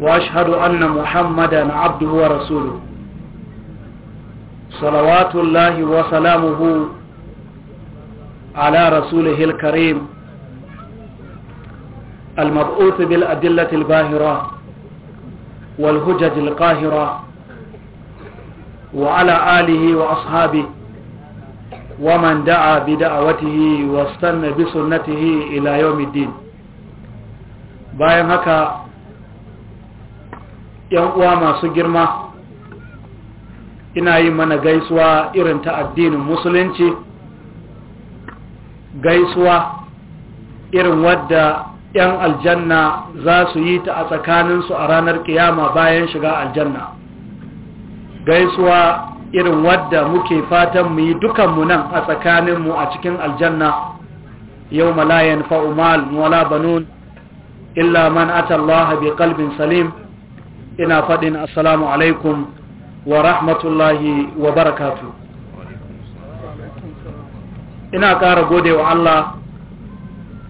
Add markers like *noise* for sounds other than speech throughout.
وأشهد أن محمدا عبده ورسوله صلوات الله وسلامه على رسوله الكريم المبعوث بالأدلة الباهرة والهجج القاهرة وعلى آله وأصحابه ومن دعا بدعوته واستنى بسنته إلى يوم الدين باين هكا yan uwa masu girma ina yi mana gaisuwa irin ta addinin musulunci gaisuwa irin wadda yan aljanna za su yi ta a tsakaninsu a ranar kiyama bayan shiga aljanna gaisuwa irin wadda muke fatan mu yi mu nan a tsakaninmu a cikin aljanna yau malayan fa'umal wala banun illa man atallaha bi kalbin salim ina faɗin assalamu alaikum wa rahmatullahi wa barakatu ina kara gode wa Allah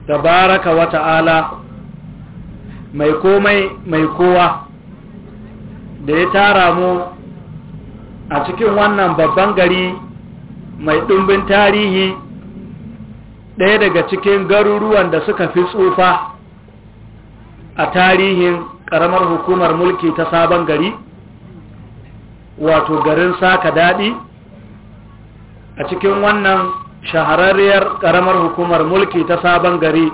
da baraka wa ta'ala mai komai mai kowa da ya tara mu a cikin wannan babban gari mai ɗumbin tarihi ɗaya daga cikin garuruwan da suka fi tsufa a tarihin karamar hukumar mulki ta sabon gari wato garin saka daɗi a cikin wannan shahararriyar karamar hukumar mulki ta sabon gari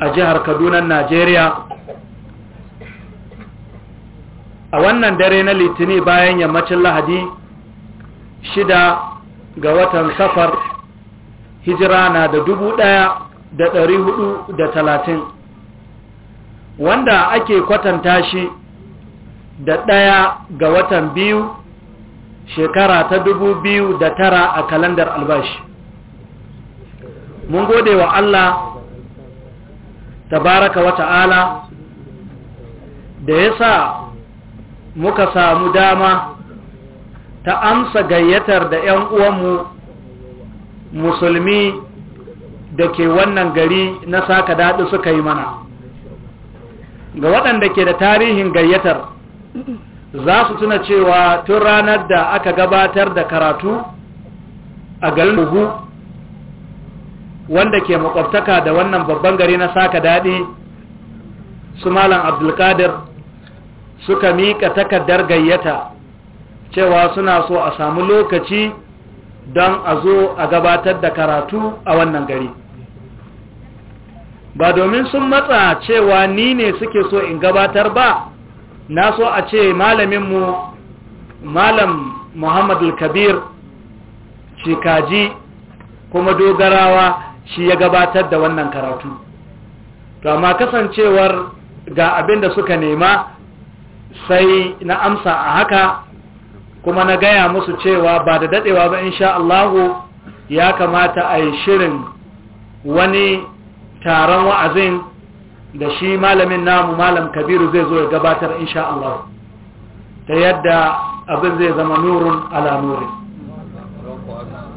a jihar kaduna najeriya a wannan dare na litini bayan yammacin lahadi shida ga watan safar hijira na da dubu ɗaya da ɗari hudu da talatin wanda ake kwatanta shi da ɗaya ga watan biyu shekara ta dubu biyu da tara a kalandar albashi mun gode wa Allah tabaraka wa ta'ala da ya sa muka samu dama ta amsa gayyatar da 'yan uwanmu musulmi da ke wannan gari na saka daɗi suka yi mana ga waɗanda ke da tarihin gayyatar za su tuna cewa tun ranar da aka gabatar da karatu a garin uhu wanda ke makwabtaka da wannan babban gari na saka daɗi su malam abdulkadir suka miƙa takardar gayyata cewa suna so a samu lokaci don a zo a gabatar da karatu a wannan gari ba domin sun matsa cewa ni ne suke so in gabatar ba na so a ce malaminmu malam muhammadu kabir shikaji kuma dogarawa shi ya gabatar da wannan karatu to amma kasancewar ga abin da suka nema sai na amsa a haka kuma na gaya musu cewa ba da dadewa ba insha Allahu ya kamata a yi shirin wani taron wa'azin da shi malamin namu malam kabiru zai zo ya gabatar insha Allah ta yadda abin zai zama nurun ala nurin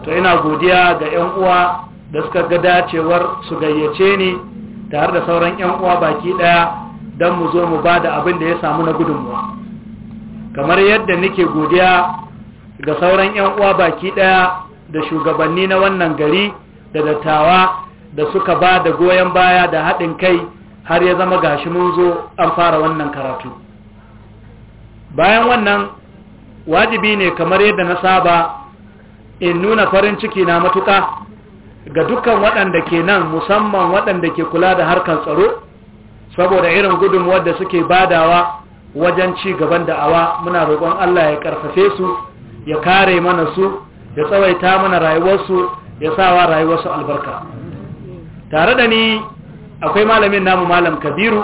to ina godiya ga 'yan uwa da suka ga dacewar su gayyace ni tare da sauran 'yan uwa baki daya dan mu zo mu bada abin da ya samu na gudunmuwa kamar yadda nake godiya ga sauran 'yan uwa baki daya da shugabanni na wannan gari da dattawa da suka ba da goyon baya da haɗin kai har ya zama gashi mun zo an fara wannan karatu bayan wannan wajibi ne kamar yadda na saba in nuna farin ciki na matuƙa ga dukkan waɗanda ke nan musamman waɗanda ke kula da harkar tsaro saboda irin gudunmuwar da suke badawa wajen ci gaban da awa muna roƙon Allah ya ƙarfafe su ya kare mana su ya tsawaita mana rayuwarsu ya sawa rayuwarsu albarka tare da ni akwai malamin namu malam kabiru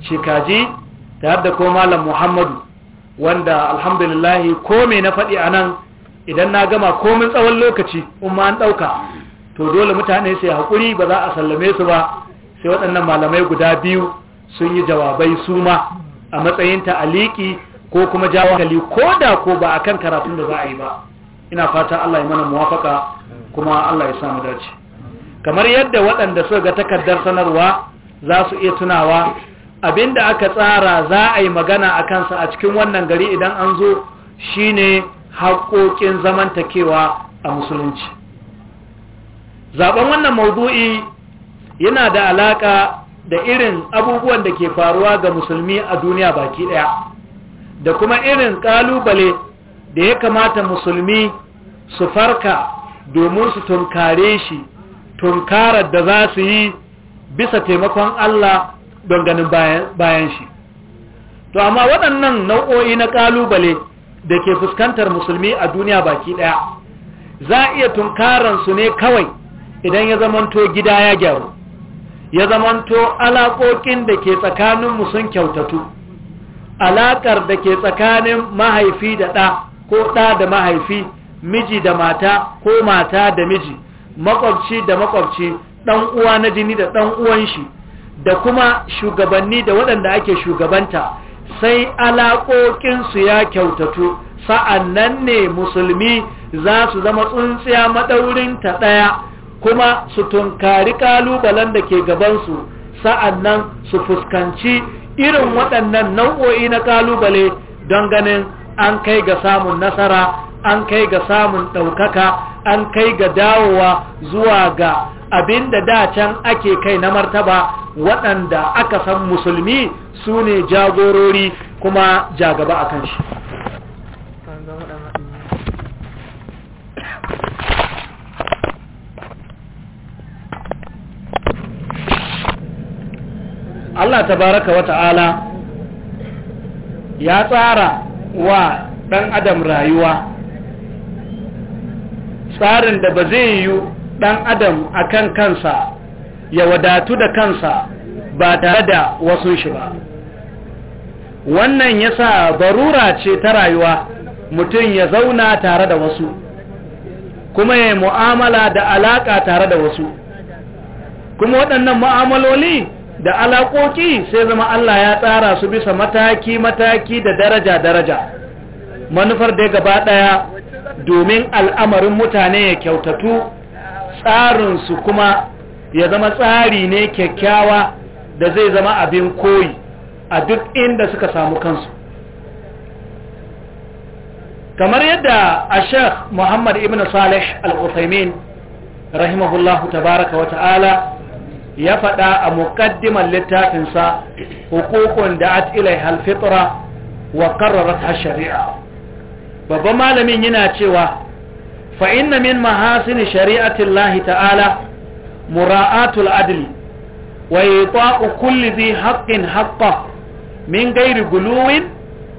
shikaji tare da ko malam muhammadu wanda alhamdulillahi ko me na faɗi a nan idan na gama komin tsawon lokaci umma an ɗauka to dole mutane sai hakuri ba za a sallame su ba sai waɗannan malamai guda biyu sun yi jawabai su ma a matsayin ta'aliki ko kuma jawo ko da ko ba a kan karatun da za a yi ba ina fata Allah ya mana muwafaka kuma Allah ya samu dace kamar yadda waɗanda suka ga takardar sanarwa za su iya tunawa abinda aka tsara za a yi magana a kansa a cikin wannan gari idan an zo shine haƙoƙin zamantakewa a musulunci zaben wannan maudu'i yana da alaƙa da irin abubuwan da ke faruwa ga musulmi a duniya baki ɗaya da kuma irin ƙalubale da ya kamata musulmi su farka domin su tunkare shi tunkarar da za su yi bisa taimakon Allah don ganin bayan shi to amma waɗannan nau'o'i na ƙalubale da ke fuskantar musulmi a duniya baki ɗaya za a iya su ne kawai idan ya zamanto gida ya gyaru ya zamanto alaƙoƙin da ke tsakaninmu sun kyautatu alaƙar da ke tsakanin mahaifi da ɗa ko ɗa da mahaifi miji da mata ko mata da miji makwabci da makwabci dan uwa na jini da dan uwan shi da kuma shugabanni da waɗanda ake shugabanta sai alaƙoƙinsu ya kyautatu sa'annan ne musulmi za su zama tsuntsiya maɗaurinta ɗaya kuma su tunkari ƙalubalen da ke gabansu sa'annan su fuskanci irin waɗannan nau'o'i na ƙalubale don ganin an kai ga samun nasara an kai ga samun ɗaukaka an kai ga dawowa zuwa ga abin da dacan ake kai na martaba waɗanda aka san musulmi su ne jagorori kuma jagaba a kan shi Allah tabaraka wa ta'ala ya tsara wa ɗan adam rayuwa tsarin da ba zai yi ɗan adam a kan kansa ya wadatu da kansa ba tare da wasu shi ba wannan ya sa barura ce ta rayuwa mutum ya zauna tare da wasu kuma ya mu'amala da alaƙa tare da wasu kuma waɗannan mu'amaloli da alaƙoƙi sai zama Allah ya tsara su bisa mataki-mataki da daraja-daraja manufar da gaba ɗaya domin al'amarin mutane ya kyautatu tsarinsu kuma ya zama tsari ne kyakkyawa da zai zama abin koyi a duk inda suka samu kansu kamar yadda a sheikh muhammad ibn salih al rahimahullahu tabaraka wa ta'ala ya faɗa a muƙaddimar littafinsa hukukun da at ilai halfitra wa ƙarrarar shari'a babban malamin yana cewa fa inna min mahasin shari'atin lahi ta'ala mura'atul adl wa ita'u kulli dhi haqqin haqqa min ghairi guluwin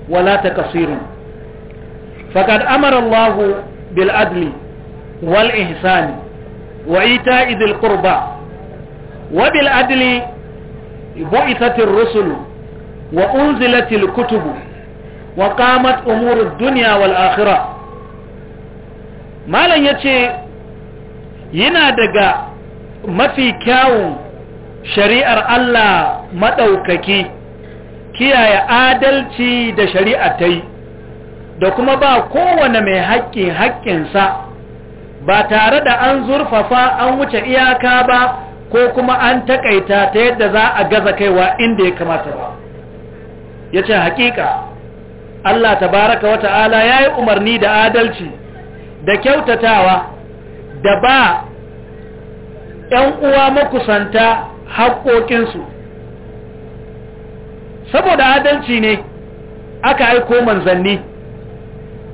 wala takasirin faqad amara Allah bil adl wal ihsan wa ita'i dhil qurba wa bil adl bu'ithatir rusul wa unzilatil kutubu wa qamat duniya dunya wal akhirah malam yace yana daga mafi kyawun shari'ar Allah maɗaukaki, kiyaye adalci da shari'a ta yi da kuma ba kowane mai haƙƙi haƙƙinsa ba tare da an zurfafa an wuce iyaka ba ko kuma an takaita ta yadda za a gaza kaiwa inda ya kamata ba ya ce haƙiƙa Allah tabaraka wa ta'ala ya yi umarni da adalci da kyautatawa da ba ‘yan uwa makusanta haƙoƙinsu saboda adalci ne aka aiko manzanni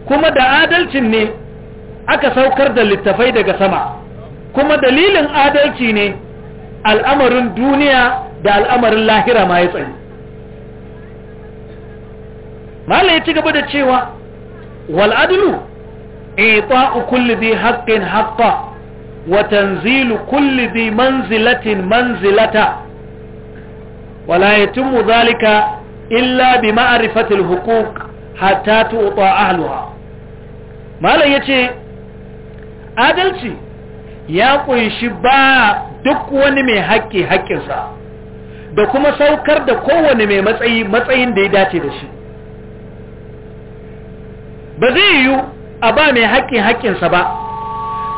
kuma da adalcin ne aka saukar da littafai daga sama kuma dalilin adalci ne al'amarin duniya da al'amarin lahira ma ya tsaye malai ya ci gaba da cewa wal adlu ita'u kulli bi haqqin haqqa wa tanzilu kulli bi manzilatin manzilata wala yatimu dhalika illa bi ma'rifati al huquq hatta tu'ta ahliha malai yace adalci ya kunshi ba duk wani mai haƙƙi haƙƙinsa da kuma saukar da kowane mai matsayi matsayin da ya dace da shi ba zai yiwu a ba mai haƙƙin haƙƙinsa ba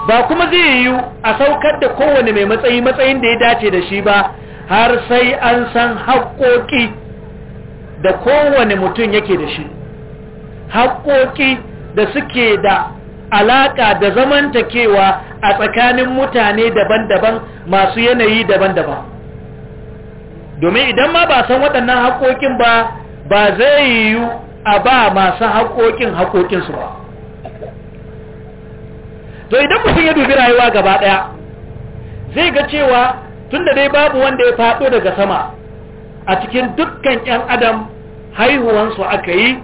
ba kuma zai yiwu a saukar da kowane mai matsayi matsayin da ya dace da shi ba har sai an san haƙƙoƙi da kowane mutum yake da shi haƙƙoƙi da suke da alaƙa da zamantakewa a tsakanin mutane daban-daban masu yanayi daban-daban domin idan ma ba san waɗannan haƙƙoƙin ba ba zai yiwu a ba masu haƙoƙin haƙoƙinsu ba to idan mutum ya dubi rayuwa gaba ɗaya zai ga cewa tunda dai babu wanda ya faɗo daga sama a cikin dukkan 'yan adam haihuwansu aka yi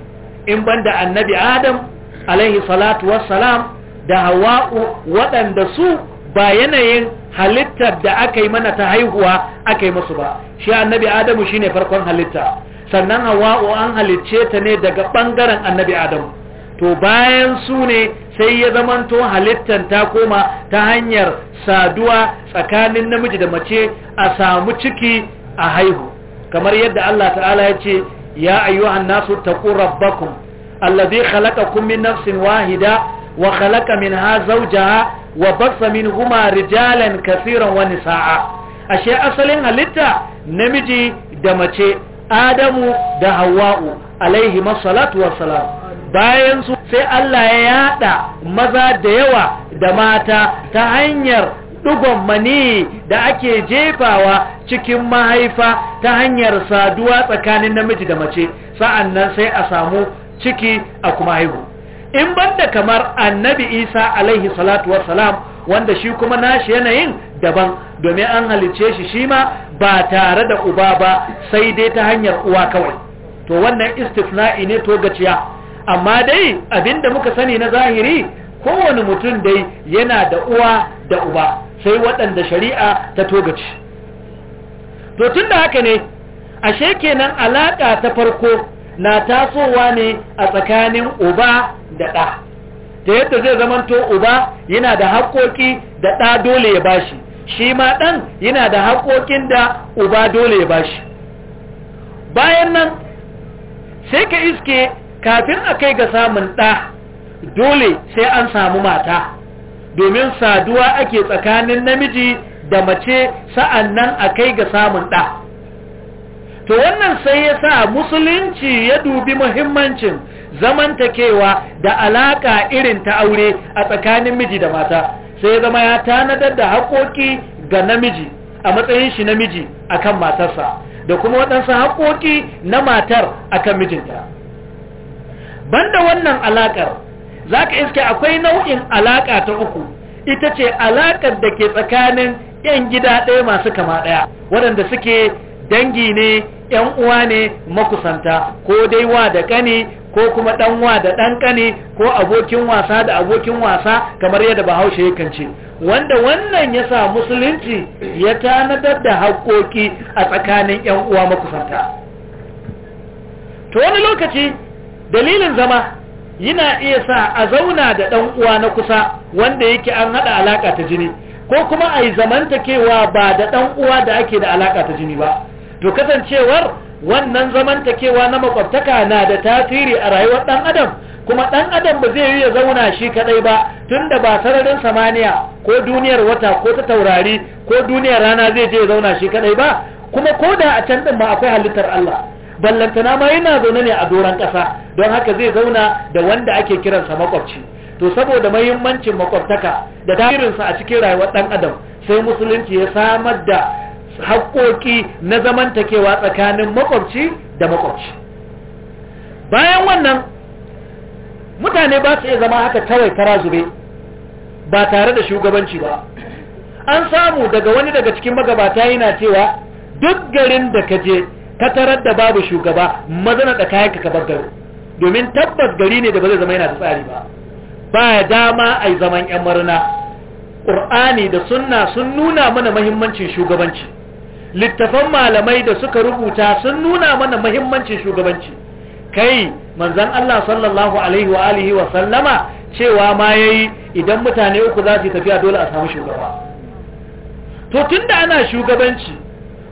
in banda annabi adam alaihi salatu wassalam da hawa'u waɗanda su ba yanayin halittar da aka yi mana ta haihuwa aka yi musu ba shi annabi adamu shi ne farkon halitta sannan hawa'u an halicce ta ne daga ɓangaren annabi adamu to bayan su ne sai ya zamanto halittan ta koma ta hanyar saduwa tsakanin namiji da mace a samu ciki a haihu kamar yadda Allah ta'ala ya ce ya ayyuhan nasu taqu rabbakum allazi khalaqakum min nafsin wahida wa khalaqa minha zawjaha wa bassa minhuma rijalan kaseeran wa nisaa ashe asalin halitta namiji da mace adamu da hawa'u alaihi masalatu salam, bayan su sai Allah ya yada maza da yawa da mata ta hanyar dugon mani da ake jefawa cikin mahaifa ta hanyar saduwa tsakanin namiji da mace sa'annan sai a samu ciki a kuma haihu in banda kamar annabi isa alaihi salatu salam, wanda shi kuma nashi yanayin daban domin an halice shi shi ma ba tare da uba ba sai dai ta hanyar uwa kawai to wannan istifna'i ne to gaciya amma dai abinda muka sani na zahiri kowane mutum dai yana da uwa da uba sai waɗanda shari'a ta togaci to tun da haka ne ashe kenan alaƙa ta farko na tasowa ne a tsakanin uba da ɗa ta yadda zai zamanto uba yana da haƙoƙi da ɗa dole ya bashi shi ma ɗan yana da haƙoƙin da uba dole ya bashi bayan nan sai ka iske kafin a kai ga samun ɗa dole sai an samu mata domin saduwa ake tsakanin namiji da mace sa'an nan a kai ga samun ɗa to wannan sai ya sa musulunci ya dubi muhimmancin zamantakewa da alaƙa irin ta aure a tsakanin miji da mata sai ya zama ya tanadar da haƙoƙi ga namiji a matsayin shi namiji akan matarsa da kuma waɗansu haƙoƙi na matar akan mijinta banda wannan alaƙar zaka iske akwai nau'in alaƙa ta uku ita ce alaƙar da ke tsakanin 'yan gida ɗaya masu kama ɗaya waɗanda suke dangi ne yan uwa ne makusanta ko dai wa da ƙani ko kuma dan wa da ɗan ƙani ko abokin wasa da abokin wasa kamar yadda bahaushe yakan ce wanda wannan ya sa musulunci ya tanadar da haƙoƙi a tsakanin yan uwa makusanta to wani lokaci dalilin zama yana iya sa a zauna da ɗan uwa na kusa wanda yake an haɗa alaka ta jini ko kuma a yi zamantakewa ba da ɗan uwa da ake da alaka ta jini ba to kasancewar wannan zamantakewa na makwabtaka na da tasiri a rayuwar ɗan adam kuma ɗan adam ba zai yi ya zauna shi kaɗai ba tunda ba sararin samaniya ko duniyar wata ko ta taurari ko duniyar rana zai je ya zauna shi kaɗai ba kuma ko da a can ɗin ma akwai halittar Allah ballantana ma yana zaune ne a doron ƙasa don haka zai zauna da wanda ake kiransa makwabci to saboda mahimmancin makwabtaka da tasirinsa a cikin rayuwar ɗan adam sai musulunci ya samar da haƙoƙi na zamantakewa tsakanin makwabci da makwabci bayan wannan mutane ba su iya zama haka kawai tara zube ba tare da shugabanci ba an samu daga wani daga cikin magabata yana cewa duk garin da ka je ka tarar da babu shugaba mazana da kayan ka kabar garin domin tabbas gari ne da ba zai zama yana da tsari ba ba dama a zaman 'yan marina ƙur'ani da sunna sun nuna mana mahimmancin shugabanci littafan malamai da suka rubuta sun nuna mana mahimmancin shugabanci kai manzan Allah sallallahu alaihi wa alihi wa sallama cewa ma yayi idan mutane uku za su tafiya dole a samu shugaba to tunda ana shugabanci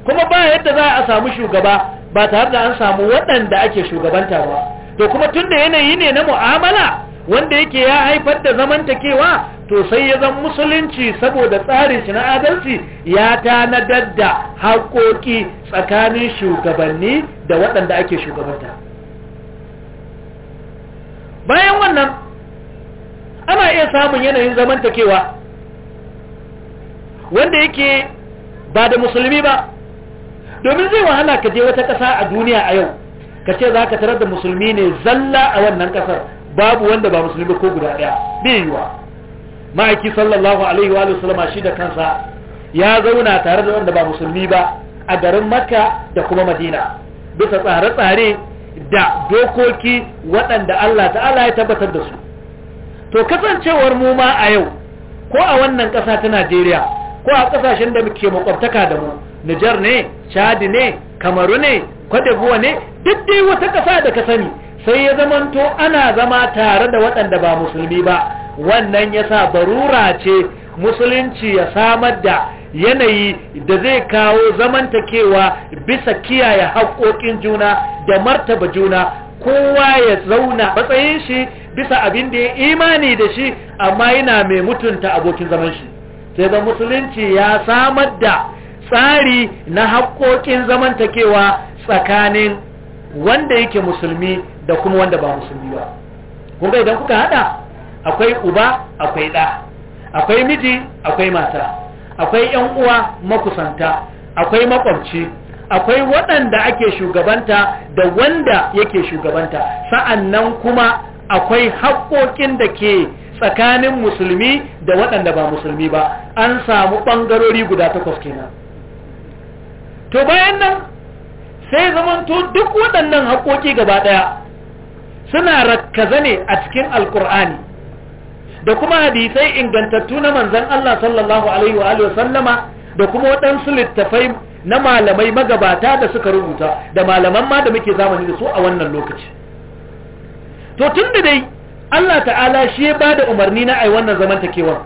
kuma ba yadda za a samu shugaba ba tare da an samu waɗanda ake shugabanta ba to kuma tunda yanayi ne na mu'amala wanda yake ya haifar da zamantakewa to sai ya zan musulunci saboda tsarin shi na adalci ya tanadar da haƙoƙi tsakanin shugabanni da waɗanda ake shugabanta bayan wannan ana iya samun yanayin zamantakewa wanda yake ba da musulmi ba domin zai wahala ka je wata ƙasa a duniya a yau ka ce za ka tarar da musulmi ne zalla a wannan ƙasar babu wanda ba musulmi ko guda ɗaya biyuwa ma'aiki sallallahu alaihi wa sallama shi da kansa ya zauna tare da wanda ba musulmi ba a garin makka da kuma madina bisa tsare-tsare da dokoki waɗanda allah ta'ala ya tabbatar da su to kasancewar mu ma a yau ko a wannan ƙasa ta najeriya ko a ƙasashen da muke makwabtaka da mu nijar ne chadi ne kamaru ne kwadebuwa ne duk dai wata ƙasa da ka sani sai ya zamanto ana zama tare da waɗanda ba musulmi ba wannan yasa barura ce musulunci ya samar da yanayi da zai kawo zamantakewa bisa kiyaye haƙoƙin juna da martaba juna kowa ya zauna matsayin shi bisa abin da ya imani da shi amma yana mai mutunta abokin zaman shi sai da musulunci ya samar da tsari na haƙoƙin zamantakewa tsakanin wanda yake musulmi da kuma wanda ba musulmi ba kuma idan kuka hada akwai uba akwai ɗa akwai miji akwai mata akwai ‘yan uwa makusanta akwai makwabci akwai waɗanda ake shugabanta da wanda yake shugabanta sa'annan kuma akwai haƙoƙin da ke tsakanin musulmi da waɗanda ba musulmi ba an samu ɓangarori guda takwas kenan to bayan nan sai zamanto duk waɗannan haƙoƙi gaba ɗaya suna rakkaza ne a cikin Alƙur'ani. da kuma hadisai ingantattu na manzan Allah sallallahu alaihi wa sallama da kuma waɗansu littafai na malamai magabata da suka rubuta da malaman ma da muke zamani da su a wannan lokaci to tun da dai Allah ta'ala shi ya ba da umarni na ai wannan zamantakewa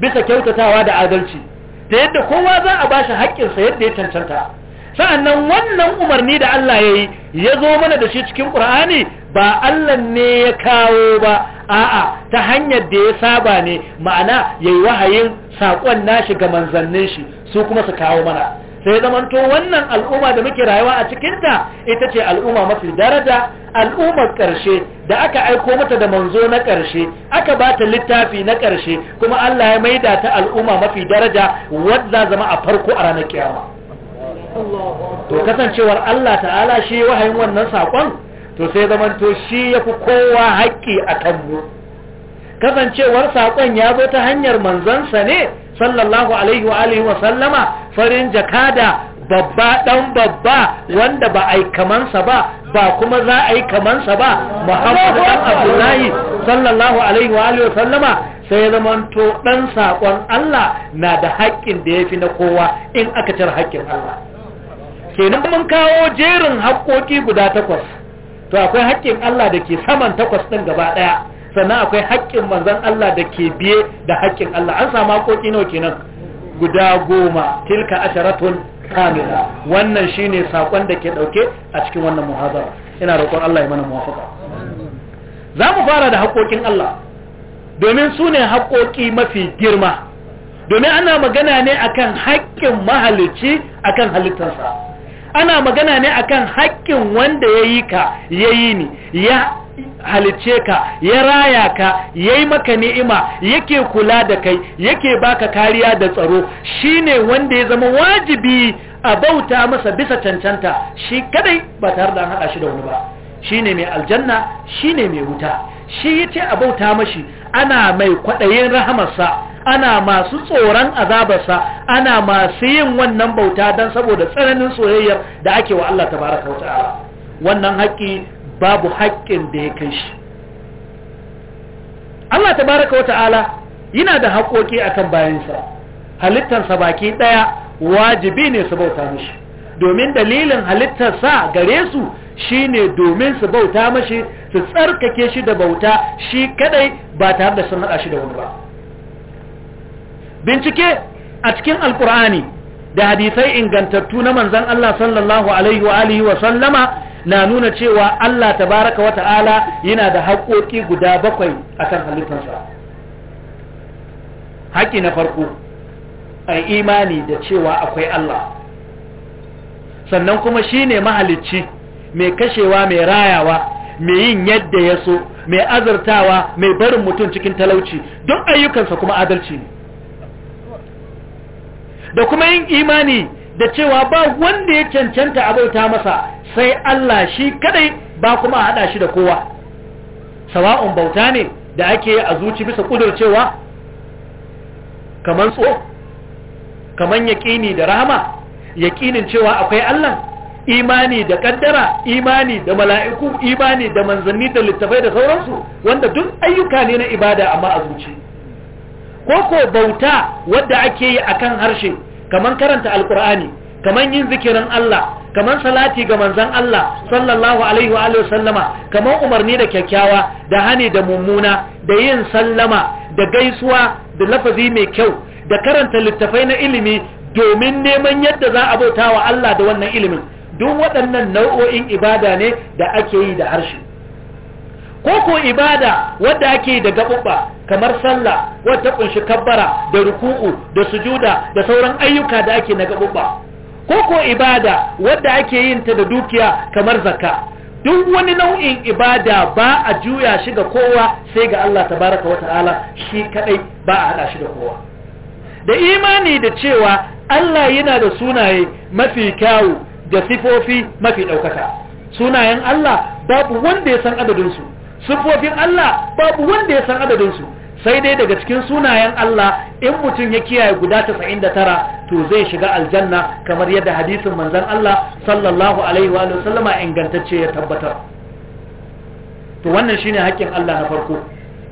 bisa kyautatawa da adalci da yadda kowa za a ba shi haƙƙinsa yadda ya cancanta sa'annan wannan umarni da Allah ya yi ya zo mana da shi cikin ƙur'ani ba Allah ne ya kawo ba a'a ta hanyar da ya saba ne ma'ana ya yi wahayin saƙon nashi ga manzannin shi su kuma su kawo mana sai zamanto wannan al'umma da muke rayuwa a cikinta ita ce al'umma mafi daraja al'ummar ƙarshe da aka aiko mata da manzo na ƙarshe aka ba ta littafi na ƙarshe kuma Allah ya maida ta al'umma mafi daraja wadda zama a farko a ranar kiyama to kasancewar Allah ta'ala shi wahayin wannan sakon to sai zamanto shi ya fi kowa haƙƙi a mu. kasancewar saƙon ya zo ta hanyar manzansa ne sallallahu alaihi wa alihi wa sallama farin jakada babba ɗan babba wanda ba ai kamansa ba ba kuma za a yi kamansa ba muhammadu dan abdullahi sallallahu alaihi wa alihi sallama sai zamanto ɗan saƙon Allah na da haƙƙin da yafi na kowa in aka tar haƙƙin Allah kenan mun kawo jerin haƙoƙi guda takwas to akwai haƙƙin Allah da ke saman takwas ɗin gaba ɗaya sannan akwai haƙƙin manzon Allah da ke biye da haƙƙin Allah an samu haƙoƙi nawa kenan guda goma tilka asharatun kamila wannan shine sakon da ke ɗauke a cikin wannan muhazara ina roƙon Allah ya mana muwafaka za mu fara da haƙoƙin Allah domin su ne haƙoƙi mafi girma domin ana magana ne akan haƙƙin mahalicci akan halittarsa ana magana ne akan haƙƙin wanda ya yi ka ya yi ni ya halice ka ya raya ka ya yi maka ni'ima yake kula da kai yake baka kariya da tsaro shine wanda ya zama wajibi a bauta masa bisa cancanta shi kadai ba tare da an haɗa shi da wani ba shine mai aljanna shine mai wuta shi yace a bauta mashi ana mai kwaɗayin rahamarsa ana masu tsoron azabarsa ana masu yin wannan bauta dan saboda tsananin soyayyar da ake wa Allah tabaraka wata'ala wannan haƙƙi babu haƙƙin da ya kai shi Allah tabaraka wata'ala yana da haƙoƙi akan bayansa halittarsa baki ɗaya wajibi ne su bauta mashi domin dalilin halittar sa gare su Shi ne domin su bauta mashi su tsarkake shi da bauta shi kadai ba tare da sun shi da wani ba bincike a cikin alkur'ani da hadisai ingantattu na manzon Allah sallallahu alaihi wa alihi wa sallama na nuna cewa Allah tabaraka wa ta'ala yana da haƙoƙi guda bakwai akan halittarsa haƙi na farko a imani da cewa akwai Allah sannan kuma shine mahalicci mai kashewa mai rayawa mai yin yadda ya so mai azurtawa mai barin mutum cikin talauci don ayyukansa kuma adalci ne da kuma yin imani da cewa ba wanda ya cancanta abauta masa sai Allah shi kadai ba kuma a hada shi da kowa sawa'un bauta ne da ake a zuci bisa kudurcewa kaman tso kamar yaƙini da rahama yaƙinin cewa akwai Allah imani da kaddara imani da mala'iku imani da manzanni da littafai da sauransu wanda duk ayyuka ne na ibada amma a zuci ko ko bauta wadda ake yi a kan harshe kamar karanta alkur'ani kamar yin zikirin Allah kamar salati ga manzan Allah sallallahu alaihi wa alihi sallama kaman umarni da kyakkyawa da hani da mummuna da yin sallama da gaisuwa da lafazi mai kyau da karanta littafai na ilimi domin neman yadda za a bauta wa Allah da wannan ilimin duk waɗannan nau'o'in ibada ne da ake yi da harshe ko ko ibada wadda ake yi da gaɓuɓɓa kamar sallah wadda kunshi kabbara da ruku'u da sujuda da sauran ayyuka da ake na gaɓuɓɓa ko ko ibada wadda ake yin ta da dukiya kamar zakka duk wani nau'in ibada ba a juya shi ga kowa sai ga Allah tabaraka wata'ala shi kadai ba a hada shi da kowa da imani da cewa Allah yana da sunaye mafi kyawu da sifofi mafi ɗaukaka sunayen Allah babu wanda ya san adadinsu sifofin Allah babu wanda ya san adadinsu sai dai daga cikin sunayen Allah in mutum ya kiyaye guda da tara to zai shiga aljanna kamar yadda hadisin manzon Allah sallallahu alaihi wa sallama ingantacce ya tabbatar to wannan shine haƙƙin Allah na farko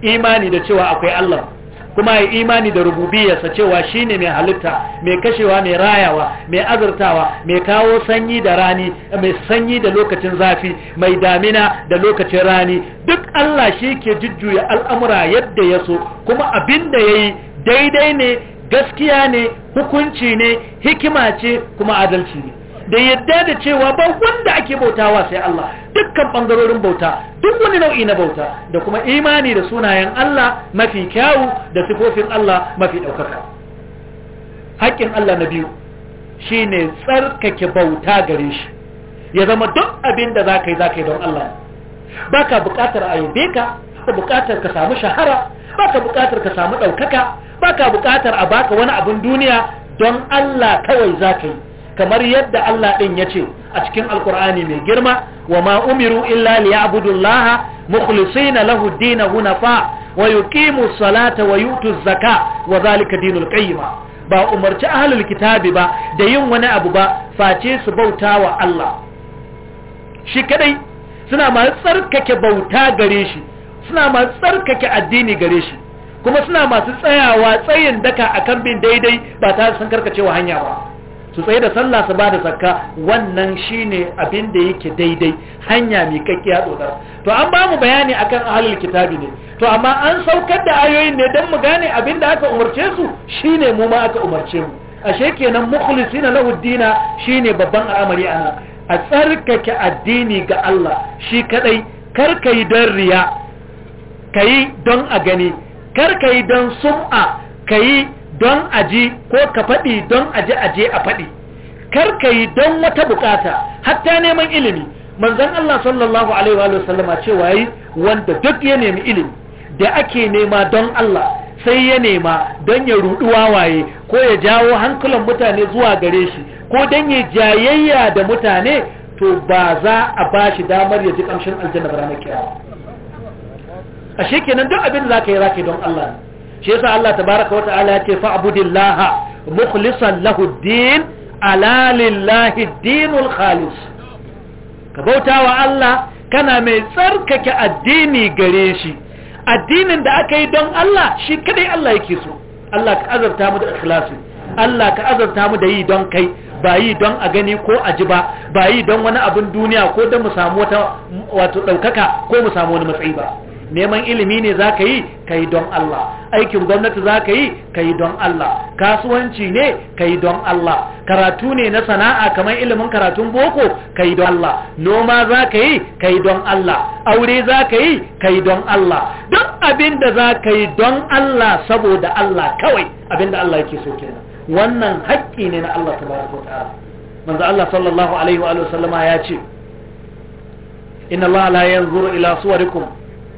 imani da cewa akwai Allah kuma ya imani da rububiyarsa cewa shine mai halitta mai kashewa mai rayawa mai azurtawa mai kawo sanyi da rani mai sanyi da lokacin zafi mai damina da lokacin rani duk Allah shi ke jujjuya al'amura yadda ya so kuma abin da ya yi daidai ne gaskiya ne hukunci ne hikima ce kuma adalci ne da yadda da cewa ba wanda ake bautawa sai Allah dukkan bangarorin bauta duk wani nau'i na bauta da kuma imani da sunayen Allah mafi kyawu da sifofin Allah mafi ɗaukaka haƙƙin Allah na biyu shine tsarkake bauta gare shi ya zama duk abin da za ka yi za ka yi don Allah ba ka buƙatar a yabe ka ba buƙatar ka samu shahara ba ka buƙatar ka samu ɗaukaka ba ka buƙatar a baka wani abin duniya don Allah kawai za ka yi kamar yadda Allah ɗin ya ce a cikin alkur'ani mai girma wa ma umiru illa abudullaha mukhlisina lahu dinahu nafa wa yuqimu salata wa yu'tu zaka wa zalika dinul qayyima ba umarci ahlul kitabi ba da yin wani abu ba face su bauta wa Allah shi kadai suna ma tsarkake bauta gare shi suna ma tsarkake addini gare shi kuma suna masu tsayawa tsayin daka akan bin daidai ba ta sun karkacewa hanya ba su tsaye da sallah su bada zakka wannan shine abin da yake daidai hanya mai kakkiya dodar to an ba mu bayani akan ahlul kitabi ne to amma an saukar da ayoyin ne don mu gane abin da aka umarce su shine mu ma aka umarce mu ashe kenan mukhlisina lahu dina shine babban al'amari ana a tsarkake addini ga Allah shi kadai kar yi don riya kai don a gani kar yi don sum'a kayi don aji ko ka faɗi don aji aje a faɗi kar ka yi don wata bukata hatta neman ilimi manzan Allah sallallahu alaihi wa sallama cewa yi wanda duk ya nemi ilimi da ake nema don Allah sai ya nema don ya rudu wawaye ko ya jawo hankulan mutane zuwa gare shi ko don ya jayayya da mutane to ba za a ba shi damar ya ji kamshin aljanna ranar kiyama a shekenan duk abin da za yi za yi don Allah ne shi yasa Allah tabaraka wa ta'ala ya ce fa'budillaha mukhlishan lahu din ala lillahi dinul khalis ka bautawa Allah kana mai tsarkake addini gare shi addinin da aka yi don Allah shi kadai Allah yake so Allah ka azabta mu da ikhlasi Allah ka azabta mu da yi don kai ba yi don a gani ko a ji ba ba yi don wani abin duniya ko don mu samu wata wato ɗaukaka ko mu samu wani matsayi ba neman ilimi ne za ka yi ka yi don Allah aikin gwamnati za ka yi ka yi don Allah kasuwanci ne ka yi don Allah karatu ne na sana'a kamar ilimin karatun boko ka yi don Allah noma za ka yi ka yi don Allah aure za ka yi ka yi don Allah Don abin da za ka yi don Allah saboda Allah kawai abin da Allah yake so kenan wannan haƙƙi ne na Allah tabaraka ta'ala manzo Allah sallallahu alaihi wa sallama ya ce inna Allah la yanzuru ila suwarikum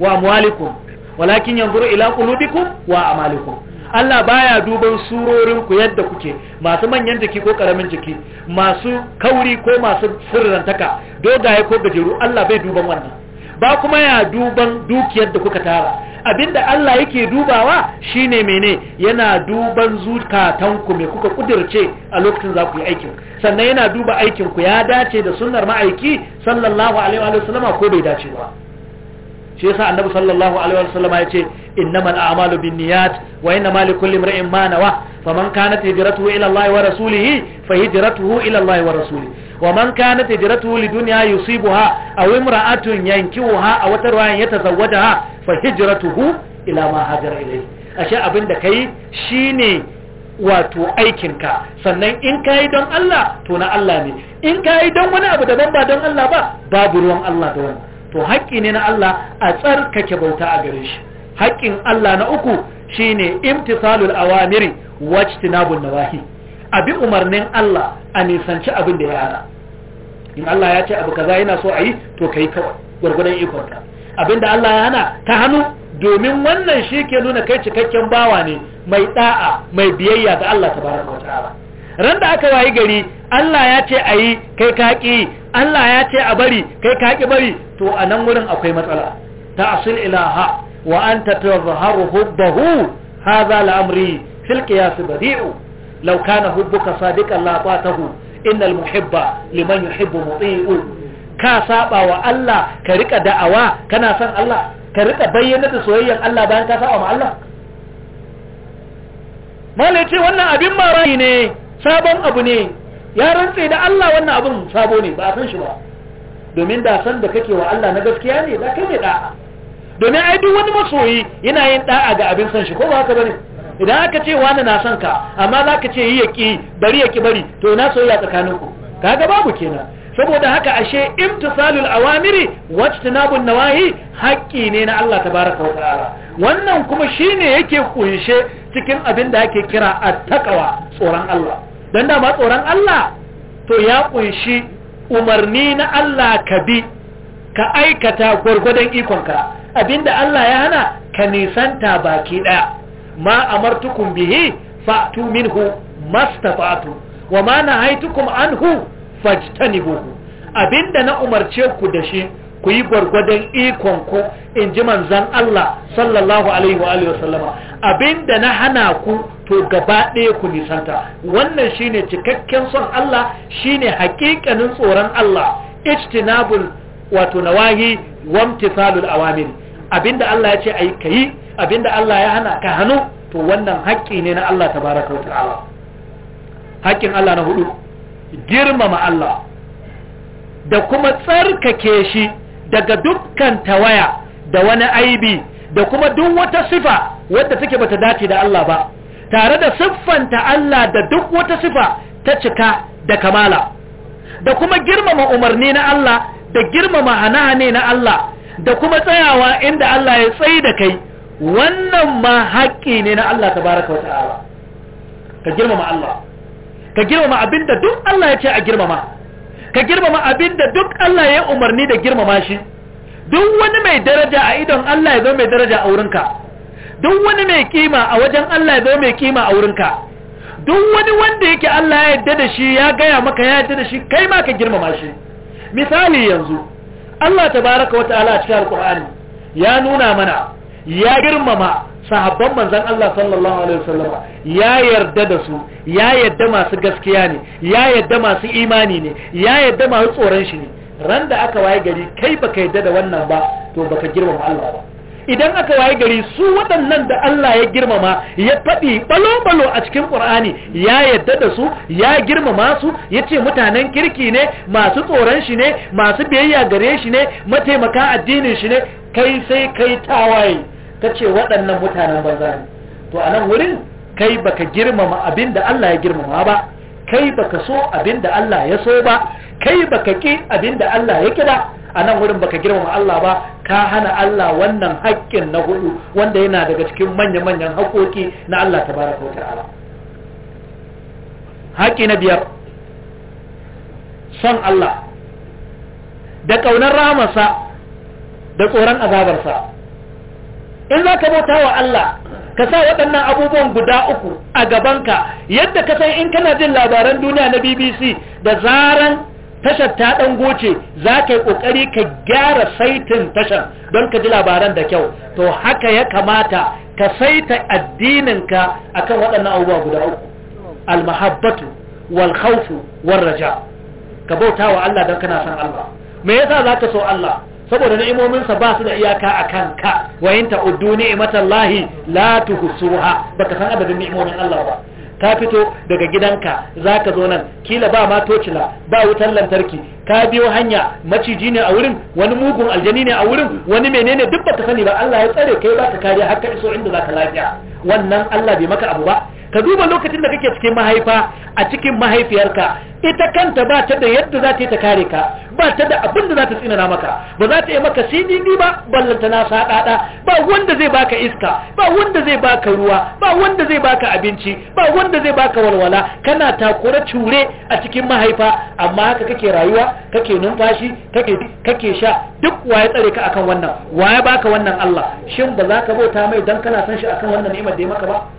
wa amwalikum walakin yanzuru ila qulubikum wa amalikum Allah baya duban surorin ku yadda kuke masu manyan jiki ko karamin jiki masu kauri ko masu sirrantaka dogaye ko gajeru Allah bai duban wannan ba kuma ya duban dukiyar da kuka tara abinda Allah yake dubawa shine mene yana duban zukatanku me kuka kudirce a lokacin za ku yi aikin sannan yana duba aikin ku ya dace da sunnar ma'aiki sallallahu alaihi wa sallama ko bai dace ba shi yasa annabi sallallahu alaihi wasallam ya ce innamal a'malu binniyat wa innamal likulli imrin ma nawa faman kanat hijratuhu ila Allah wa rasulih fa hijratuhu ila Allah wa rasulih wa man kanat hijratuhu lidunya yusibuha aw imra'atun yankihuha aw tarwayan yatazawwajaha fa hijratuhu ila ma hajara ilayhi ashe abin da kai shine wato aikinka sannan in ka yi don Allah to na Allah ne in ka yi don wani abu daban ba don Allah ba babu ruwan Allah da wannan to haƙƙi ne na Allah a tsarkake bauta a gare shi haƙƙin Allah na uku shine imtisalul awamiri wajtinabun nawahi abi umarnin Allah a nisanci abin da ya hana in Allah ya ce abu kaza yana so a yi to kai kawai gwargwadon ikonka abin da Allah ya hana ta hannu domin wannan shi ke nuna kai cikakken bawa ne mai da'a mai biyayya ga Allah tabaraka wa ta'ala ran da aka wayi gari Allah ya ce a yi kai kaƙi Allah ya ce a bari kai kaƙi bari to a nan wurin akwai matsala ta asil ilaha wa an ta tazharu hubbahu hadha al'amri fil qiyas badi'u law kana hubbuka sadiqan la fatahu innal muhibba liman yuhibbu muti'u ka saba wa Allah ka rika da'awa kana son Allah ka rika bayyana da soyayyar Allah bayan ka saba ma Allah malai wannan abin mamaki ne sabon abu ne ya rantse da Allah wannan abin sabo ne ba a san shi ba domin da san da kake wa Allah na gaskiya ne da kai ne da'a domin ai duk wani masoyi yana yin da'a ga abin san shi ko ba haka bane idan aka ce wani na son ka amma za ka ce yi yaki bari yaki bari to na soyayya tsakaninku kaga babu kenan saboda haka ashe imtisalul awamiri wajtinabun nawahi haƙƙi ne na Allah tabaraka wa ta'ala wannan kuma shine yake kunshe cikin abin da ake kira at-taqwa tsoron Allah don dama tsoron Allah to ya kunshi umarni na Allah ka bi ka aikata gwargwadon ikonka abinda Allah ya hana ka nisanta baki ɗaya ma amartukum bihi fa'tu minhu mastata'tu wa ma nahaytukum anhu fajtanibuhu abinda na umarce ku da shi ku yi gwargwadon ku in ji manzan Allah sallallahu alaihi wa sallama abin abinda na hana ku to gaba ɗaya ku nisanta wannan shi ne cikakken son Allah shi ne hakikanin tsoron Allah ijtinabul wato a wamtithalul abin abinda Allah ya ce yi abin abinda Allah ya hana ka hannu to wannan haƙƙi ne na Allah tabaraka wa ta'ala haƙƙin Allah na hudu girmama Allah da kuma tsarkake shi daga dukkan tawaya da wani aibi da kuma duk wata sifa wadda take bata dace da Allah ba tare da siffanta Allah da duk wata sifa ta cika da kamala da kuma girmama umarni na Allah da girmama hanahane na Allah da kuma tsayawa inda Allah ya tsayi da kai wannan ma haƙƙi ne na Allah tabaraka wa ta'ala ka girmama Allah ka girmama abinda duk Allah ya ce a girmama ka girmama abinda duk Allah ya umarni da girmama shi duk wani mai daraja a idon Allah ya zo mai daraja a wurinka duk wani mai kima a wajen Allah ya zo mai kima a wurinka duk wani wanda yake Allah ya yarda da shi ya gaya maka ya yarda da shi kai ma ka girmama shi misali yanzu Allah tabaraka wa ta'ala a cikin alqur'ani ya nuna mana ya girmama sahabban manzan Allah sallallahu alaihi wasallam ya yarda da su ya yarda masu gaskiya ne ya yarda masu imani ne ya yarda masu tsoron shi ne ran da aka waye gari kai baka yarda da wannan ba to baka girmama Allah ba idan aka waye gari su waɗannan da Allah ya girmama ya faɗi balo-balo a cikin ƙur'ani ya yarda da su ya girmama su ya ce mutanen kirki ne masu tsoron shi ne masu biyayya gare shi ne mataimaka addinin shi ne kai sai kai tawaye ta ce waɗannan mutanen banza ne to a nan wurin kai baka girmama abin da Allah ya girmama ba kai baka so abin da Allah ya so ba kai baka ƙi abin da Allah ya kida a nan wurin baka girmama Allah ba ka hana Allah wannan haƙƙin na hudu wanda yana daga cikin manya-manyan haƙoƙi na Allah tabaraka wa ta'ala haƙƙi na biyar son Allah da ƙaunar ramarsa, da tsoron azabarsa in za ka bauta wa Allah ka sa waɗannan abubuwan guda uku a gabanka yadda ka san in kana jin labaran duniya na bbc da zaran tashar ta ɗan goce za ka yi ƙoƙari ka gyara saitin tashar don ka ji labaran da kyau to haka ya kamata ka saita addininka kan waɗannan abubuwa guda uku almahabbatu wal khawfu war raja ka bauta wa Allah don kana san Allah me yasa za ka so Allah saboda ni'imominsa ba su da iyaka a kanka wa yin ta'uddu ni'matallahi la tuhsuha baka san adadin ni'imomin Allah ba ka fito daga gidanka zaka zo nan kila ba ma tocila ba wutar lantarki ka biyo hanya maciji ne a wurin wani mugun aljani ne a wurin wani menene duk baka sani ba Allah ya tsare kai baka kariya har ka iso inda zaka lafiya wannan Allah bai maka abu ba ka duba lokacin da kake cikin mahaifa a cikin mahaifiyarka ita kanta ba ta da yadda za ta yi ta kare ka ba ta da abin da za ta tsinana maka ba za ta yi maka sinini ba ballanta na sadada ba wanda zai baka iska ba wanda zai baka ruwa ba wanda zai baka abinci ba wanda zai baka walwala kana takura cure a cikin mahaifa amma haka kake rayuwa kake numfashi kake kake sha duk waye tsare ka akan wannan waye baka wannan Allah shin ba za ka bauta mai dan kana san shi akan wannan ni'imar da ya maka ba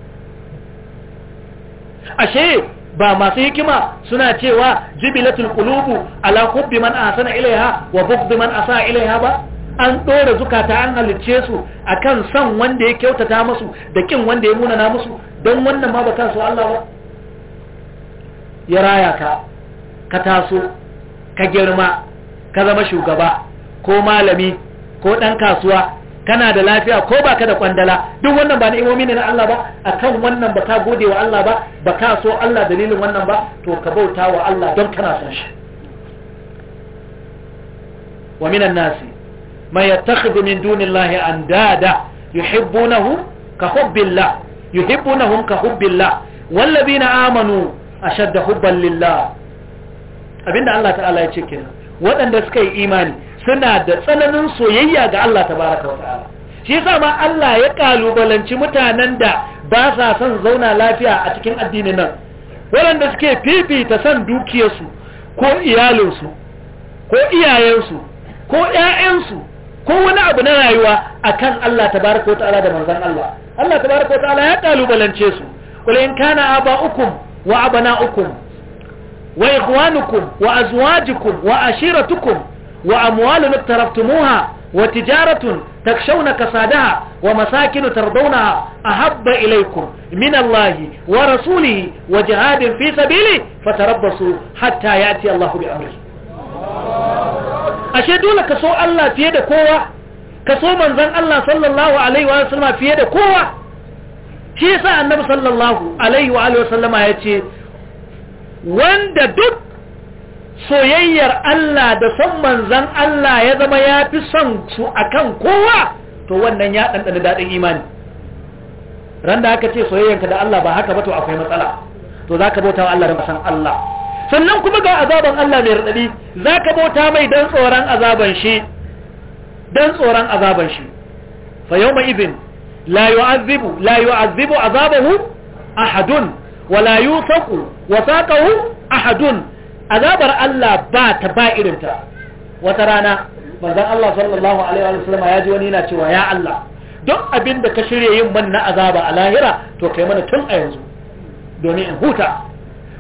ashe ba masu hikima suna cewa jibilatul qulubu ala hubbi man asana ilaiha wa bughdi man asaa ilaiha ba an dora zukata an halicce su akan san wanda ya kyautata musu da kin wanda ya munana musu don wannan ma baka so Allah ba ya raya ka ka taso ka girma ka zama shugaba ko malami ko dan kasuwa kana da lafiya ko ba ka da kwandala duk wannan ba ni'imomi ne na Allah ba akan wannan ba ka gode wa Allah ba ba ka so Allah dalilin wannan ba to ka bauta wa Allah don kana son shi wa minan nasi man yattakhidhu min dunillahi andada yuhibbunahum ka hubbillah yuhibbunahum ka hubbillah wallabina amanu ashadda hubban lillah abinda Allah ta'ala ya ce kenan waɗanda suka yi imani suna da tsananin soyayya ga Allah baraka wa ta'ala shi yasa ma Allah ya kalubalanci mutanen da ba sa son zauna lafiya a cikin addinin nan waɗanda suke fifita son dukiyarsu ko iyalinsu ko iyayensu ko ƴaƴansu ko wani abu na rayuwa akan Allah tabaraka wa ta'ala da manzon Allah Allah tabaraka wa ta'ala ya kalubalance su qul in kana aba'ukum wa abana'ukum wa ikhwanukum wa azwajukum wa ashiratukum وأموال اقترفتموها وتجارة تخشون كسادها ومساكن ترضونها أحب wa من الله ورسوله وجهاد في سبيله فتربصوا حتى Allah bi بأمره ashe dole ka so Allah fiye da kowa ka so manzon Allah sallallahu alaihi wa sallama fiye da kowa shi yasa annabi sallallahu alaihi wa wa sallama yace wanda duk soyayyar Allah da son manzan Allah ya zama ya fi son su akan kowa to wannan ya ɗanɗana daɗin imani ran da aka ce soyayyarka da Allah ba haka ba to akwai matsala to za ka bauta wa Allah da san Allah sannan kuma ga azaban Allah mai raɗaɗi za ka bauta mai don tsoron azaban shi don tsoron azaban shi fa yau ma izin la yu'azzibu la yu'azzibu azabahu ahadun wa la yusaqu wasaqahu ahadun azabar Allah ba ta ba irinta wata rana manzon Allah sallallahu alaihi wa sallam ya ji wani yana cewa ya Allah don abin da ka shirya yin man na azaba a lahira to kai mana tun a yanzu domin in huta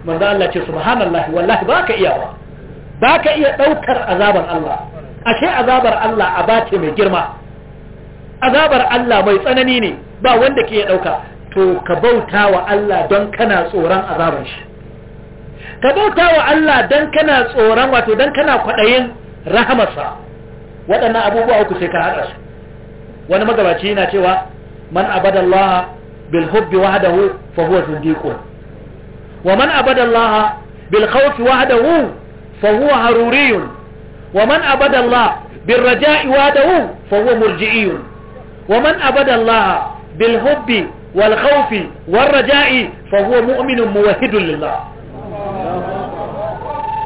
manzon Allah ce subhanallah wallahi ba ka iyawa ba ka iya ɗaukar azabar Allah ashe azabar Allah a bace mai girma azabar Allah mai tsanani ne ba wanda ke ya dauka to ka bauta wa Allah don kana tsoron azabar shi ka bauta wa Allah dan kana tsoron wato dan kana kwaɗayin rahamarsa waɗannan abubuwa uku sai ka haɗa su wani magabaci yana cewa man abadallaha bil hubbi wahdahu fa huwa zindiqun wa man abadallaha bil khawfi wahdahu fa huwa haruriyun wa man abadallaha bil raja'i wahdahu fa huwa murji'iyun wa man abadallaha bil hubbi wal khawfi war raja'i fa huwa mu'minun muwahhidun lillah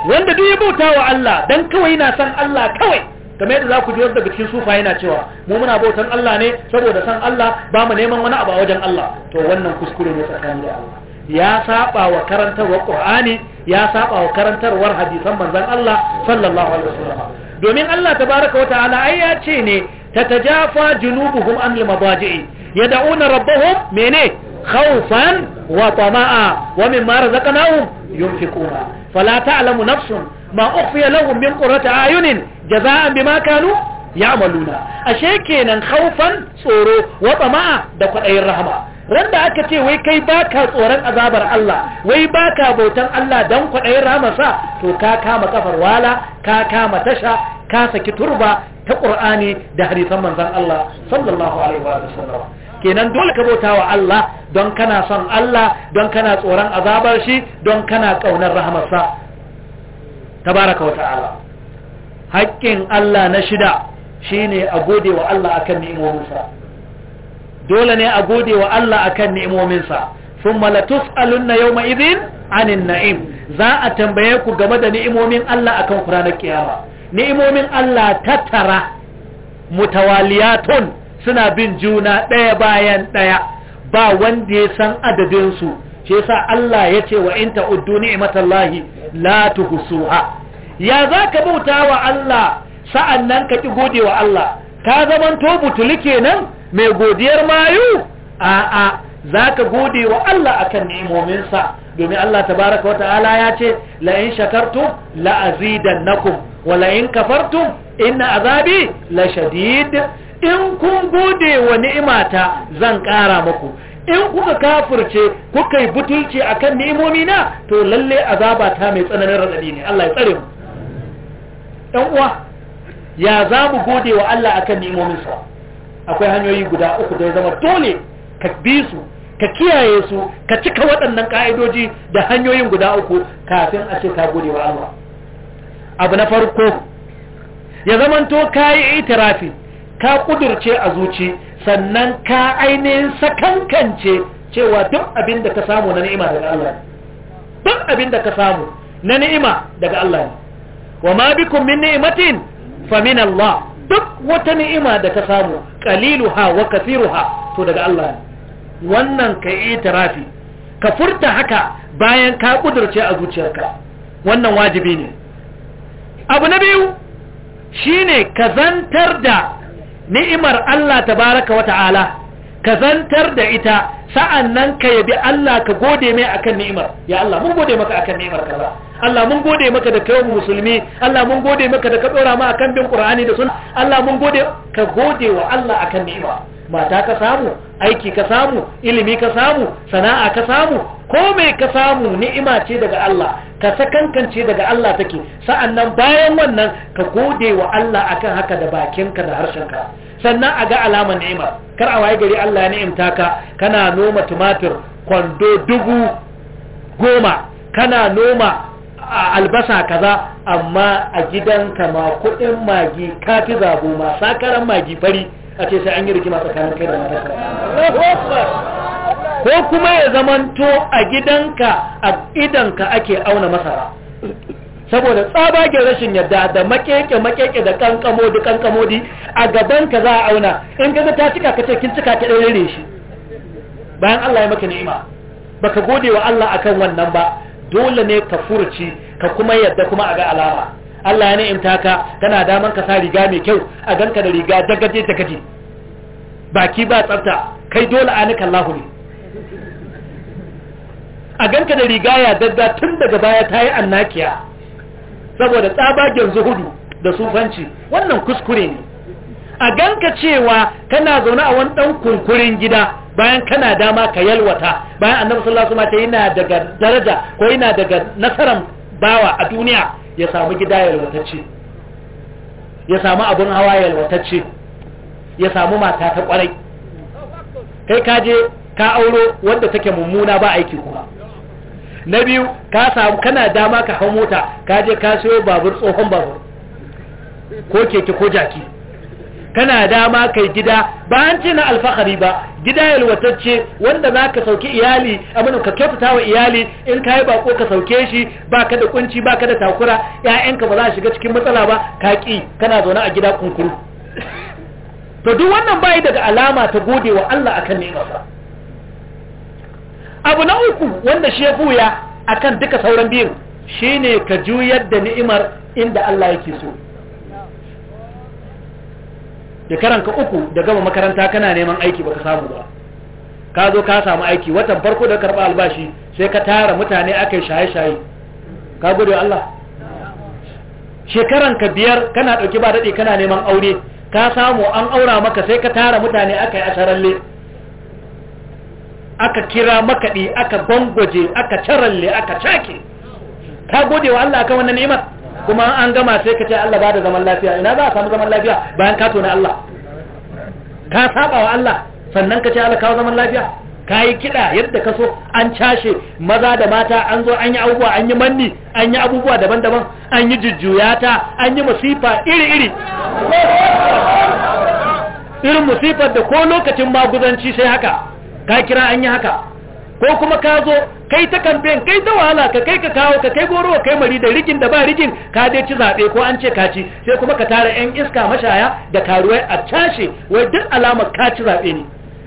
wanda duk ya bauta wa Allah dan kawai yana san Allah kawai kamar yadda za ku ji wanda bikin sufa yana cewa mu muna bautan Allah ne saboda san Allah ba mu neman wani abu a wajen Allah to wannan kuskure ne tsakanin da Allah ya saba wa karantarwar Qur'ani ya saba wa karantarwar hadisan manzon Allah sallallahu alaihi wasallam domin Allah tabaraka wa ta'ala ai ya ce ne tatajafa junubuhum an limabaji'i yad'una rabbahum mene khawfan wa tama'a wa mimma razaqnahum yunfiquna fala ta'lamu nafsun ma ukhfiya lahum min qurrati ayunin jaza'an bima kanu ya'maluna ashe kenan khaufan tsoro wa da kwaɗayin rahama randa aka ce wai kai baka tsoron azabar Allah wai baka bautan Allah dan kwaɗayin rahama sa to ka kama kafar wala ka kama tasha ka saki turba ta Qur'ani da hadisan manzon Allah sallallahu alaihi wa sallam kenan dole ka bauta wa Allah don kana son Allah don kana tsoron azabar shi don kana kaunar rahamarsa tabaraka wata'ala haƙƙin Allah na shida shine a gode wa Allah akan ni'imominsa dole ne a gode wa Allah akan ni'imominsa thumma latus'alunna yawma idhin 'anil na'im za a tambaye ku game da ni'imomin Allah akan ranar kiyama ni'imomin Allah tattara mutawaliyatun suna bin juna ɗaya bayan ɗaya ba wanda ya san adadinsu shi sa Allah ya ce wa in ta'uddu ni'matallahi la tuhsuha ya zaka bauta wa Allah sa'annan ka ki gode wa Allah ka zaman to butuli kenan mai godiyar mayu a'a zaka gode wa Allah akan ni'imominsa domin Allah tabaraka wa ta'ala ya ce la in shakartum la azidannakum wa la in kafartum inna azabi la shadid in kun gode wa ni'imata zan ƙara muku in kuka kafirce kuka yi butulci akan ni'imomi na to lalle azaba ta mai tsananin radadi ne Allah ya tsare mu dan uwa ya za mu gode wa Allah akan ni'imomin sa akwai hanyoyi guda uku da ya zama dole ka bi su ka kiyaye su ka cika waɗannan ka'idoji da hanyoyin guda uku kafin a ce ka gode wa Allah abu na farko ya zamanto kayi itirafin ka kudirce a zuci sannan ka ainihin sakankance cewa duk abin da ka samu na ni'ima daga Allah duk abin da ka samu na ni'ima daga Allah ne wa ma bikum min ni'matin fa min Allah duk wata ni'ima da ka samu qaliluha wa kathiruha to daga Allah ne wannan ka itirafi ka furta haka bayan ka kudirce a zuciyarka wannan wajibi ne abu na biyu shine ka zantar da ni'imar Allah tabaraka wata'ala ka zantar da ita sa'annan ka yabi Allah ka gode mai akan ni'imar ya Allah mun gode maka akan ni'imar kaza Allah mun gode maka da kai musulmi Allah mun gode maka da ka dora mu akan bin Qur'ani da sunna Allah mun gode ka gode wa Allah akan ni'ima mata ka samu aiki ka samu ilimi ka samu sana'a ka samu ko mai ka samu ni'ima ce daga Allah ka sakankance daga Allah take sa'annan bayan wannan ka gode wa Allah akan haka da bakinka da harshenka sannan a ga alamar ni'ima kar a waye gari Allah ya ni'imta ka kana noma tumatir kwando dubu goma kana noma a albasa kaza amma a gidanka ma kudin magi ka fi zabo ma sakaran magi fari a ce sai an yi rikima tsakanin kai da matarka *laughs* *laughs* ko kuma ya zamanto a gidanka a idanka ake auna masara saboda tsabagen rashin yadda da makeke makeke da kankamodi kankamodi a gabanka za a auna in gaza ta cika ka ce kin cika ka ta ɗaure shi bayan Allah ya maka ni'ima baka gode wa Allah akan wannan ba dole ne ka furci ka kuma yadda kuma a ga alama Allah ya ni'imta ka kana daman ka sa riga mai kyau a ganka da riga dagaje kaje baki ba tsafta kai dole anika Allahu ne a ganka da rigaya dadda tun daga baya ta yi annakiya saboda tsabagen zuhudu da sufanci wannan kuskure ne a ganka cewa kana zaune a wani ɗan kunkurin gida bayan kana dama ka yalwata bayan annabi sallallahu alaihi wasallam yana daga daraja ko yana daga nasaran bawa a duniya ya samu gida yalwatacce ya samu abun hawa yalwatacce ya samu mata ta kwarai kai je. ka auro wanda take mummuna ba aiki kuma na biyu ka samu kana dama ka hau mota ka je ka sayo babur tsohon babur ko keke ko jaki kana dama kai gida ba an ce na alfahari ba gida yalwatacce wanda za ka sauke iyali abin ka kyautata wa iyali in ka yi bako ka sauke shi ba ka da kunci ba ka da takura ‘ya'yanka ba za a shiga cikin matsala ba ka ƙi kana zaune a gida kunkuru to duk wannan bayi daga alama ta gode wa Allah akan ni'imarsa abu na uku wanda shi ya buya akan duka sauran biyun shine ka juyar da ni'imar inda Allah yake so da karanka uku da gama makaranta kana neman aiki baka samu ba ka zo ka samu aiki watan farko da karba albashi sai ka tara mutane aka shaye-shaye ka gode Allah shekaranka biyar kana ɗauki ba daɗe kana neman aure ka samu an aura maka sai ka tara mutane aka yi asharalle aka kira makaɗi aka bangwaje aka caralle aka cake ka gode wa Allah akan wannan ni'imar kuma an gama sai ka ce Allah ba da zaman lafiya ina za a samu zaman lafiya bayan ka tona Allah ka saba wa Allah sannan ka ce Allah kawo zaman lafiya ka yi kiɗa yadda ka so an cashe maza da mata an zo an yi abubuwa an yi manni an yi abubuwa daban-daban an yi jujjuyata an yi musifa iri-iri irin musifar da ko lokacin maguzanci sai haka ka kira an yi haka ko kuma ka zo kai ta kamfen kai ta wahala ka kai ka kawo ka kai goro kai mari da rigin da ba rigin ka dai ci zaɓe ko an ce ka ci sai kuma ka tara 'yan iska mashaya da karuwai a cashe wai duk alamar ka ci zaɓe ne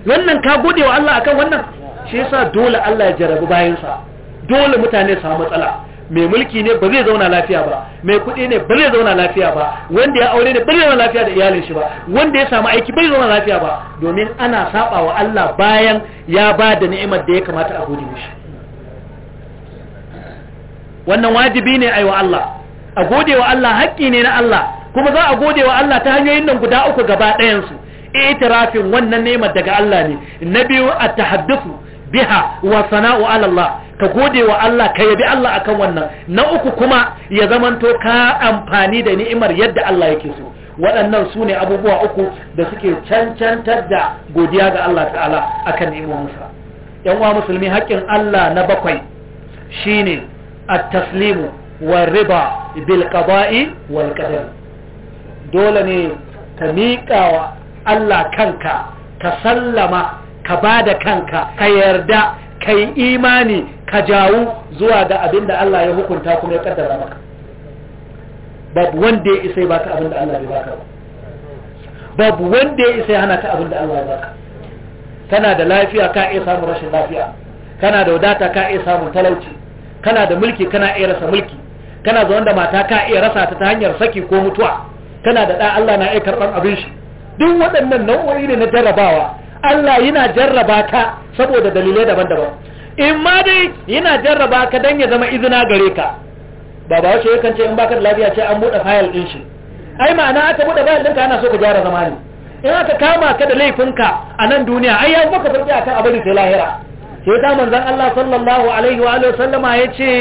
wannan ka gode wa Allah akan wannan shi yasa dole Allah ya jarabi bayansa dole mutane su samu matsala mai mulki ne ba zai zauna lafiya ba mai kuɗi ne ba zai zauna lafiya ba wanda ya aure ne ba zai zauna lafiya da iyalin shi ba wanda ya samu aiki ba zai zauna lafiya ba domin ana saba wa Allah bayan ya ba da ni'imar da ya kamata a gode mishi wannan wajibi ne wa Allah a gode wa Allah haƙƙi ne na Allah kuma za a gode wa Allah ta hanyoyin nan guda uku gaba ɗayan su itirafin wannan ni'imar daga Allah ne na biyu at-tahaddufu biha wa sana'u ala Allah ka gode wa Allah ka yabi Allah akan wannan na uku kuma ya zamanto ka amfani da ni'imar yadda Allah yake so waɗannan su ne abubuwa uku da suke cancantar da godiya ga Allah ta'ala akan ni'imominsa yan uwa musulmi haƙƙin Allah na bakwai shine at-taslimu wa riba bil qada'i wal qadar dole ne ka miƙa wa Allah kanka ka sallama ka ba da kanka ka yarda ka yi imani ka jawo zuwa da abin da Allah ya hukunta kuma ya kaddara maka babu wanda ya isa baka abin da Allah ya baka babu wanda ya isa hana ka abin da Allah ya baka kana da lafiya ka iya samun rashin lafiya kana da wadata ka iya samun talauci kana da mulki kana iya rasa mulki kana zaune da mata ka iya rasa ta ta hanyar saki ko mutuwa kana da ɗa Allah na iya karɓar abin shi duk waɗannan nau'o'i ne na jarrabawa Allah yana jarraba ka saboda dalilai daban-daban in ma dai yana jarraba ka dan ya zama izina gare ka ba ba wace yakan ce in baka da lafiya ce an buɗe fayil ɗin shi ai ma'ana aka buɗe fayil ɗinka ana so ka gyara zama ne in aka kama ka da laifinka a nan duniya ai ya baka sauki akan abin sai lahira sai ta manzon Allah sallallahu alaihi wa alihi sallama ce,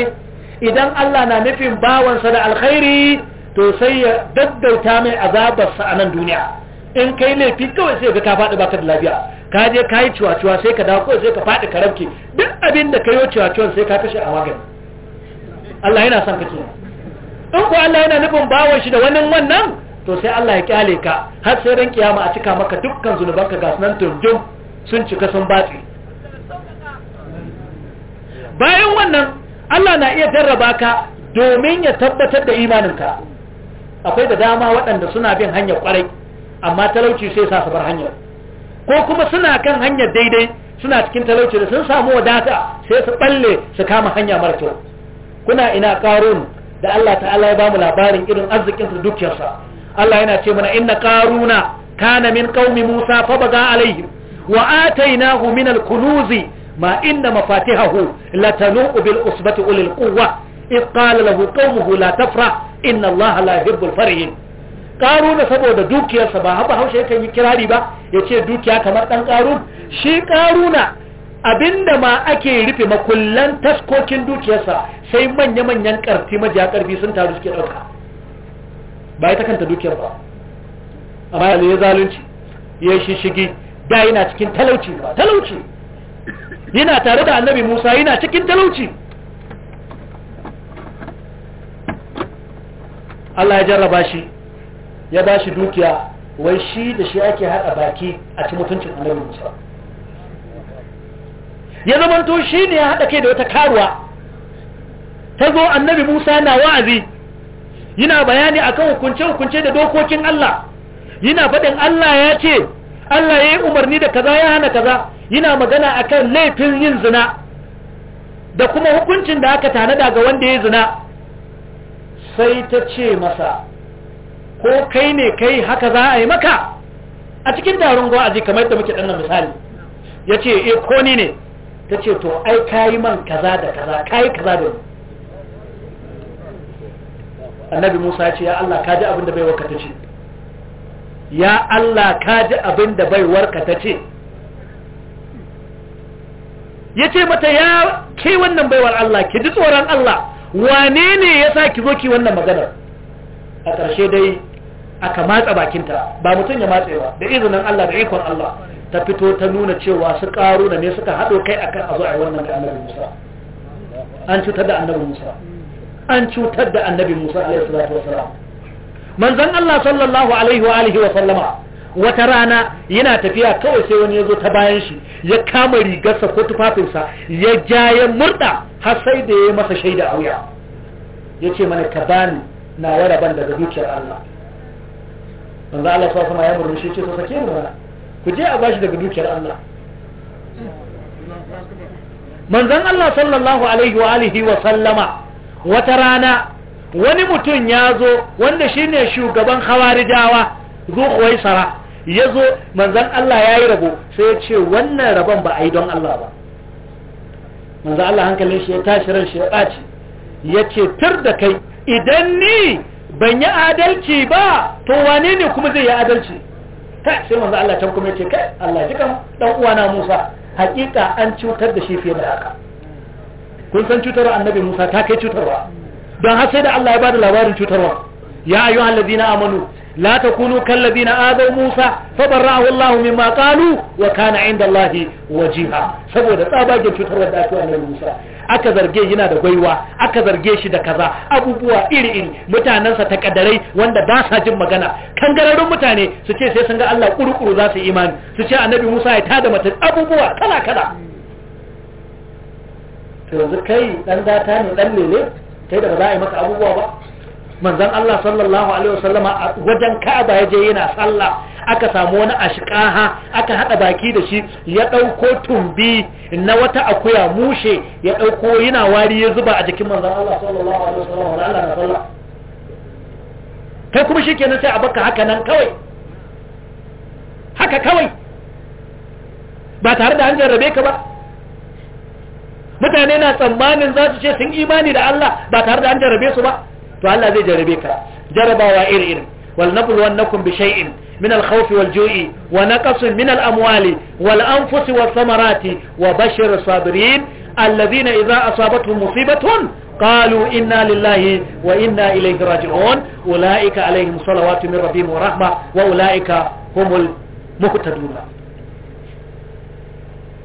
idan Allah na nufin bawansa da alkhairi to sai ya daddauta mai azabarsa a nan duniya in kai laifi kawai sai ka faɗi baka da lafiya ka je ka yi ciwaciwa sai ka dawo sai ka faɗi karamki duk abin da ka yi ciwaciwan sai ka kashe a wagan Allah yana son ka kenan in ko Allah yana nufin bawon shi da wannan wannan to sai Allah ya kyale ka har sai ran kiyama a cika maka dukkan zunubanka ga sunan tunjum sun cika sun batse bayan wannan Allah na iya jarraba ka domin ya tabbatar da imaninka akwai da dama waɗanda suna bin hanyar kwarai amma talauci sai sa su bar hanyar ko kuma suna kan hanyar daidai suna cikin talauci da sun samu wadata sai su balle su kama hanya mara kyau kuna ina karun da Allah ta'ala ya bamu labarin irin arzikin su dukiyarsa Allah yana ce mana inna karuna kana min qaumi Musa fa baga alaihim wa atainahu min al-kunuz ma inna mafatihahu latanu bil usbati ulil quwwa إذ قال له قومه لا تفرح إن الله لا يحب الفرحين Ƙaruna saboda dukiyarsa ba haɓa haushe yakan yi kirari ba ya ce dukiya kamar ɗan ƙarun. shi ƙaruna. abinda ma ake rufe makullan taskokin dukiyarsa sai manya-manyan ƙarfi majiya ƙarfi sun taru suke ɗauka ba ya ta kanta dukiyar ba amma yanzu ya zalunci ya yi shishigi da yana cikin talauci ba talauci yana tare da annabi musa yana cikin talauci Allah ya jarraba shi ya ba shi dukiya wai shi da shi ake haɗa baki a ci mutuncin annabi musa ya zamanto shi ne ya haɗa kai da wata karuwa ta zo annabi musa na wa'azi yana bayani akan hukunce-hukunce da dokokin allah yana faɗin allah ya ce allah ya yi umarni da kaza ya hana kaza yana magana akan laifin yin zina da kuma hukuncin da aka tanada ga wanda ya yi zina sai ta ce masa ko kai ne kai haka za a yi maka a cikin taron gwa'azi kamar da muke ɗannan misali ya ce e ko ni ne ta ce to ai kayi man kaza da kaza kayi kaza da ni annabi musa ce ya allah ka ji bai warka ta ce ya allah kaji ji abin da bai warka ta ce ya ce mata ya ke wannan baiwar allah ki ji tsoron allah wane ne ya sa ki zo ki wannan maganar a ƙarshe dai aka matsa bakinta ba mutum ya ba. da izinin Allah da ikon Allah ta fito ta nuna cewa su ƙaru da ne suka haɗo kai akan a zo a yi wannan da annabi Musa an cutar da annabi Musa an cutar da annabi Musa alaihi salatu wasalam manzon Allah sallallahu alaihi wa alihi wa sallama wata rana yana tafiya kawai sai wani ya zo ta bayan shi ya kama rigarsa ko tufafinsa ya ja ya murda har sai da ya masa shaida a wuya ya ce mana ka bani na ya raban daga dukiyar Allah manzo Allah sa sama ya murmushi ce sosa ke mu ku je a bashi daga dukiyar Allah manzan Allah sallallahu alaihi wa alihi wa sallama wata rana wani mutum ya zo wanda shi ne shugaban khawarijawa zo sara ya zo manzan Allah ya yi rabo sai ya ce wannan rabon ba a yi don Allah ba manzan Allah hankalin shi ya tashi ran shi ya ɓaci ya ce tur da kai idan ni ban yi adalci ba to wane ne kuma zai yi adalci kai sai wanzu Allah can kuma yace kai Allah jikan dan uwana Musa hakika an cutar da shi fiye da haka kun san cutarwa annabi Musa ta kai cutarwa don har sai da Allah ya bada labarin cutarwa ya ayyuhal ladina amanu لا تكونوا كالذين آذوا موسى فبرأه الله مما قالوا وكان عند الله وجيها سبوده تاباجin cutar da aka annabi Musa aka zarge shi yana da gwaiwa aka zarge shi da kaza abubuwa iri-iri mutanensa ta kadarai wanda ba sa jin magana kangararrun mutane su ce sai sun ga Allah kurukuru za su imani su ce annabi Musa ya tada mata abubuwa kala kala to yanzu kai dan data ne dan lele kai da ba za a yi maka abubuwa ba manzon Allah sallallahu alaihi wasallama wajen Ka'aba yaje yana sallah aka samu wani ashikaha aka hada baki da shi ya dauko tumbi na wata akuya mushe ya dauko yana wari ya zuba a jikin manzon Allah sallallahu alaihi wasallam kai kuma shikenan sai a baka haka nan kawai haka kawai ba tare da an jarrabe ka ba mutane na tsammanin za su ce sun imani da Allah ba tare da an jarrabe su ba to Allah zai jarrabe ka jarabawa iri-iri wal nabluwannakum bi shay'in من الخوف والجوع ونقص من الأموال والأنفس والثمرات وبشر الصابرين الذين إذا أصابتهم مصيبة قالوا إنا لله وإنا إليه راجعون أولئك عليهم صلوات من ربهم ورحمة وأولئك هم المهتدون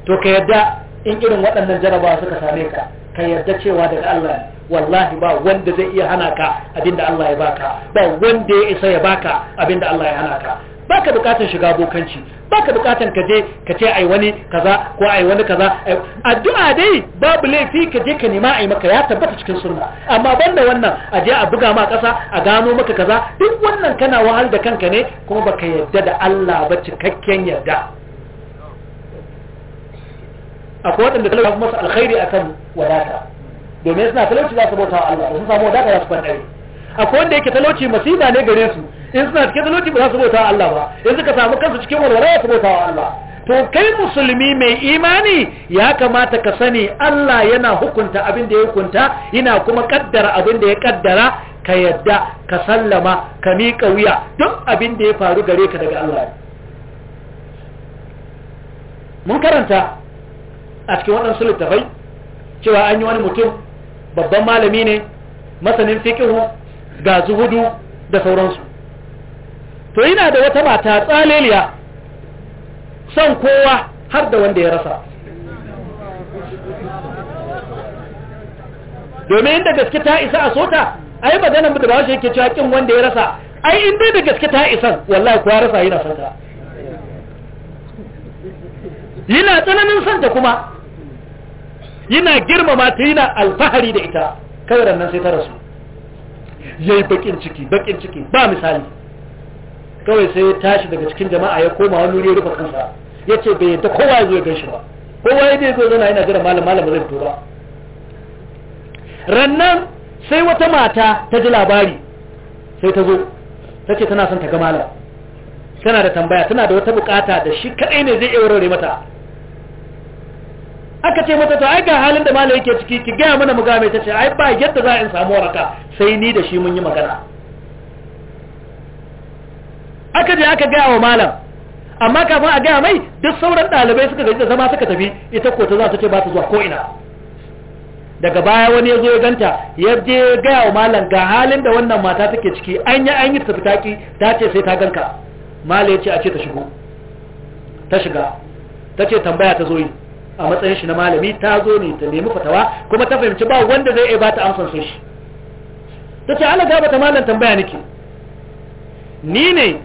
to ka yadda in irin waɗannan jarabawa suka same ka ka yadda cewa daga Allah wallahi ba wanda zai iya hana ka abinda Allah ya baka ba wanda ya isa ya baka abinda Allah ya hana ka baka bukatar shiga bokanci baka bukatar ka je ka ce ai wani kaza ko ai wani kaza addu'a dai babu laifi ka je ka nema ai maka ya tabbata cikin sunna amma banda wannan a je a buga ma kasa a gano maka kaza duk wannan kana wahal da kanka ne kuma baka yarda da Allah ba cikakken yarda akwai waɗanda fi masa alkhairi akan wadata domin suna talauci za su bauta wa Allah sun samu wadata za su kwanta akwai wanda yake talauci masifa ne gare su in suna cikin talauci ba za su bauta wa Allah ba in suka samu kansu cikin walwala za su bauta wa Allah to kai musulmi mai imani ya kamata ka sani Allah yana hukunta abin da ya hukunta yana kuma kaddara abin da ya kaddara ka yadda ka sallama ka miƙa wuya duk abin da ya faru gare ka daga Allah mun karanta a cikin waɗansu littafai cewa an yi wani mutum babban malami ne masanin fikihu ga zuhudu da sauransu to yana da wata mata tsaleliya son kowa har da wanda ya rasa domin inda gaske ta isa a sota ai maganar da ba shi yake cewa kin wanda ya rasa ai inda da gaske ta isa wallahi kuwa rasa yana son yana tsananin son kuma yana girmama ta yana alfahari da ita kawai rannan sai ta rasu ya yi bakin ciki bakin ciki ba misali kawai sai ya tashi daga cikin jama'a ya koma wani wuri rufe kansa ya ce bai yadda kowa ya zo ya gaishe ba kowa ya zo zana yana jira malam malam zai fito ba rannan sai wata mata ta ji labari sai ta zo ta ce tana son ta ga malam tana da tambaya tana da wata bukata da shi kadai ne zai iya warware mata aka ce mata to ai ga halin da malai yake ciki ki gaya mana mu ga mai ce ai ba yadda za in samu waraka sai ni da shi mun yi magana aka je aka gaya wa malam amma kafin a gaya mai duk sauran ɗalibai suka gaji da zama suka tafi ita ko ta za ta ce ba ta zuwa ko ina daga baya wani ya zo ya ganta ya je gaya wa malam ga halin da wannan mata take ciki an yi an yi tafi taki ta ce sai ta ganka malai ya ce a ce ta shigo ta shiga ta ce tambaya ta zo yi a matsayin shi na malami ta zo ne ta nemi fatawa kuma ta fahimci ba wanda zai iya ba ta amsan shi ta ce ana gaba ta malam tambaya nake ni ne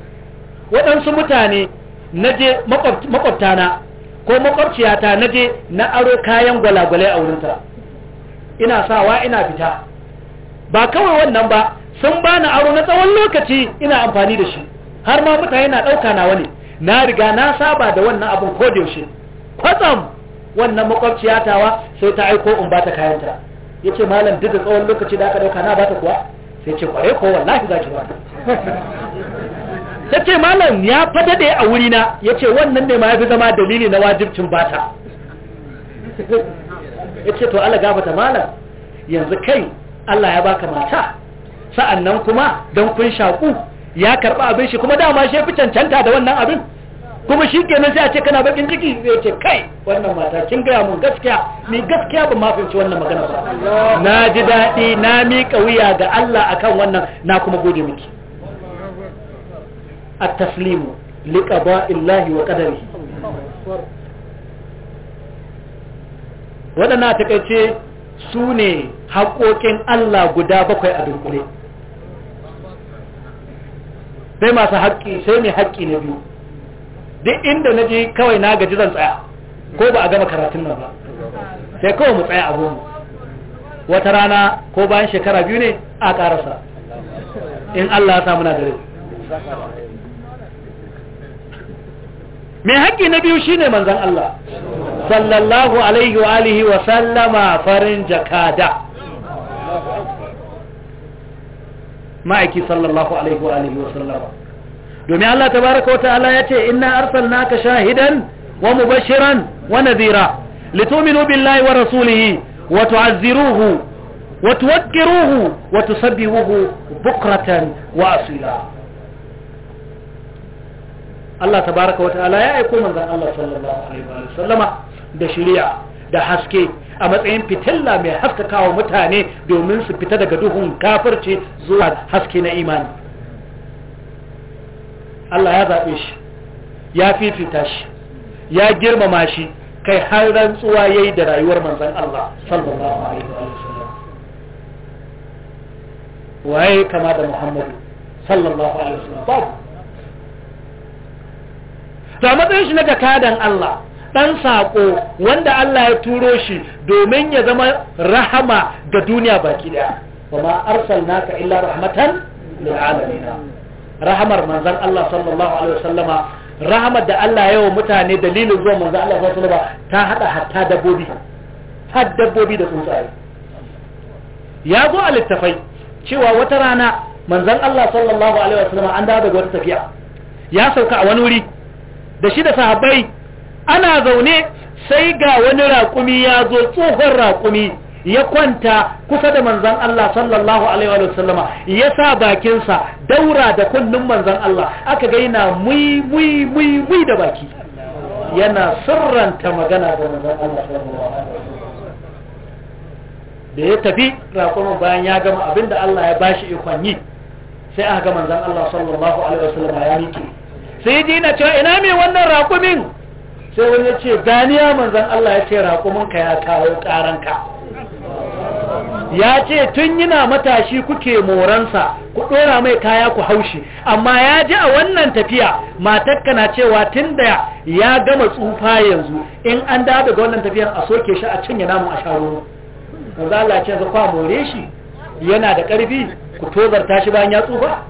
waɗansu mutane na je makwabtana ko makwabciyata na je na aro kayan gwalagwalai a wurin ta? ina sawa ina fita ba kawai wannan ba sun ba na aro na tsawon lokaci ina amfani da shi har ma mutane na ɗauka na wani na riga na saba da wannan abin yaushe. kwatsam wannan makwabciya tawa sai ta aiko in ba ta kayanta ya ce malam duk da tsawon lokaci da aka dauka na ba ta kuwa sai ce kwarai ko wallahi za ki ba ta *laughs* ce malam ya fada da a wurina ya ce wannan ne ma ya fi zama dalili na wajibcin bata ya ce to ala gafata malam yanzu kai Allah ya baka mata sa'annan kuma don kun shaƙu ya karɓa abin shi kuma dama shi fi cancanta da wannan abin kuma shi kenan sai a ce kana bakin ciki zai ce kai wannan mata kin gaya mun gaskiya ni gaskiya ban ma fahimci wannan magana ba na ji daɗi na miƙa wuya ga Allah akan wannan na kuma gode miki at-taslimu li qada'illahi wa qadarihi ta takaice su ne haƙoƙin Allah guda bakwai a dunkule sai masu haƙƙi sai ne haƙƙi na biyu duk inda na je kawai na gaji zan tsaya ko ba a gama karatun nan ba sai kawai mu tsaya a goma wata rana ko bayan shekara biyu ne a karasa in Allah ya sa muna dare Me haƙƙi na biyu shine manzon Allah sallallahu alaihi wa alihi wa sallama farin jakada ma'aiki sallallahu alaihi wa alihi wa sallama domin Allah ta baraka wata ta'ala ya ce ina inna naka shahidan wa mubashiran wa nadhira litu'minu billahi wa rasulihi wa tu'azziruhu wa tuwaqqiruhu wa tusabbihuhu bukratan wa asila Allah tabaraka wa ta'ala ya aiko manzon Allah sallallahu alaihi wa sallama da shari'a da haske a matsayin fitilla mai haskakawa mutane domin su fita daga duhun kafirci zuwa haske na imani Allah ya zaɓe shi ya fifita shi ya girmama shi kai har rantsuwa yayi da rayuwar manzon Allah sallallahu alaihi wasallam waye kama da Muhammadu sallallahu alaihi wasallam babu da matsayin shi na jakadan Allah ɗan saƙo wanda Allah ya turo shi domin ya zama rahama ga duniya baki ɗaya wa ma ka illa rahmatan lil alamin rahamar manzan Allah sallallahu alaihi wasallama rahamar da Allah yawa mutane dalilin zuwa manzan Allah sallallahu alaihi wasallama ta hada hatta dabbobi har dabbobi da tsuntsaye ya zo a littafai cewa wata rana manzan Allah sallallahu alaihi wasallama an dawo daga wata tafiya ya sauka a wani wuri da shi da sahabbai ana zaune sai ga wani raƙumi ya zo tsohon raƙumi ya kwanta kusa da manzan Allah sallallahu alaihi wa sallama ya sa bakinsa daura da kullun manzan Allah aka ga yana mui mui mui da baki yana sirranta magana da manzan Allah da ya tafi raƙumin bayan ya gama abinda Allah ya bashi ikon yi sai aka ga manzan Allah sallallahu alaihi wa sallama ya miki. sai ji na cewa ina mai wannan raƙumin sai wani ya ce ganiya manzan Allah ya ce raƙuminka ya kawo ƙaranka ya ce tun yana matashi kuke moransa ku ɗora mai kaya ku haushi amma ya ji a wannan tafiya matakka na cewa tun da ya gama tsufa yanzu in an da daga wannan tafiyar a soke shi a cinye namun a sharo za Allah ce zakwa more shi yana da ƙarfi ku tozarta shi bayan ya tsufa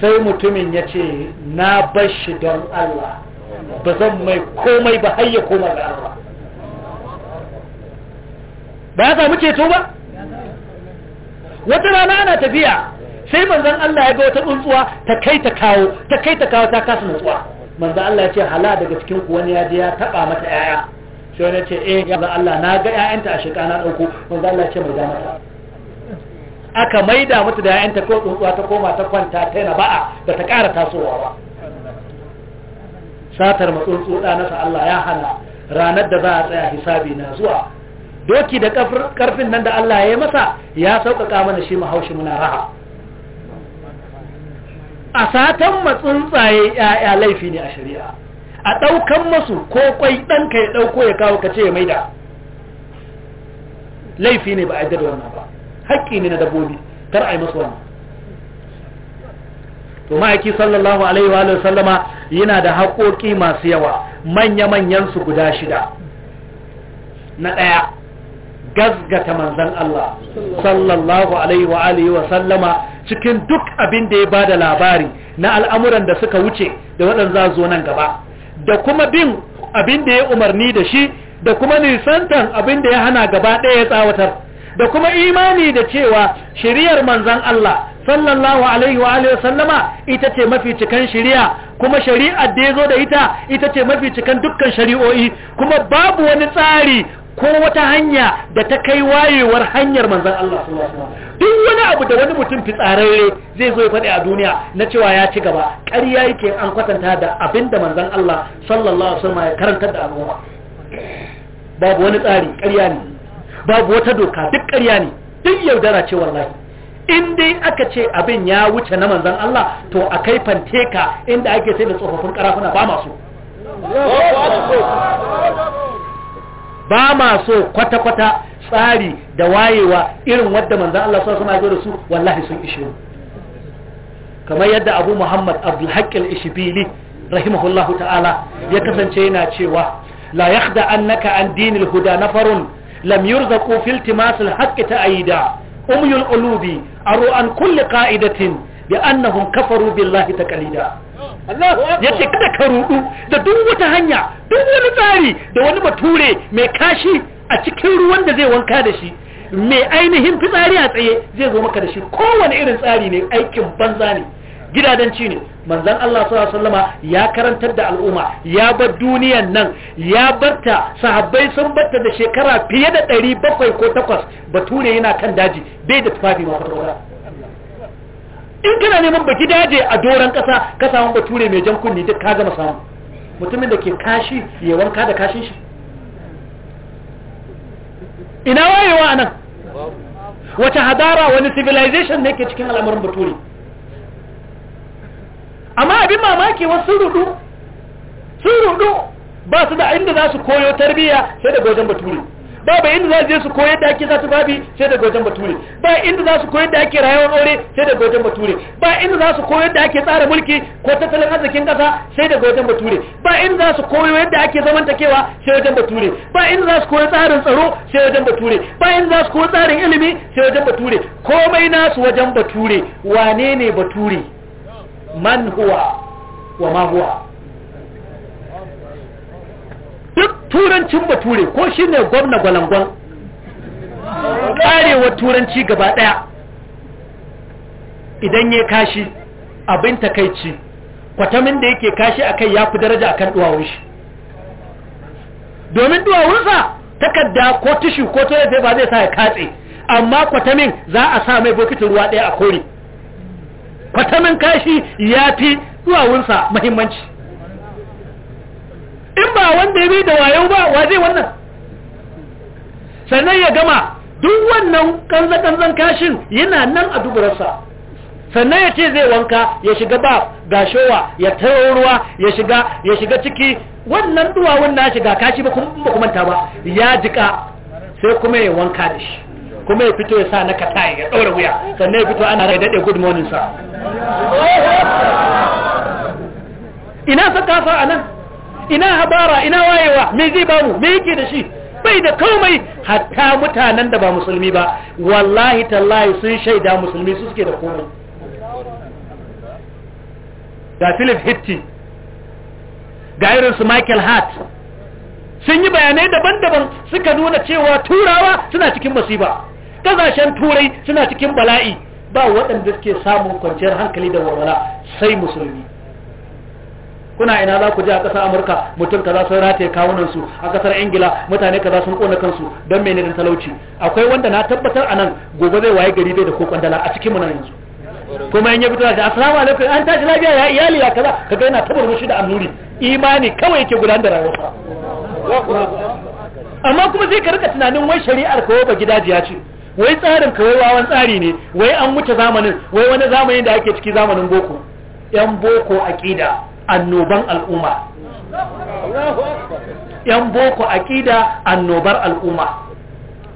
sai mutumin ya ce na bar don Allah ba zan mai komai ba har ya koma ga ba ya samu ceto ba wata rana ana tafiya sai manzan Allah ya ga wata tsuntsuwa ta kai ta kawo ta kai ta kawo ta kasa nutsuwa manzan Allah ya ce hala daga cikin ku wani ya je ya taba mata yaya sai wani ce eh ya Allah na ga yayanta a shika na dauko manzan Allah ya ce mai da mata aka maida mata da yayanta ko tsuntsuwa ta koma ta kwanta ta yana ba'a da ta kara tasowa ba satar matsuntsu ɗanasa Allah ya hana ranar da za a tsaya hisabi na zuwa doki da karfin nan da Allah ya yi masa ya sauƙaƙa mana shi mahaushi muna raha a satan matsuntsaye ya'ya laifi ne a shari'a a ɗaukan masu ko kwai ɗanka ya ɗauko ya kawo kace ya maida laifi ne ba a da wannan ba haƙƙi ne na dabbobi kar a yi masu wannan to ma'aiki sallallahu alaihi wa sallama yana da haƙoƙi masu yawa manya manyansu guda shida na ɗaya gazgata manzan Allah sallallahu alaihi wa wa sallama cikin duk abin da ya bada labari na al'amuran da suka wuce da waɗanda zo nan gaba da kuma bin abin da ya umarni da shi da kuma nisantan abin da ya hana gaba ɗaya ya tsawatar da kuma imani da cewa shiriyar manzan Allah sallallahu alaihi wa sallama ita ce mafi cikan shari'a kuma shari'ar da yazo da ita ita ce mafi cikan dukkan shari'o'i kuma babu wani tsari ko wata hanya da ta kai wayewar hanyar manzan Allah duk wani abu da wani mutum fitsararre zai zo ya faɗi a duniya na cewa ya ci gaba ƙarya yake an kwatanta da abin da manzan Allah sallallahu alaihi wasallam ya karanta da al'umma babu wani tsari ƙarya ne babu wata doka duk ƙarya ne duk yaudara ce wallahi in dai aka ce abin ya wuce na manzan Allah to a kai fanteka inda ake sai da tsofaffin karafuna ba masu ba ma so kwata-kwata tsari da wayewa irin wadda manzan Allah sa sama zo da su wallahi sun ishe kamar yadda abu muhammad abdulhaƙil ishibili rahimahullahu ta'ala ya kasance yana cewa la yakhda annaka an dinil huda nafarun lam yurzaqu fil timasil haqqi ta'ida umyul ulubi aru an kulli qa'idatin bi annahum kafaru billahi taqalida yace kada ka rudu da duk wata hanya duk wani tsari da wani bature mai kashi a cikin ruwan da zai wanka da shi mai ainihin fitsari a tsaye zai zo maka da shi kowane irin tsari ne aikin banza ne ci ne manzon Allah sallama ya karantar da al'umma ya bar duniyan nan ya barta sahabbai sun barta da shekara fiye da 700 ko takwas, bature yana kan daji bai da tufafi masu in kana neman baki daje a doran kasa ka samu bature mai jan kunni duk ka gama samu mutumin da ke kashi ya wanka da kashin shi ina wayewa anan wace hadara wani civilization ne ke cikin al'amarin bature amma abin mamaki wasu rudu sun rudu ba su da inda za su koyo tarbiyya sai daga wajen bature babu inda za su je su koyar da ake zata babi sai daga wajen bature ba inda za su koyar da ake rayuwar aure sai daga wajen bature ba inda za su koyar da ake tsara mulki ko tattalin arzikin kasa sai daga wajen bature ba inda za su koyo yadda ake takewa sai wajen bature ba inda za su koyi tsarin tsaro sai wajen bature ba inda za su koyi tsarin ilimi sai wajen bature komai nasu wajen bature wane ne bature man huwa wa ma huwa duk turancin bature ko shi ne gwamna gwalangwal karewa turanci gaba ɗaya. idan ya kashi abin takaici kwatamin da yake kashi a kai ya fi daraja a kan ɗuwawun shi domin duwawunsa takarda ko tishu ko zai ba zai sa ya katse amma kwatamin za a sa mai bokitin ruwa ɗaya a kore kwatamin kashi ya fi duwawunsa mahimmanci in ba wanda ya bi da wayo ba wa zai wannan sannan ya gama duk wannan kanzan-kanzan kashin yana nan a duburarsa sannan ya ce zai wanka ya shiga ba gashowa ya taro ruwa ya shiga ya shiga ciki wannan duwawun na shiga kashi ba kuma manta ba ya jika sai kuma ya wanka da shi kuma ya fito ya sa na kata ya ɗaura wuya sannan ya fito ana rai daɗe good morning *laughs* sa ina sa kasa a nan ina habara ina wayewa me zai bamu me yake da shi bai da komai hatta mutanen da ba musulmi ba wallahi tallahi sun shaida musulmi su suke da komai ga philip hitti ga su michael hart sun yi bayanai daban-daban suka nuna cewa turawa suna cikin masiba kasashen turai suna cikin bala'i ba waɗanda suke samun kwanciyar hankali da walwala sai musulmi kuna ina za ku je a ƙasar amurka mutum kaza sun rataye kawunan su a ƙasar ingila mutane kaza sun ƙona kansu don mene da talauci akwai wanda na tabbatar a nan gobe zai waye gari bai da ko kwandala a cikin mu yanzu kuma in ya fito da assalamu alaikum an tashi lafiya ya iyali ya kaza kaga yana tabar shi da annuri imani kawai yake gudanar da rayuwa amma kuma zai ka rika tunanin wai shari'ar kawai ba gidajiya ce wai tsarin kawai wawan tsari ne wai an wuce zamanin wai wani zamanin da ake ciki zamanin boko yan boko aqida annoban al'umma yan boko aƙida annobar al'umma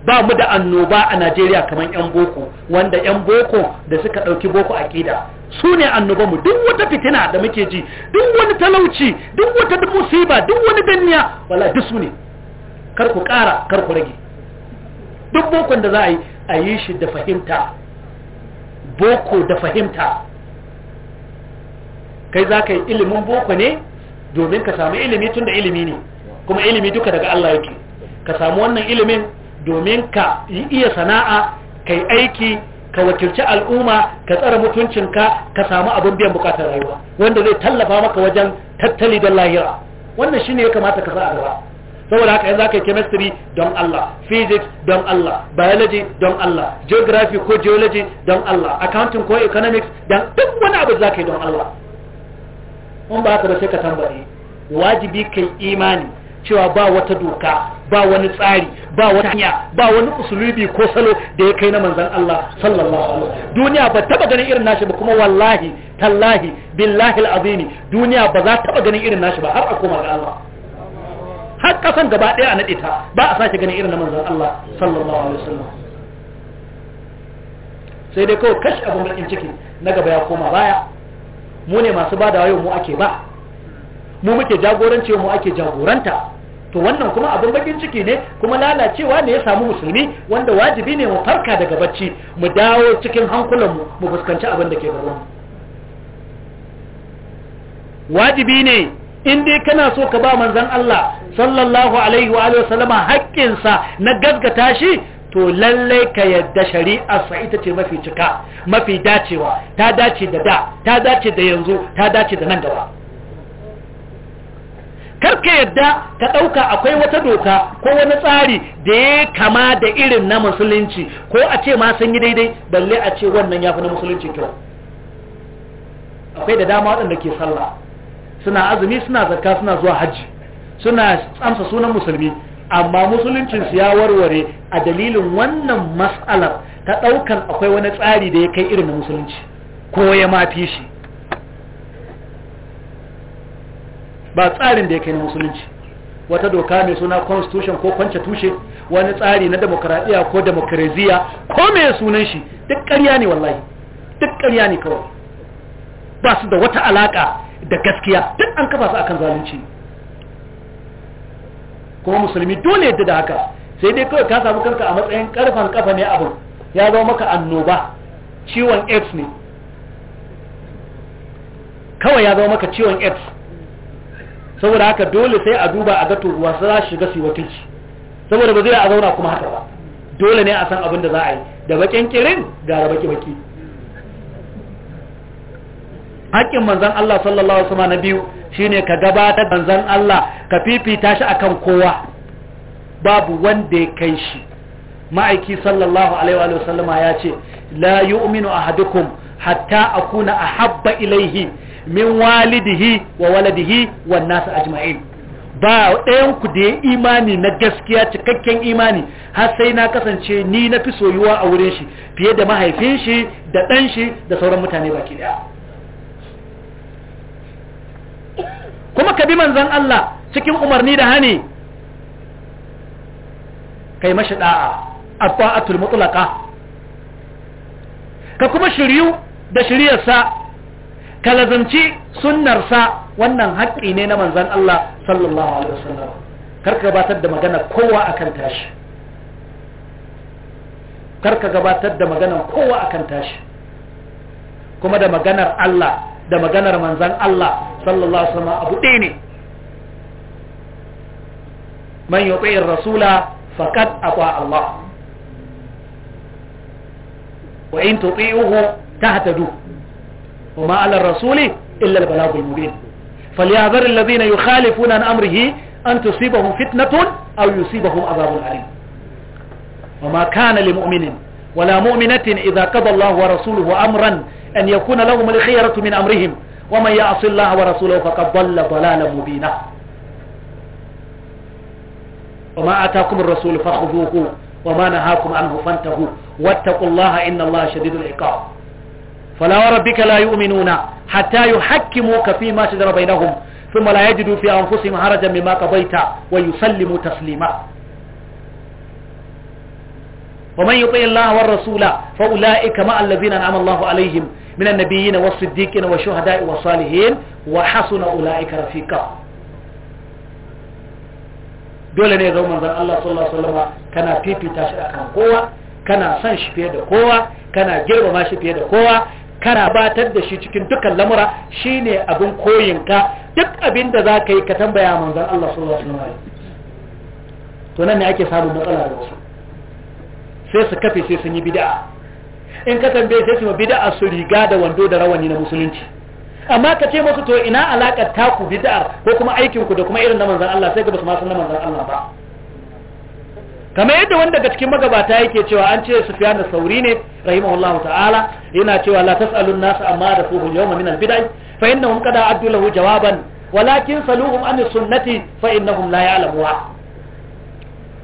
ba mu da annoba a Najeriya kamar yan boko wanda yan boko da suka ɗauki boko aƙida su ne annoban mu duk wata fitina da muke ji duk wani talauci duk wata musiba duk wani danniya wala duk su ne kar ku ƙara kar ku rage duk bokon da za a yi a yi shi da fahimta boko da fahimta kai za ka yi ilimin boko ne domin ka samu ilimi tun da ilimi ne kuma ilimi duka daga Allah yake ka samu wannan ilimin domin ka yi iya sana'a ka yi aiki ka wakilci al'umma ka tsara mutuncinka ka samu abin biyan bukatar rayuwa wanda zai tallafa maka wajen tattali don lahira wannan shine ya kamata ka sa a gaba saboda haka yanzu aka yi chemistry don Allah physics don Allah biology don Allah geography ko geology don Allah accounting ko economics don duk wani abu za ka yi don Allah in ba haka ba sai ka tambaye wajibi kai imani cewa ba wata doka ba wani tsari ba wata hanya ba wani usulubi ko salo da ya kai na manzan Allah sallallahu alaihi duniya ba taba ganin irin nashi ba kuma wallahi tallahi billahi alazim duniya ba za taba ganin irin nashi ba har a koma ga Allah har kasan gaba daya a nade ta ba a sake ganin irin na manzan Allah sallallahu alaihi wasallam sai dai kawai kashi abin bakin ciki na gaba ya koma baya mu ne masu ba da wayo mu ake ba mu muke jagoranci mu ake jagoranta to wannan kuma abin bakin ciki ne kuma lalacewa ne ya samu musulmi wanda wajibi ne mu farka daga bacci mu dawo cikin hankulan mu mu fuskanci abin da ke gabanmu wajibi ne in dai kana so ka ba manzon Allah sallallahu alaihi wa alihi wasallama haƙƙinsa na gaggata shi to lallai ka yadda shari'arsa ita ce mafi cika mafi dacewa ta dace da da ta dace da yanzu ta dace da nan gaba ka yadda ka ɗauka akwai wata doka ko wani tsari da ya kama da irin na musulunci ko a ce ma sun yi daidai balle a ce wannan ya fi na musulunci kyau akwai da dama waɗanda ke sallah suna azumi suna zakka suna zuwa hajji suna amsa sunan musulmi amma musuluncinsu ya warware a dalilin wannan mas'alar ta ɗaukan akwai wani tsari da ya kai irin musulunci ko ya mafi shi ba tsarin da ya kai na musulunci wata doka mai suna constitution ko kwance tushe wani tsari na demokradiyya ko demokraziya ko mai sunan shi duk ƙarya ne wallahi duk ƙarya ne kawai ba su da wata alaƙa da gaskiya duk an kafa su akan zalunci kuma musulmi dole yadda da haka sai dai kawai ka samu kanka a matsayin karfan kafa ne abin ya zama maka annoba ciwon aids ne kawai ya zama maka ciwon aids saboda haka dole sai a duba a ga turuwa su za shiga su yi wakilci saboda ba zai a zauna kuma haka ba dole ne a san abin da za a yi da bakin kirin gara baki baki hakkin manzon Allah sallallahu alaihi wasallam na biyu shine ka gabatar manzon Allah ka fifita shi akan kowa babu wanda ya kai shi ma'aiki sallallahu alaihi wasallam ya ce la yu'minu ahadukum hatta akuna ahabba ilaihi min walidihi wa waladihi wa nasu ajma'in ba ɗayan ku da ya imani na gaskiya cikakken imani har sai na kasance ni na fi soyuwa a wurin shi fiye da mahaifin shi da ɗan shi da sauran mutane baki daya kuma ka bi manzan Allah cikin umarni da hani kai mashi da'a at-ta'atul mutlaqa ka kuma shiryu da shiryarsa ka lazanci sunnarsa wannan haƙƙi ne na manzan Allah sallallahu alaihi wasallam kar ka gabatar da magana kowa akan tashi kar ka gabatar da magana kowa akan tashi kuma da maganar Allah da maganar manzan Allah صلى الله عليه وسلم أبو ديني من يطيع الرسول فقد أطاع الله وإن تطيعه تهتدوا وما على الرسول إلا البلاغ المبين فليعذر الذين يخالفون عن أمره أن تصيبهم فتنة أو يصيبهم عذاب عليم وما كان لمؤمن ولا مؤمنة إذا قضى الله ورسوله أمرا أن يكون لهم الخيرة من أمرهم ومن يعص الله ورسوله فقد ضل ضلالا مبينا وما آتاكم الرسول فخذوه وما نهاكم عنه فانتهوا واتقوا الله إن الله شديد العقاب فلا وربك لا يؤمنون حتى يحكموك فيما شجر بينهم ثم لا يجدوا في أنفسهم حرجا مما قضيت ويسلموا تسليما ومن يطيع الله والرسول فأولئك مع الذين أنعم الله عليهم من النبيين والصديقين والشهداء والصالحين وحسن أولئك رفيقا dole ne zauman zan Allah sallallahu Alaihi kana fifita shi a kan kowa kana son shi fiye da kowa kana girmama shi fiye da kowa kana batar da shi cikin dukkan lamura shi ne abin koyinka duk abinda da ka yi ka tambaya manzan Allah sallallahu Alaihi to nan ne ake samun matsala da wasu sai su kafe sai sun yi bida'a in ka tambaye sai su bid'a su riga da wando da rawani na musulunci amma ka ce musu to ina alakar taku bid'ar ko kuma aikinku ku da kuma irin na manzon Allah sai ga basu ma na Allah ba kamar yadda wanda daga cikin magabata yake cewa an ce Sufyan as-Sauri ne rahimahullahu ta'ala yana cewa la tas'alun nas amma da fuhu yawma min al-bid'ah fa innahum qad addu lahu jawaban walakin saluhum an sunnati fa innahum la ya'lamuha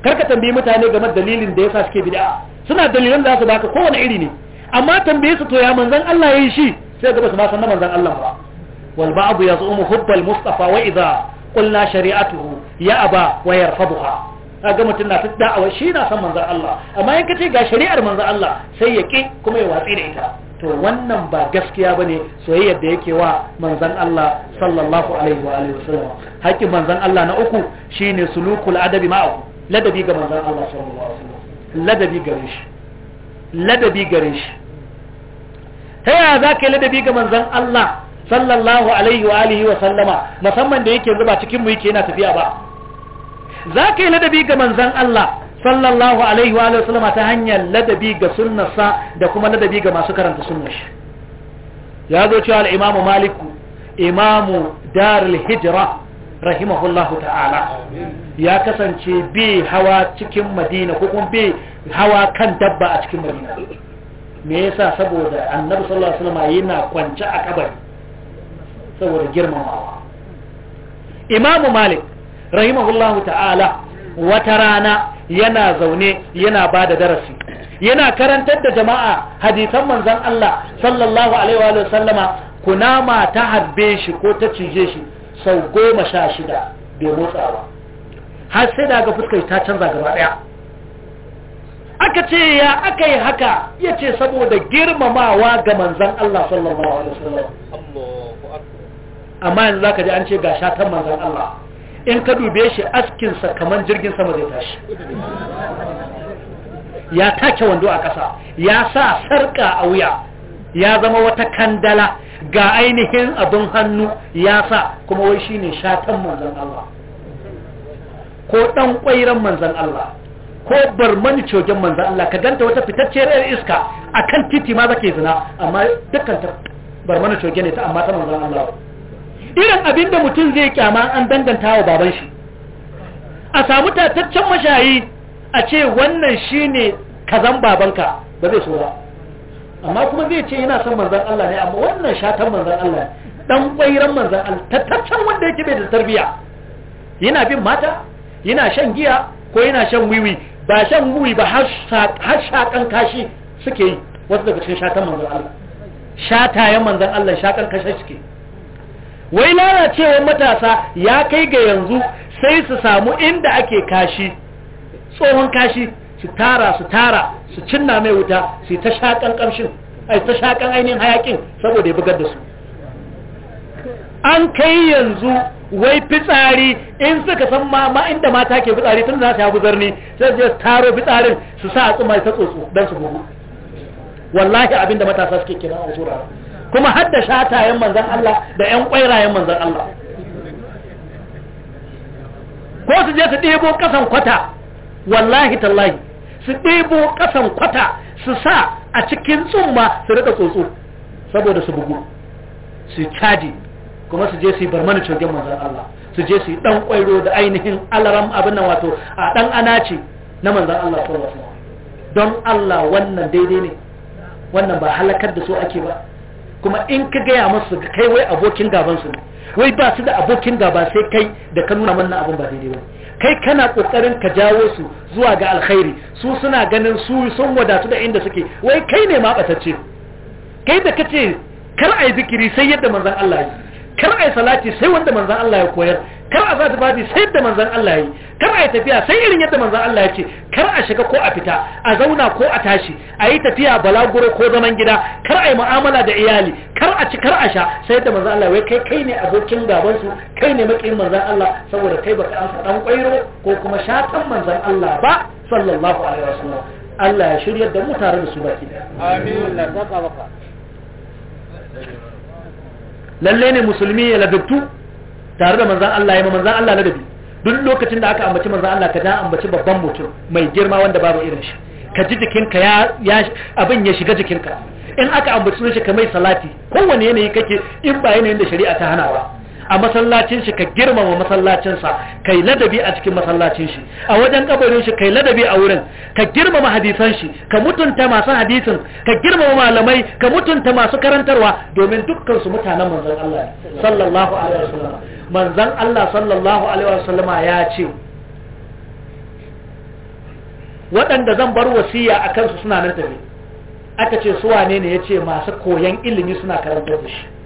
karka tambayi mutane game da dalilin da yasa suke bid'a suna dalilan da su baka kowane iri ne amma tambaye su to ya manzan Allah yayi shi sai ga su ma san manzan Allah ba wal ba'd yazumu hubbal mustafa wa idha qulna shari'atuhu ya aba wa yarfaduha kaga mutun na tudda a shi na san manzan Allah amma in kace ga shari'ar manzan Allah sai ya ki kuma ya watsi da ita to wannan ba gaskiya bane soyayyar da yake wa manzan Allah sallallahu alaihi wa alihi wasallam haƙin manzan Allah na uku shine sulukul adabi ma'ahu ladabi ga manzan Allah sallallahu alaihi wasallam ladabi gare shi ladabi gare shi ta yaya za ka yi ladabi ga manzan Allah sallallahu alaihi wa alihi wa sallama musamman da yake zuba cikin mu yake yana tafiya ba za ka yi ladabi ga manzon Allah sallallahu alaihi wa alihi wa sallama ta hanyar ladabi ga sunnarsa da kuma ladabi ga masu karanta sunnar shi ya zo cewa al-Imam Malik Imam Darul Hijra rahimahullahu ta'ala ya kasance bi hawa cikin Madina ko kuma bi hawa kan dabba a cikin Madina me yasa saboda annabi sallallahu alaihi wasallam yana kwance a kabari saboda girmamawa imamu malik rahimahullahu ta'ala wata rana yana zaune yana ba da darasi yana karantar da jama'a hadisan manzon Allah sallallahu alaihi wa sallama kunama ta harbe shi ko ta cije shi sau goma sha shida bai motsawa har sai daga fuskar ta canza gaba daya aka ce ya aka yi haka ya ce saboda girmamawa ga manzan Allah sallallahu Alaihi wasallam amma yanzu za ka ji an ce ga shatan manzan Allah in ka dube shi askinsa kamar jirgin sama zai tashi ya take wando a ƙasa ya sa sarƙa a wuya ya zama wata kandala ga ainihin abin hannu ya sa kuma wai shi ne shatan manzan Allah ko ɗan ƙwairan manzan Allah ko bar mani cogen manzan Allah ka ganta wata fitacciyar iska akan titi ma zake zina amma dukkan ta mani cogen ne ta amma ta manzan Allah irin abinda mutum zai kyama an danganta wa baban shi a samu tataccen mashayi a ce wannan shine kazan babanka ba zai so ba amma kuma zai ce yana son manzan Allah ne amma wannan shatan manzan Allah dan kwairan manzan Allah tattaccen wanda yake bai da tarbiya yana bin mata yana shan giya ko yana shan wiwi ba shan wiwi ba har shakan kashi suke yi wasu daga cikin shakan manzan Allah shatayen manzan Allah shakan kashi suke wai lalacewar matasa ya kai ga yanzu sai su samu inda ake kashi tsohon kashi su tara su tara su cinna mai wuta su ta shakan kamshin ai ta shakan ainihin hayakin saboda ya bugar da su an kai yanzu wai fitsari in suka san ma ma inda mata ke fitsari tun za su hagu zarni sai su taro fitsarin su sa a tsumai ta tsotso don su gugu wallahi abinda matasa suke kira a sura kuma har da shatayen manzan Allah da ƴan ƙwairayen manzan Allah ko su je su ɗebo ƙasan kwata wallahi tallahi su ɗebo ƙasan kwata su sa a cikin tsumma su rika tsotso saboda su bugu su caji kuma su je su yi barmana cogen manzan Allah su je su yi dan kwairo da ainihin alaram abin nan wato a dan ce na manzan Allah su wasu don Allah wannan daidai ne wannan ba halakar da su ake ba kuma in ka gaya musu kai wai abokin gaban su ne wai ba su da abokin gaba sai kai da ka nuna wannan abin ba daidai ba kai kana kokarin ka jawo su zuwa ga alkhairi su suna ganin su sun wadatu da inda suke wai kai ne ma batacce kai da kace kar ai zikiri sai yadda manzon Allah ya kar a yi salati sai wanda manzan Allah ya koyar kar a zata babi sai da manzan Allah ya yi kar a yi tafiya sai irin yadda manzan Allah ya ce kar a shiga ko a fita a zauna ko a tashi a yi tafiya balaguro ko zaman gida kar a yi mu'amala da iyali kar a ci kar a sha sai da manzan Allah ya kai kai ne abokin gabansu kai ne makin manzan Allah saboda kai baka amsa ɗan kwairo ko kuma shatan manzan Allah ba sallallahu alaihi wasallam Allah ya shirya da mu tare da su baki amin Allah ta baka lalle ne musulmi ya ladabtu tare da manzan Allah ya manzan Allah ladabi duk lokacin da aka ambaci manzan Allah ka da ambaci babban mutum mai girma wanda babu irin shi ka ji jikinka ya abin ya shiga jikinka in aka ambaci shi ka mai salati kowane yanayi kake in ba yanayin da shari'a ta hana ba a masallacin shi ka girmama masallacin sa kai ladabi a cikin masallacin shi a wajen kabarin shi kai ladabi a wurin ka girmama hadisan shi ka mutunta masu hadisin ka girmama malamai ka mutunta masu karantarwa domin dukkan su mutanen manzon Allah sallallahu alaihi wasallam manzon Allah sallallahu alaihi wasallama ya ce waɗanda zan bar wasiya a kansu suna nan tafi aka ce su wane ne ya ce masu koyan ilimi suna karantar da shi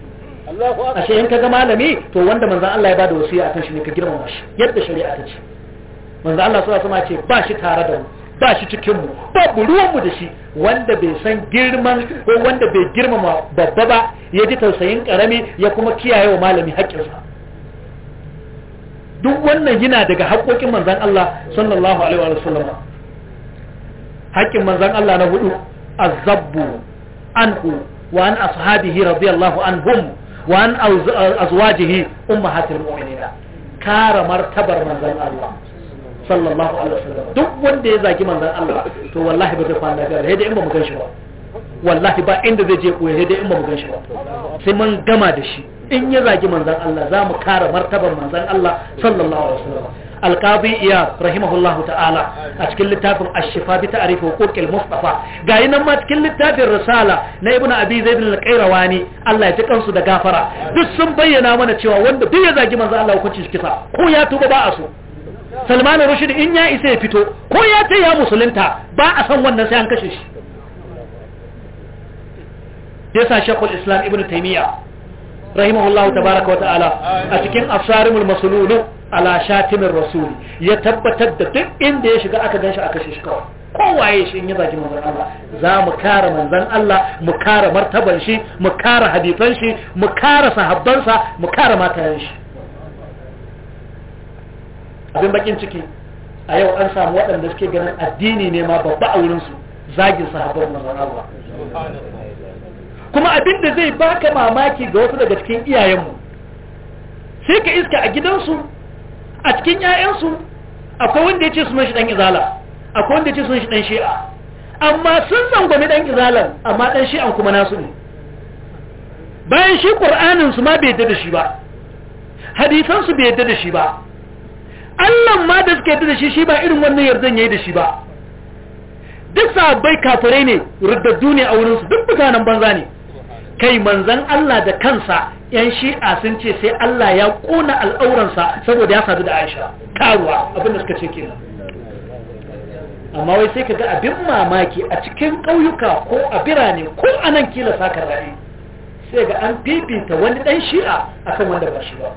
ashe in ka ga malami to wanda manzan Allah ya bada wasiya akan shi ne ka girmama shi yadda shari'a ta ce manzan Allah sallallahu alaihi ce ba shi tare da mu ba shi cikin mu babu ruwan mu da shi wanda bai san girman ko wanda bai girmama babba ba ya ji tausayin karami ya kuma kiyaye wa malami haƙƙinsa duk wannan yana daga haƙƙoƙin manzan Allah sallallahu alaihi wa sallam haƙƙin manzan Allah na hudu azabbu anhu wa an ashabihi radiyallahu anhum wa an azwajihi ummahatul mu'minina kara martabar manzon Allah sallallahu alaihi wasallam duk wanda ya zagi manzon Allah to wallahi ba zai fara lafiya ba sai in ba mu ganshi ba wallahi ba inda zai je koya sai in ba mu ganshi ba sai mun gama da shi in ya zagi manzon Allah za mu kara martabar manzon Allah sallallahu alaihi wasallam alqabi iya rahimahullahu ta'ala a cikin littafin ash-shifa bi mustafa ga nan ma cikin littafin risala na ibn abi zaid al-qayrawani Allah ya ji kansu da gafara duk sun bayyana mana cewa wanda duk ya zagi manzo Allah hukunci shi kisa ko ya tuba ba a so Salman Rushd in ya isa ya fito ko ya ce ya musulunta ba a san wannan sai an kashe shi yasa shekul islam ibn taymiya rahimahullahu tabaraka wa ta'ala a cikin asarimul maslulu ala shatimin rasul ya tabbatar da duk inda ya shiga aka ganshi aka shi kawai kowaye shi in yi zagi manzon Allah za mu kara manzan Allah mu kara martaban shi mu kara hadifan shi mu kara sahabbansa mu kara matayen shi abin bakin ciki a yau an samu waɗanda suke ganin addini ne ma babba a wurinsu zagin sahabban manzon Allah kuma abin da zai baka mamaki ga wasu daga cikin iyayenmu sai ka iska a gidansu a cikin 'ya'yansu akwai wanda ya ce sunan shi dan izala akwai wanda ya ce sunan shi dan shi'a amma sun zangwami dan izalan amma dan shi'an kuma nasu ne bayan shi qur'anin su ma bai yadda da shi ba hadisan su bai yadda da shi ba Allah ma da suke yadda da shi shi ba irin wannan yardan yayi da shi ba duk sabai kafirai ne ruddaddu ne a wurin su duk mutanen banza ne kai manzan Allah da kansa yan shi'a sun ce sai Allah ya ƙona al'auransa saboda ya sadu da aisha karuwa abinda suka ce kenan amma wai sai ka ga abin mamaki a cikin ƙauyuka ko a birane ko a nan kila sakar rai sai ga an fifita wani ɗan shi'a a kan wanda ba shi ba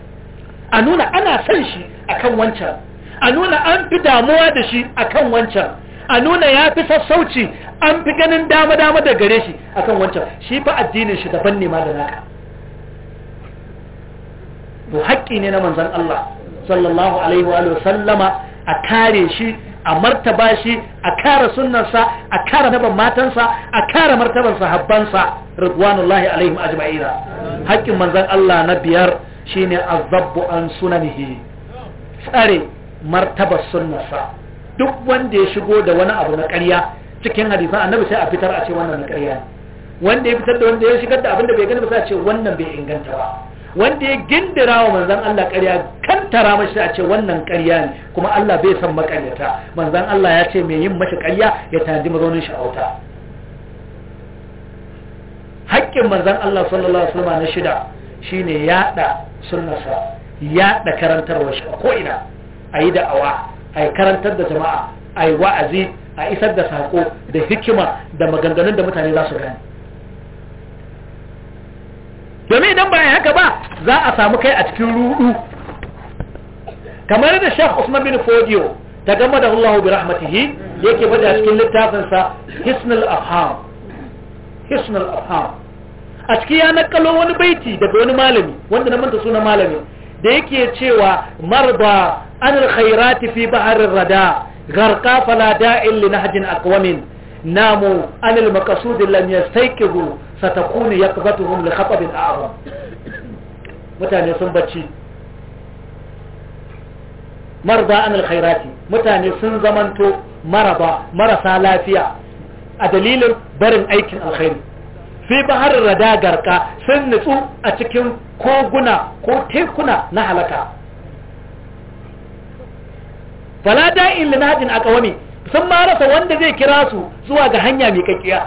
a nuna ana son shi akan wancan a nuna an fi damuwa da shi akan wancan a nuna ya fi sassauci an fi ganin dama-dama da gare shi akan wancan shi fa addinin shi daban ne ma da naka to haƙƙi ne na manzan Allah sallallahu alaihi wa sallama a kare shi a martaba shi a kare sunnansa a kare naban matansa a kare martaban sahabbansa ridwanullahi alaihim ajma'ina haƙƙin manzan Allah na biyar shine azabbu an sunanihi tsare martabar sunnansa duk wanda ya shigo da wani abu na ƙarya cikin hadisan annabi sai a fitar a ce wannan na ƙarya wanda ya fitar da wanda ya shigar da abinda bai gani ba sai a ce wannan bai inganta ba wanda ya gindira wa manzan Allah ƙarya kan tara mashi a ce wannan ƙarya ne kuma Allah bai san makaryata manzan Allah ya ce mai yin mashi ƙarya ya tanadi mazaunin sha'auta haƙƙin manzan Allah sallallahu alaihi wasallam na shida shine yaɗa sunnarsa yaɗa karantarwa shi ko ina ayi da'awa a karantar da jama'a a yi wa'azi a isar da saƙo da hikima da maganganun da mutane za su gani domin idan bayan haka ba za a samu kai a cikin rudu kamar da shaf usman bin fodiyo ta gama da allahu bi rahmatihi yake bada cikin littafinsa hisnul afham hisnul afham a ciki ya nakalo wani baiti daga wani malami wanda na manta suna malami da yake cewa marba an alkhairati fi baharin rada namu an almaqsud lam yastayqihu sun zamanto marasa lafiya a dalilin barin aikin alkhairi fi baharin rada garka sun nutsu a cikin koguna ko tekuna na halaka wala da'in li nahdin aqwami sun ma rasa wanda zai kira su zuwa ga hanya mai kakkiya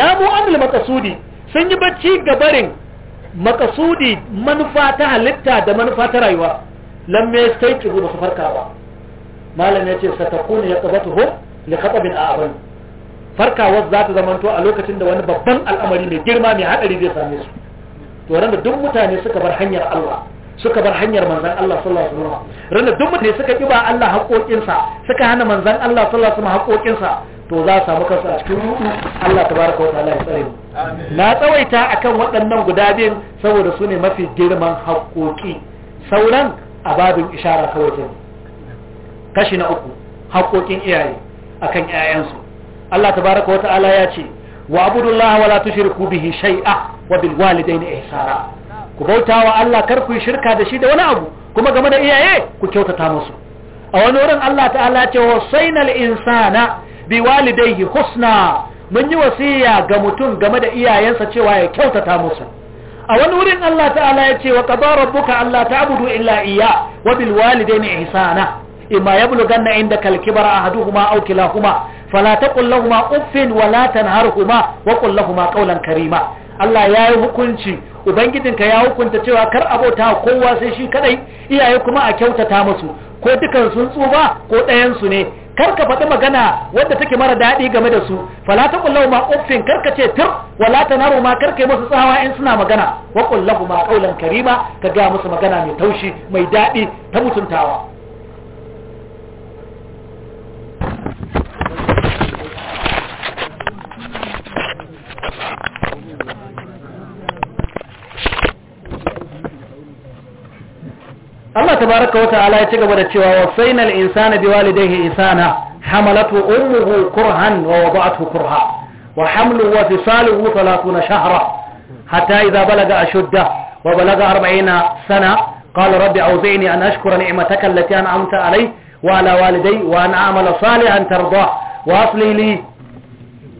namu amul makasudi sun yi bacci ga barin makasudi manufa ta halitta da manufa ta rayuwa lam me sai ki ba su farkawa malam ya ce ya satakuna yaqbatuhu li khatabin a'ban farkawar za ta zamanto a lokacin da wani babban al'amari mai girma mai hadari zai same su to ran da duk mutane suka bar hanyar Allah suka bar hanyar manzan Allah sallallahu alaihi wasallam ranar duk mutane suka kiba Allah haƙoƙinsa suka hana manzan Allah sallallahu alaihi wasallam haƙoƙinsa to za a samu kansu a cikin ruɗu Allah tabaraka wa ta'ala ya tsare mu na tsawaita akan waɗannan guda biyun saboda su ne mafi girman haƙoƙi sauran a babin ishara kawai ta kashi na uku haƙoƙin iyaye akan ƴaƴansu Allah tabaraka wa ta'ala ya ce wa abudullaha wala tushriku bihi shay'a wa bil walidayni ihsana ku wa Allah kar ku yi shirka da shi da wani abu kuma game da iyaye ku kyautata musu a wani wurin Allah ta'ala ce wasainal insana bi walidayhi husna mun yi wasiya ga mutum game da iyayensa cewa ya kyautata musu a wani wurin Allah ta'ala ya ce wa qadara rabbuka alla ta'budu illa iyya wa bil walidayni ihsana imma yablughanna indaka al kibara ahaduhuma aw kilahuma fala taqul lahumā uffin wa la tanharhumā wa qul lahumā qawlan Karima. Allah ya yi hukunci ubangijinka ya hukunta cewa kar abota kowa sai shi kadai iyaye kuma a kyautata musu ko dukan sun tsuba ko ɗayan su ne kar ka faɗi magana wadda take mara daɗi game da su fala ta kullu ma uffin kar ka ce tur wala ta naru ma kar kai musu tsawa in suna magana wa kullu ma qawlan karima ka ga musu magana mai taushi mai daɗi ta mutuntawa Allah tabaraka wa ta'ala ya ci gaba da cewa wasaina al-insana biwalidayhi isana hamalatu ummuhu kurhan wa wada'athu kurha wa hamlu wa fisaluhu 30 shahra hatta idha balaga ashudda wa balaga 40 sana qala rabbi awzi'ni an ashkura ni'mataka allati an'amta alayya wa ala wa an a'mala salihan tardah wa asli li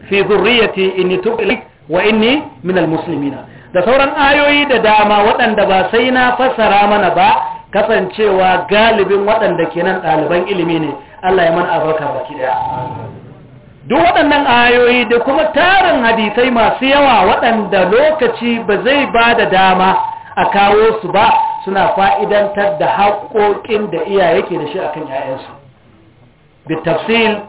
fi dhurriyyati inni tubtu wa inni minal muslimina da sauran ayoyi da dama waɗanda ba sai na fassara mana ba kasancewa galibin waɗanda ke nan ɗaliban ilimi ne Allah ya mana albarka baki ɗaya duk waɗannan ayoyi da kuma tarin hadisai masu yawa waɗanda lokaci ba zai ba da dama a kawo su ba suna fa'idantar da haƙoƙin da iyaye ke da shi akan ‘ya'yansu bitafsil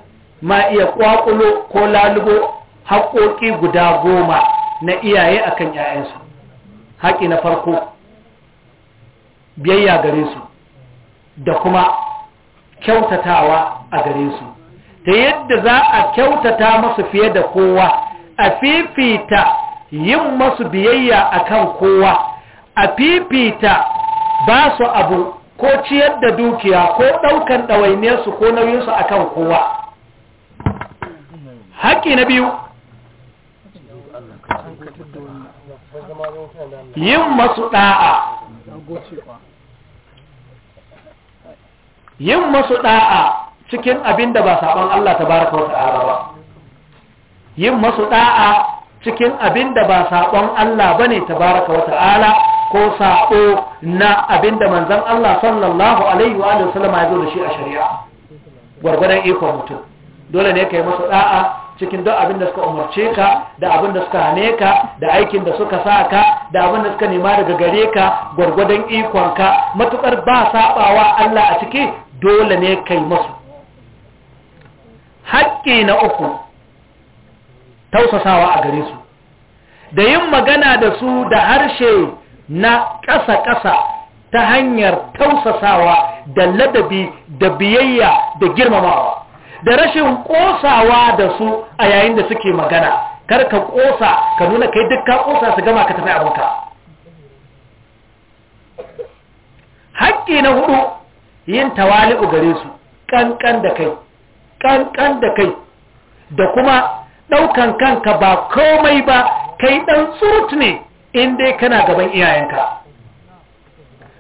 ma iya ƙwaƙulo ko lalubo haƙoƙi guda goma na iyaye akan ‘ya'yansu haƙi na farko biyayya gare su da kuma kyautatawa a gare su ta yadda za a kyautata masu fiye da kowa a fifita yin masu biyayya akan kowa a fifita ba su abu ko ciyar da dukiya ko ɗaukan ɗawainiyarsu ko nauyinsu akan kowa haƙƙi na biyu yin masu ɗa'a yin masu da'a cikin abin da ba saban Allah tabaraka wa ta'ala ba yin masu da'a cikin abin da ba saban Allah ba ne bane tabaraka wa ta'ala ko saɓo na abin da manzon Allah sallallahu alaihi wa sallama ya zo da shi a shari'a gwargwadon ikon mutum dole ne ka yi masu da'a cikin duk abin da suka umarce ka da abin da suka hane ka da aikin da suka sa ka da abin da suka nema daga gare ka gwargwadon ka, matukar ba saɓawa Allah a ciki dole ne kai masu haƙƙi na uku tausasawa a gare su da yin magana da su da harshe na ƙasa-ƙasa ta hanyar tausasawa da ladabi da biyayya da girmamawa da rashin kosawa da su a yayin da suke magana kar ka kosa ka nuna kai duk ka kosa su gama ka tafi abinka haƙƙi na hudu yin tawali'u gare su kankan da kai kankan da kai da kuma ɗaukan kanka ba komai ba kai ɗan surut ne inda dai kana gaban iyayenka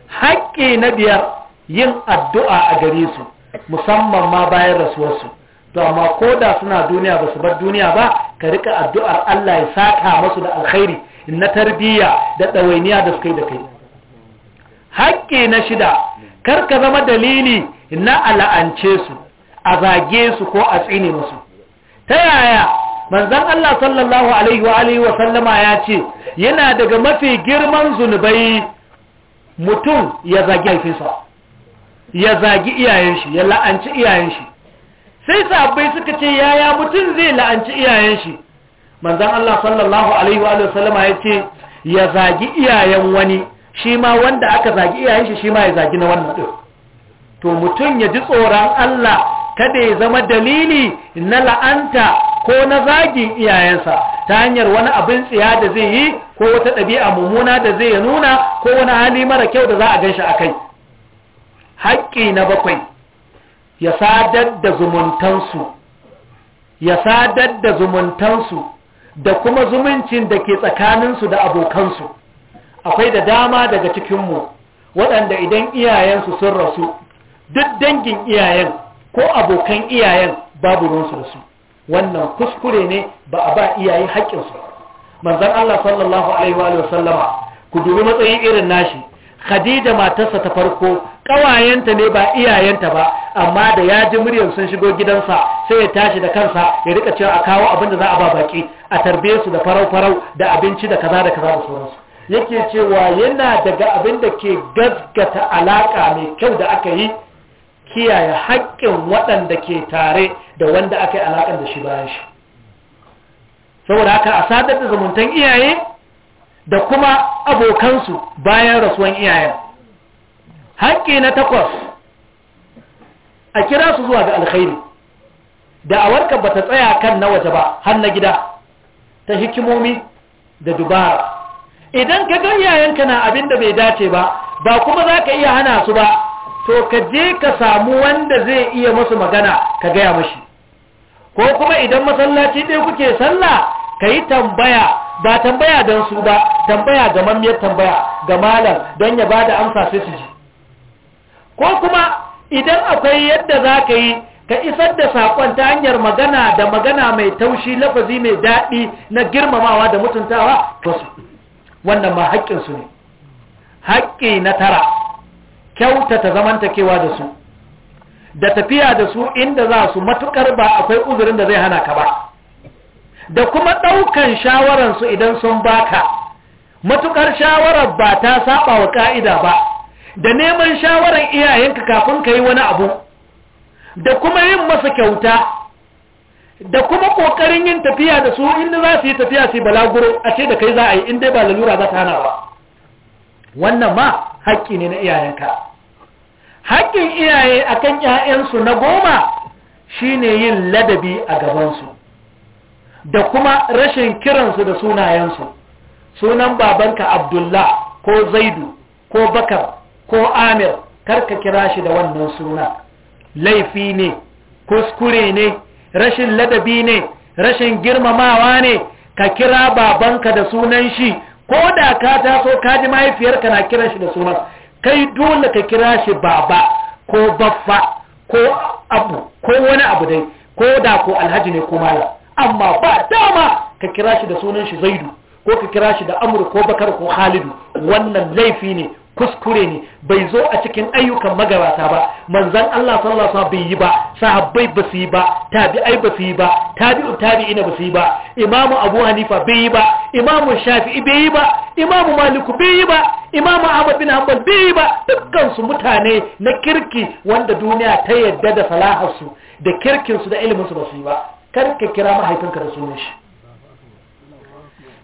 haƙƙi na biyar yin addu'a a gare su musamman ma bayan rasuwarsu to amma ko da suna duniya ba su bar duniya ba ka rika addu'ar Allah ya saka masu da alkhairi na tarbiyya da ɗawainiya da suka yi da kai haƙƙi na shida kar ka zama dalili na ala'ance su a zage su ko a tsine musu ta yaya manzan Allah sallallahu alaihi wa alihi wa sallama ya ce yana daga mafi girman zunubai mutum ya zage haifinsa ya zagi iyayen shi ya la'anci iyayen shi sai sahabbai suka ce yaya mutum zai la'anci iyayen shi manzon Allah sallallahu alaihi wa sallama ya ce ya zagi iyayen wani shi ma wanda aka zagi iyayen shi shi ma ya zagi na wannan din to mutum ya ji tsoron Allah kada ya zama dalili na la'anta ko na zagi iyayensa ta hanyar wani abin tsiya da zai yi ko wata ɗabi'a mummuna da zai nuna ko wani hali mara kyau da za a gan shi a kai haƙƙi na bakwai ya sadar da zumuntansu ya sadar da zumuntansu da kuma zumuncin da ke tsakaninsu da abokansu akwai da dama daga cikinmu waɗanda idan iyayensu sun rasu duk dangin iyayen ko abokan iyayen babu ruwansu da su wannan kuskure ne ba a ba iyaye haƙƙinsu manzan Allah sallallahu Alaihi wa sallama ku dubi matsayin irin nashi khadija matarsa ta farko ƙawayenta ne ba iyayenta ba amma da ya ji muryar sun shigo gidansa sai ya tashi da kansa ya rika cewa a kawo abin da za a ba baki a tarbiyar su da farau-farau da abinci da kaza da kaza da sauransu yake cewa yana daga abin da ke gaskata alaka mai kyau da aka yi kiyaye haƙƙin waɗanda ke tare da wanda aka yi alaƙar da shi bayan shi saboda haka a sadar da zumuntan iyaye da kuma abokansu bayan rasuwan iyayen hakki na takwas a kira su zuwa ga alkhairi warkar ba ta tsaya kan na waje ba har na gida ta hikimomi da dubara idan ka ga iyayenka na abin da bai dace ba ba kuma za ka iya hana su ba to ka je ka samu wanda zai iya masu magana ka gaya mashi ko kuma idan masallaci ɗaya kuke sallah ka yi tambaya ba tambaya don su ba tambaya ga mamiyar tambaya ga malam don ya ba da amsa sai su ji ko kuma idan akwai yadda za ka yi ka isar da saƙon ta hanyar magana da magana mai taushi lafazi mai daɗi na girmamawa da mutuntawa to wannan ma haƙƙinsu ne haƙƙi na tara kyautata zamantakewa da su da tafiya da su inda za su matuƙar ba akwai uzurin da zai hana ka ba da kuma ɗaukan shawararsu idan sun baka matuƙar shawarar ba ta saɓa wa ƙa'ida ba da neman shawarar iyayenka kafin ka yi wani abu da kuma yin masa kyauta da kuma ƙoƙarin yin tafiya da su inda za su yi tafiya su balaguro a ce da kai za a yi inda ba lalura za ta hana ba wannan ma haƙƙi ne na iyayenka haƙƙin iyaye a kan ‘ya'yansu na goma shi ne yin ladabi a gabansu da kuma rashin kiransu da sunayensu sunan babanka abdullah ko zaidu ko bakar ko amir karka kira shi da wannan suna laifi ne kuskure ne rashin ladabi ne rashin girmamawa ne ka kira babanka da sunan shi ko da ka taso ka ji mahaifiyarka na kiran shi da sunan kai dole ka kira shi baba ko baffa ko abu ko wani abu dai ko da ko alhaji ne ko mala amma ba dama ka kira shi da sunan shi zaidu ko ka kira shi da amur ko bakar ko halidu wannan laifi ne kuskure ne bai zo a cikin ayyukan magabata ba manzan Allah sallallahu alaihi wasallam bai yi ba sahabbai ba su yi ba tabi'ai ba su yi ba tabi'u tabi'ina ba su yi ba imamu Abu Hanifa bai yi ba imamu Shafi'i bai yi ba imamu Malik bai yi ba imamu Ahmad bin Hanbal bai yi ba dukkan su mutane na kirki wanda duniya ta yadda da salaharsu da kirkin su da ilimin su ba su yi ba kar ka kira mahaifinka da sunan shi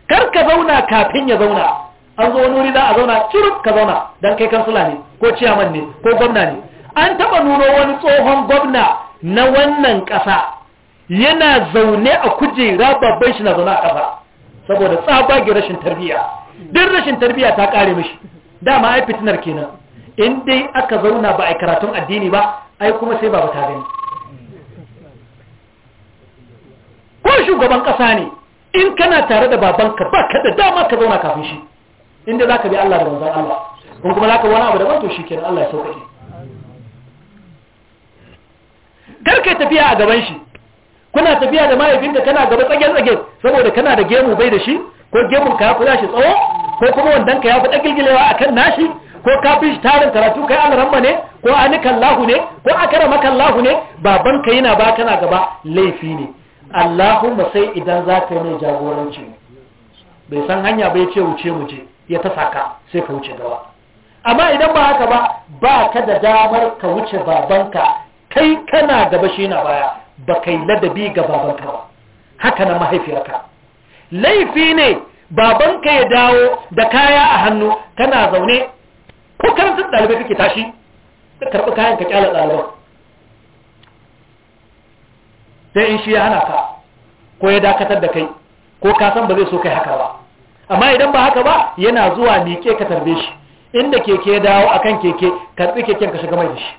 kar ka zauna kafin ya zauna an zo wani wuri za a zauna ciruk ka zauna don kai kansula ne ko ciyaman ne ko gwamna ne an taɓa nuno wani tsohon gwamna na wannan ƙasa yana zaune a kujera babban shi na zaune a ƙasa saboda tsabage rashin tarbiyya duk rashin tarbiyya ta ƙare mishi dama ai fitinar kenan in dai aka zauna ba a karatun addini ba ai kuma sai ba ta gani ko shugaban ƙasa ne in kana tare da babanka ba ka da dama ka zauna kafin shi inda za ka bi Allah da manzan Allah in kuma za ka wani abu da to shi kenan Allah ya sauƙaƙe kar tafiya a gaban shi kuna tafiya da mahaifinka kana gaba tsage-tsage saboda kana da gemu bai da shi ko gemun ka ya shi tsawo ko kuma wandan ka ya fi ɗagilgilewa a kan nashi ko ka fi shi tarin karatu kai an ramma ne ko anikan lahu ne ko a kara makan lahu ne baban ka yana ba kana gaba laifi ne Allahumma sai idan za ka yi mai jagoranci bai san hanya bai ce wuce mu je ya ta ka sai ka wuce gaba amma idan ba haka ba ba ka da damar ka wuce babanka kai kana gaba shi na baya ba kai ladabi ga babanka ba haka na mahaifiyarka laifi ne babanka ya dawo da kaya a hannu kana zaune ko karantar ɗalibai kake tashi ka karɓi kayan ka kyala ɗaliban sai in shi ya hana ka ko ya dakatar da kai ko ka san ba zai so kai haka ba amma idan ba haka ba yana zuwa miƙe ka tarbe shi inda keke dawo akan keke karɓi keken ka shiga mai da shi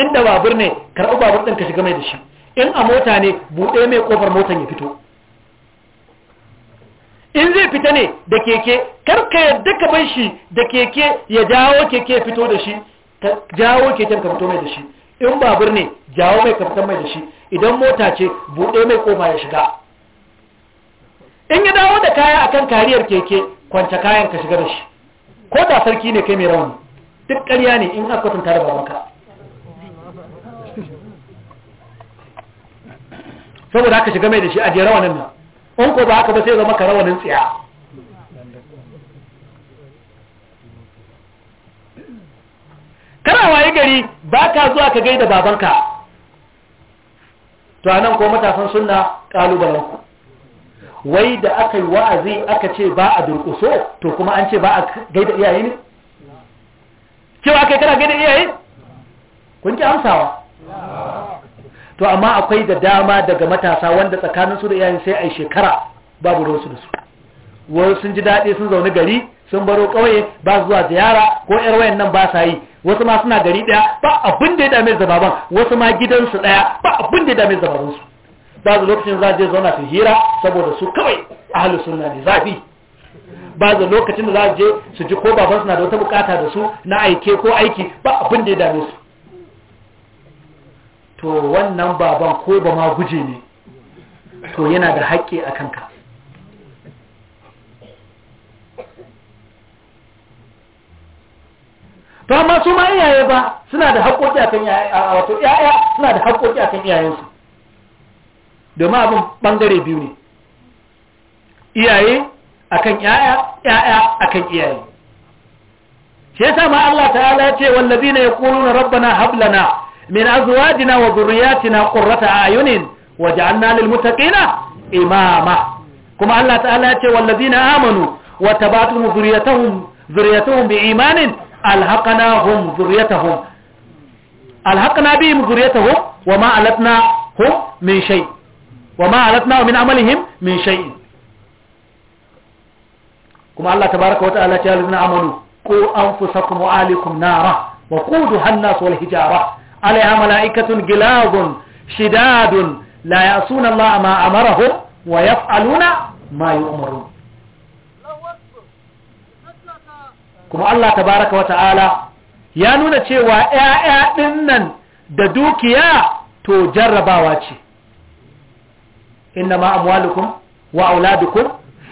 inda babur ne karɓi babur din ka shiga mai da shi in a mota ne buɗe mai ƙofar motan ya fito in zai fita ne da keke karka yadda ka bar shi da keke ya jawo keke fito da shi ka jawo keken ka fito mai da shi in babur ne jawo mai ka mai da shi idan mota ce buɗe mai ƙofa ya shiga in ya dawo da kaya akan kariyar keke kwance kayan ka shiga da shi ko da sarki ne kai mai rauni duk ƙarya ne in aka kwatanta da babanka saboda aka shiga mai da shi a jera wannan in ko ba haka ba sai zama ka rawanin tsiya kana waye gari ba ka zuwa ka gaida babanka to anan ko matasan sunna kalubalen ku wai da aka yi wa'azi aka ce ba a durƙuso to kuma an ce ba a gaida iyaye ne cewa aka yi kana gaida iyaye kun ki amsawa to amma akwai da dama daga matasa wanda tsakanin su da iyayen sai a yi shekara babu wasu da su Wani sun ji daɗi sun zaune gari sun baro ƙauye ba zuwa ziyara ko ƴar wayan nan ba sa yi wasu ma suna gari ɗaya ba abin da ya dame zababan wasu ma gidansu ɗaya ba abin da ya dame zababansu za su lokacin za a je zauna su hira saboda su kawai ahalus suna ne zafi ba da lokacin da za a je su ji ko baban suna da wata bukata da su na aike ko aiki ba abin da ya dame su to wannan baban ko ba ma guje ne to yana da haƙƙi a kanka Ba ma su ma iyaye ba suna da haƙƙoƙi a wato suna da a kan iyayensu domin abin bangare biyu ne iyaye akan yaya yaya akan iyaye shi yasa Allah ta'ala ya ce ya yaquluna rabbana hab min azwajina wa dhurriyyatina qurrata a'yunin waj'alna lil muttaqina imama kuma Allah ta'ala ya ce wallazina amanu wa tabatun dhurriyyatahum dhurriyyatuhum biimanin alhaqnahum dhurriyyatahum alhaqna bihim dhurriyyatahum wama alatnahum min shai." wa ma alatna min amalihim min shay'in kuma Allah tabaraka wa ta'ala ya lazina amanu qu anfusakum wa alikum nara wa quduha an-nas wal hijara alaiha mala'ikatun gilazun shidadun la ya'suna Allah ma amarahum wa yaf'aluna ma yu'marun kuma Allah tabaraka wa ta'ala ya nuna cewa ƴaƴa ɗin nan da dukiya to jarrabawa ce inna ma amwalukum wa auladukum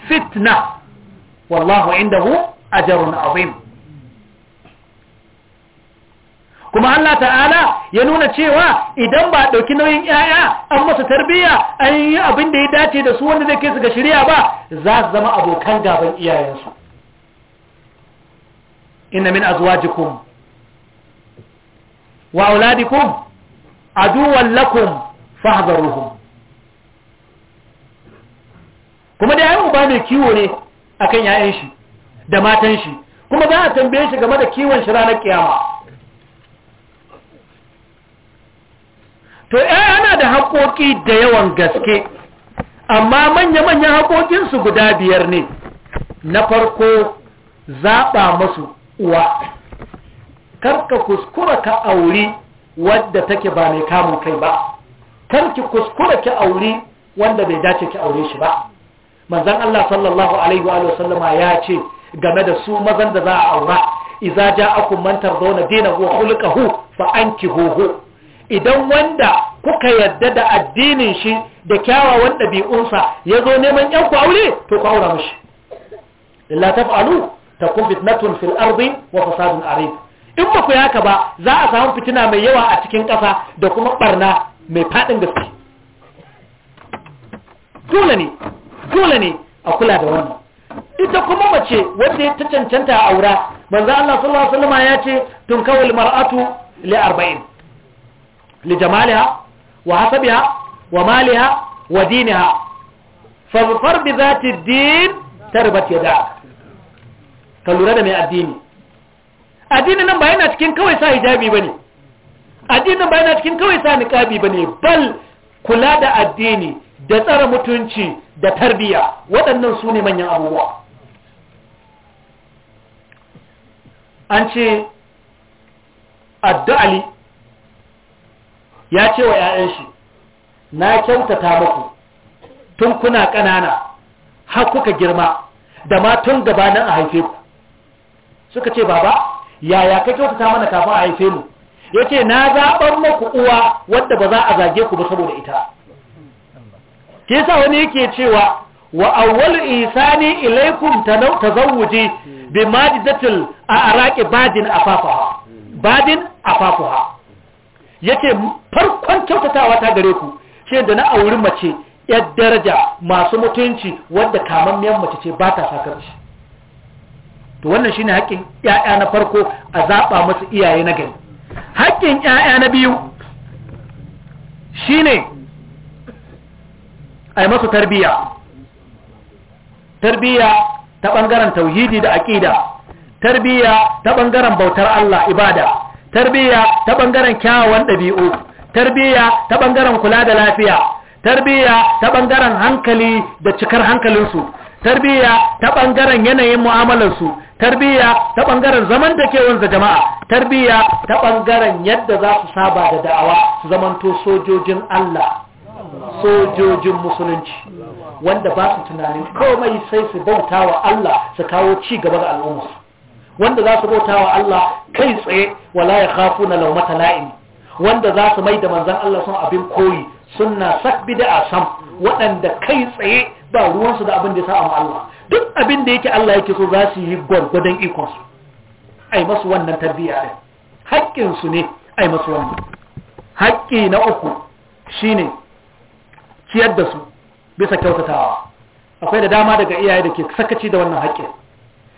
fitna wallahu indahu kuma Allah ta'ala ya nuna cewa idan ba ɗauki nauyin yaya an masa tarbiyya an yi abin da ya dace da su wanda zai kai su ga shirya ba za su zama abokan gaban iyayensu inna min azwajikum wa auladikum aduwwan lakum fahdharuhum kuma da yayin uba mai kiwo ne akan yayan shi da matan shi kuma za a tambaye shi game da kiwon shi ranar kiyama to yaya ana da haƙoƙi da yawan gaske amma manya-manyan haƙoƙinsu guda biyar ne na farko zaɓa masu uwa karka kuskura ka auri wadda take ba mai kamun kai ba karki kuskura ki auri wanda bai dace ki aure shi ba manzan Allah sallallahu alaihi wa sallama ya ce game da su mazan da za a aura iza ja'akum man tardawna dinahu wa khuluquhu fa ankihuhu idan wanda kuka yadda da addinin shi da kyawawan ɗabi'unsa ya zo neman yan ku aure to ku aura mishi illa taf'alu takun fitnatun fil ardi wa fasadun arid in ba ku yaka ba za a samu fitina mai yawa a cikin ƙasa da kuma ɓarna mai faɗin gaske dole ne dole ne a kula da wannan ita kuma mace wadda ta cancanta a aura manzo Allah sallallahu alaihi wasallam ya ce tun tunkawul mar'atu li 40 li jamaliha wa hasabiha wa maliha wa diniha fazfar bi zati din tarbat yada ka lura da mai addini addini nan ba yana cikin kawai sa hijabi bane nan ba yana cikin kawai sa niqabi bane bal kula da addini da tsara mutunci da tarbiya waɗannan su ne manyan abubuwa an ce addu'ali ya ce wa ‘ya'yan shi na kyautata muku tun kuna ƙanana har kuka girma da ma tun gabanin a haife ku suka ce baba yaya ka kyautata mana kafin a haife mu ya na zaɓar muku uwa wadda ba za a zage ku ba saboda ita ke sa wani yake cewa wa awwal isani ilaikum tazawwuji bi madidatil araqi badin afafaha badin afafaha yake farkon kyautatawa ta gare ku shi da na auri mace yar daraja masu mutunci wadda kamammiyar mace ce ba ta sakarci to wannan shine haƙƙin ƴaƴa na farko a zaɓa musu iyaye na gari haƙƙin ƴaƴa na biyu shine a yi masu tarbiya tarbiyya ta ɓangaren tauhidi da aƙida tarbiyya ta ɓangaren bautar Allah ibada tarbiyya ta ɓangaren kyawawan ɗabi'u tarbiyya ta ɓangaren kula da lafiya tarbiyya ta ɓangaren hankali da cikar hankalinsu tarbiyya ta ɓangaren yanayin mu'amalarsu tarbiyya ta ɓangaren zaman da da jama'a tarbiyya ta ɓangaren yadda za su saba da da'awa su zamanto sojojin Allah sojojin musulunci wanda ba su tunanin komai sai su bauta wa Allah su kawo ci gaba ga al'umma wanda za su bauta wa Allah kai tsaye wala ya khafu na laumata la'im wanda za su mai da manzan Allah sun abin koyi sunna sak bid'a sam waɗanda kai tsaye ba ruwansu da abin da ya sa Allah duk abin da yake Allah yake so za su yi gwargwadon ikonsu ai masu wannan tarbiyya ɗin haƙƙinsu ne ai masu wannan haƙƙi na uku shine ciyar da su bisa kyautatawa akwai da dama daga iyaye da ke sakaci da wannan haƙƙin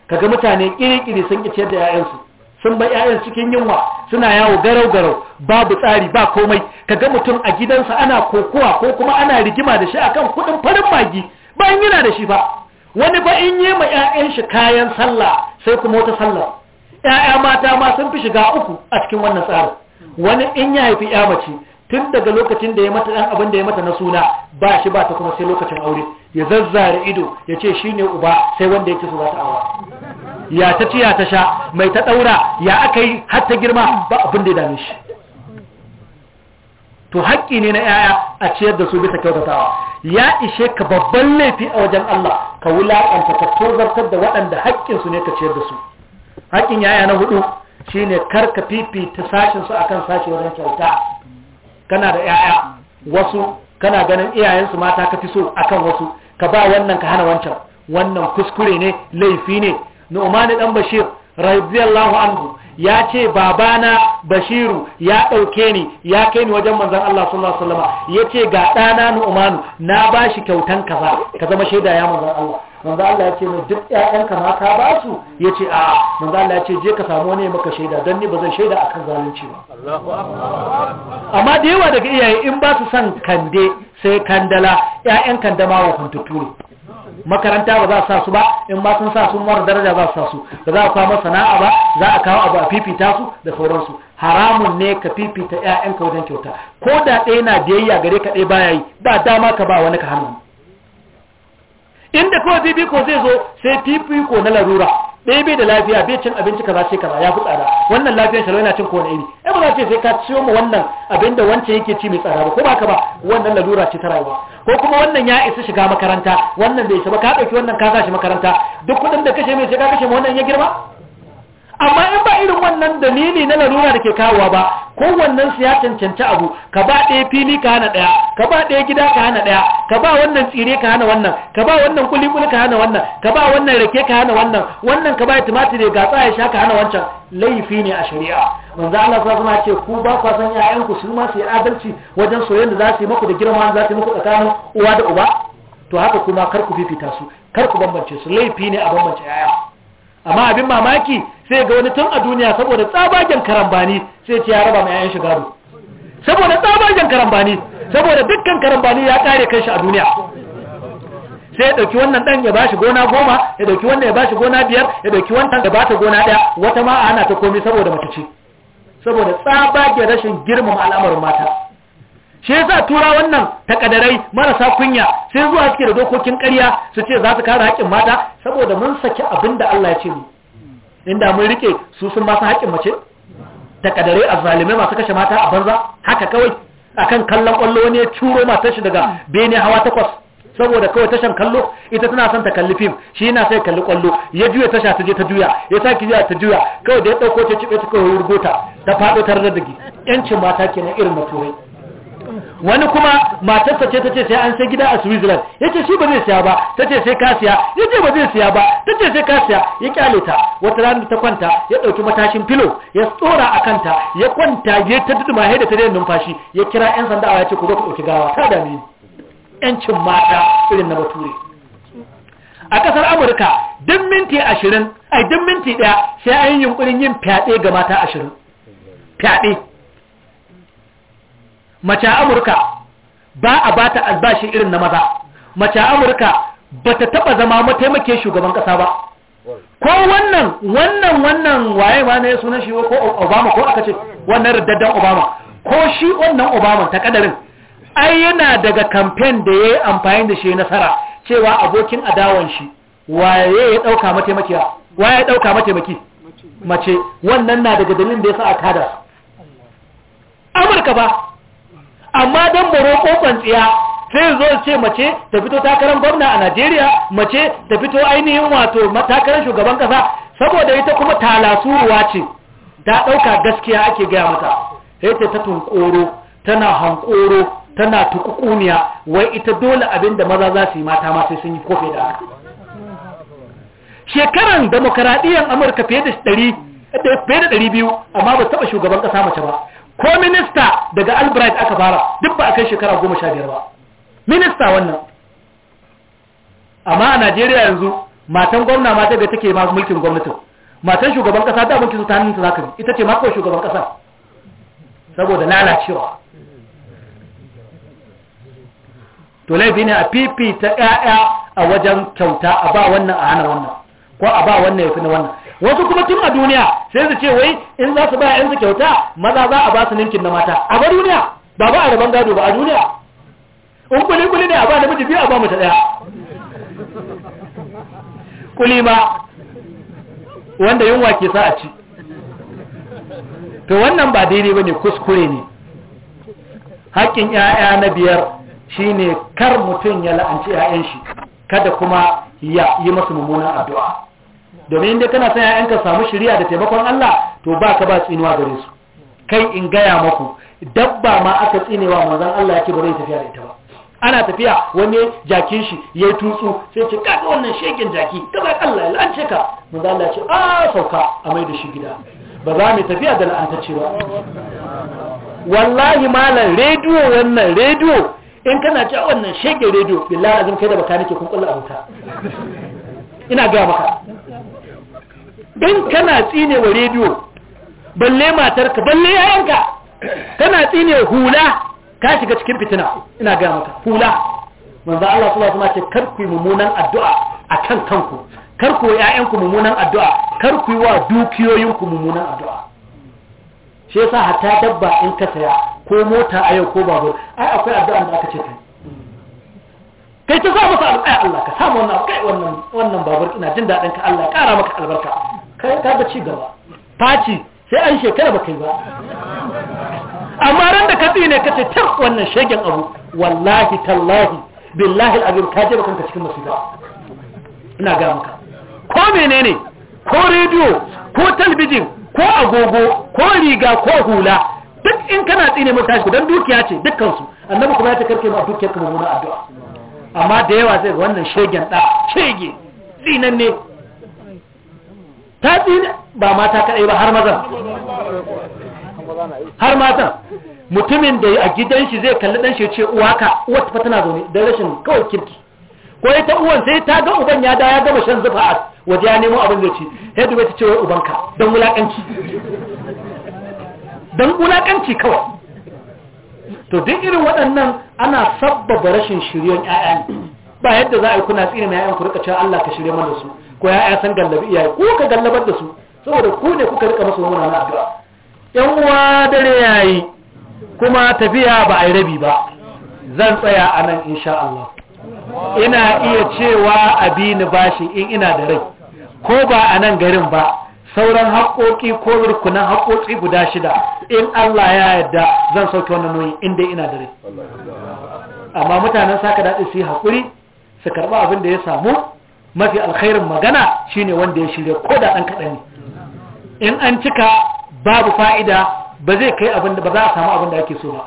kaga mutane ƙiri-ƙiri sun ƙi ciyar da 'ya'yansu sun bar 'ya'yan cikin yunwa suna yawo garau-garau babu tsari ba komai kaga mutum a gidansa ana kokowa ko kuma ana rigima da shi akan kuɗin farin magi bayan yana da shi ba wani ba in yi ma 'ya'yan shi kayan sallah sai kuma wata sallah 'ya'ya mata ma sun fi shiga uku a cikin wannan tsarin wani in ya haifi 'ya mace tun daga lokacin da ya mata ɗan abin da ya mata na suna ba shi ba ta kuma sai lokacin aure ya zazzara ido ya ce shi ne uba sai wanda yake su za ta awa. ya ta ci ya ta sha mai ta ɗaura ya aka yi har ta girma ba abin da ya dame shi to haƙƙi ne na yaya a ciyar da su bisa kyautatawa ya ishe ka babban laifi a wajen Allah ka wulaƙanta ka tozartar da waɗanda haƙƙinsu ne ka ciyar da su haƙƙin yaya na hudu shine kar ka fifita sashin su akan sashe wajen kyauta kana da 'ya'ya wasu kana ganin iyayensu mata ka fi so akan wasu ka ba wannan ka hana wancan wannan kuskure ne laifi ne nu'mani dan bashir radiyallahu anhu ya ce babana bashiru ya ɗauke ni ya kai ni wajen manzan Allah sallallahu alaihi wasallam ya ce ga ɗana nu'manu na ba shi kyautan kaza ka zama shaida ya manzan Allah manzan Allah ya ce mai duk ƴaƴanka ma ka ba ya ce a manzan Allah ya ce je ka samu wani maka shaida don ni ba zan shaida akan zalunci ba amma da yawa daga iyaye in ba su son kande sai kandala ƴaƴan kandama wa kuntutu ne makaranta ba za a sa su ba in ba sun sa sun mara daraja za su sa su ba za a kawo sana'a ba za a kawo abu a fifita su da sauransu haramun ne ka fifita ƴaƴanka wajen kyauta ko da ɗaya na biyayya gare ka ɗaya baya yi ba dama ka ba wani ka hannu inda kawai fifiko zai zo sai fifiko na larura ɗaya bai da lafiya bai cin abinci kaza ka kaza ya fi tsada wannan lafiyar shalo yana cin kowane iri ɗaya ba za ce sai ka ciyo mu wannan abin da wancan yake ci mai tsada ba ko ba ka ba wannan larura ce ta rayuwa ko kuma wannan ya isa shiga makaranta wannan bai isa ba ka ɗauki wannan ka sa shi makaranta duk kuɗin da kashe mai shiga ka kashe wannan ya girma amma in ba irin wannan dalili na larura da ke kawowa ba wannan su ya cancanci abu ka ba ɗaya fili ka hana ɗaya ka ba ɗaya gida ka hana ɗaya ka ba wannan tsire ka hana wannan ka ba wannan kulikuli ka hana wannan ka ba wannan rake ka hana wannan wannan ka ba ya ya gatsa ya sha ka hana wancan laifi ne a shari'a manzo Allah sa zama ce ku ba ku san ku su ma su yi adalci wajen soyayya da za su yi muku da girma za su yi muku tsakanin uwa da uba to haka kuma kar ku fifita su kar ku bambance su laifi ne a bambance yaya. amma abin mamaki sai ga wani tun a duniya saboda tsabagen karambani sai ce ya raba mai yayan shigaru, saboda tsabagen karambani saboda dukkan karambani ya kare kanshi a duniya sai ya dauki wannan dan ya bashi gona goma ya dauki wannan ya bashi gona biyar ya dauki wannan da bata gona daya wata ma ana ta komai saboda mace ce saboda tsabagen rashin girmama al'amarin mata shi yasa tura wannan takadarai marasa kunya sai zuwa suke da dokokin ƙarya su ce za su kare haƙƙin mata saboda mun saki abin da Allah ya ce mu inda mun rike su sun su haƙƙin mace takadarai a zalimai masu kashe mata a banza haka kawai akan kallon kwallo wani ya turo matar shi daga bene hawa takwas saboda kawai tashan kallo ita tana son ta kalli fim shi yana sai kalli kwallo ya juya tasha ta je ta juya ya saki juya ta juya kawai da ya dauko ta cibe ta kawai rubuta ta faɗo ta rarrabe yancin mata kenan irin maturai wani kuma matarsa ce ta ce sai an sai gida a switzerland ya ce shi ba zai siya ba ta ce sai ka siya ya ce ba zai siya ba ta ce sai ka siya ya kyale ta wata rana ta kwanta ya ɗauki matashin filo ya tsora a kanta ya kwanta ya ta duduma haida ta daina numfashi ya kira 'yan sanda ya ce ku zo ku ɗauki gawa ta dame yancin mata irin na bature a ƙasar amurka duk minti ashirin ai duk minti ɗaya sai an yi yunkurin yin fyaɗe ga mata ashirin fyaɗe mace amurka ba a ba ta albashi irin na maza mace amurka ba ta taɓa zama mataimake shugaban ƙasa ba ko wannan wannan wannan waye ma ne sunan shi ko obama ko aka ce wannan riddaddan obama ko shi wannan obama ta kadarin ai yana daga kamfen da ya yi amfani da shi nasara cewa abokin adawan shi waye ya ɗauka mataimakiya waye ya ɗauka mataimaki mace wannan na daga dalilin da ya sa a kada amurka ba amma don baro kokon tsiya sai zo ce mace ta fito takarar gwamna a Najeriya mace ta fito ainihin wato takarar shugaban kasa saboda ita kuma talasuruwa ce ta dauka gaskiya ake gaya mata sai ta ta tunkoro tana hankoro tana tukukuniya wai ita dole abinda maza za su yi mata ma sai sun yi kofi da shekaran demokaradiyyar amurka fiye da ɗari da ɗari biyu amma ba taba shugaban ƙasa mace ba ko minista daga albright aka fara duk ba a kai shekara goma sha biyar ba minista wannan amma a najeriya yanzu matan gwamna mata da take ma mulkin gwamnatin matan shugaban kasa da mulkin su ta hannunta za ka bi ita ce mako shugaban kasa saboda lalacewa to laifi ne a fifita 'ya'ya a wajen kyauta a ba wannan a hana wannan ko a ba wannan ya fi na wannan wasu kuma tun a duniya sai su ce wai in za su ba yanzu kyauta maza za a ba su ninkin na mata a ba duniya ba ba a rabon gado ba a duniya in kuli kuli ne a ba da miji a ba mu ta daya kuli ma wanda yunwa ke sa a ci to wannan ba daidai ba ne kuskure ne haƙƙin 'ya'ya na biyar shine kar mutum ya la'anci 'ya'yan shi kada kuma ya yi masu mummunan addu'a domin inda kana son ƴaƴanka samu shiriya da taimakon Allah to ba ka ba tsinuwa gare su kai in gaya maku dabba ma aka tsinewa manzon Allah yake ba zai tafiya da ita ba ana tafiya wani jakin shi yayi tutsu sai ce wannan shekin jaki kamar Allah ya lance ka manzon Allah ya ce a sauka a mai da shi gida ba za mu tafiya da la'antacce ba wallahi malam rediyo wannan rediyo in kana ci wannan shege rediyo billahi azim kai da baka nake kun kullu a ina ga maka don kana tsine wa rediyo balle matarka balle yayanka kana tsine hula ka shiga cikin fitina ina ga maka hula manzo Allah sallallahu alaihi wasallam ce karku mummunan addu'a akan kanku karku yayanku mummunan addu'a karku wa dukiyoyinku mummunan addu'a shi yasa hatta dabba in ka saya ko mota a yau ko babur ai akwai addu'a da aka ce kai kai ta sa masa Allah ka samu wannan kai wannan wannan babur ina jin dadin ka Allah ya kara maka albarka kai ka ci gaba faci sai an shekara ba kai ba amma ran da ka tsine ka ce tar wannan shegen abu wallahi tallahi billahi al'azim ka je kanka cikin masifa ina ga maka ko menene ko rediyo ko talbijin ko agogo ko riga ko hula duk in kana tsine mu tashi dan dukiya ce dukkan su annabi kuma ya ta karke ma dukiyar kuma na addu'a amma da yawa zai wannan shegen da shege tsinan ne ta tsine ba mata kadai ba har maza har mata mutumin da a gidan shi zai kalli dan shi ce uwa ka uwa tana zaune da rashin kawai kirki ko ita uwan sai ta ga uban ya da ya gama shan zufa a waje ya nemo abin da ci sai dubai ta ce wai ubanka don wulaƙanci. don wulaƙanci kawai to duk irin waɗannan ana sabbaba rashin shiryon 'ya'ya ba yadda za a yi kuna tsiri mai ku rika cewa Allah ka shirye mana su ko ya san gallabi iyaye ko ka gallabar da su saboda ku ne kuka rika masu wannan addu'a yan uwa dare yayi kuma tafiya ba a yi rabi ba zan tsaya a nan insha Allah ina iya cewa abini bashi in ina da rai ko ba a nan garin ba sauran haƙoƙi ko rukunan haƙoƙi guda shida in Allah ya yarda zan sauke wannan nauyi inda ina da rai amma mutanen saka daɗi su yi haƙuri su karɓi abin da ya samu mafi alkhairin magana shine wanda ya shirya ko da ɗan kaɗan ne in an cika babu fa'ida ba zai kai abin da ba za a samu abin da ake so ba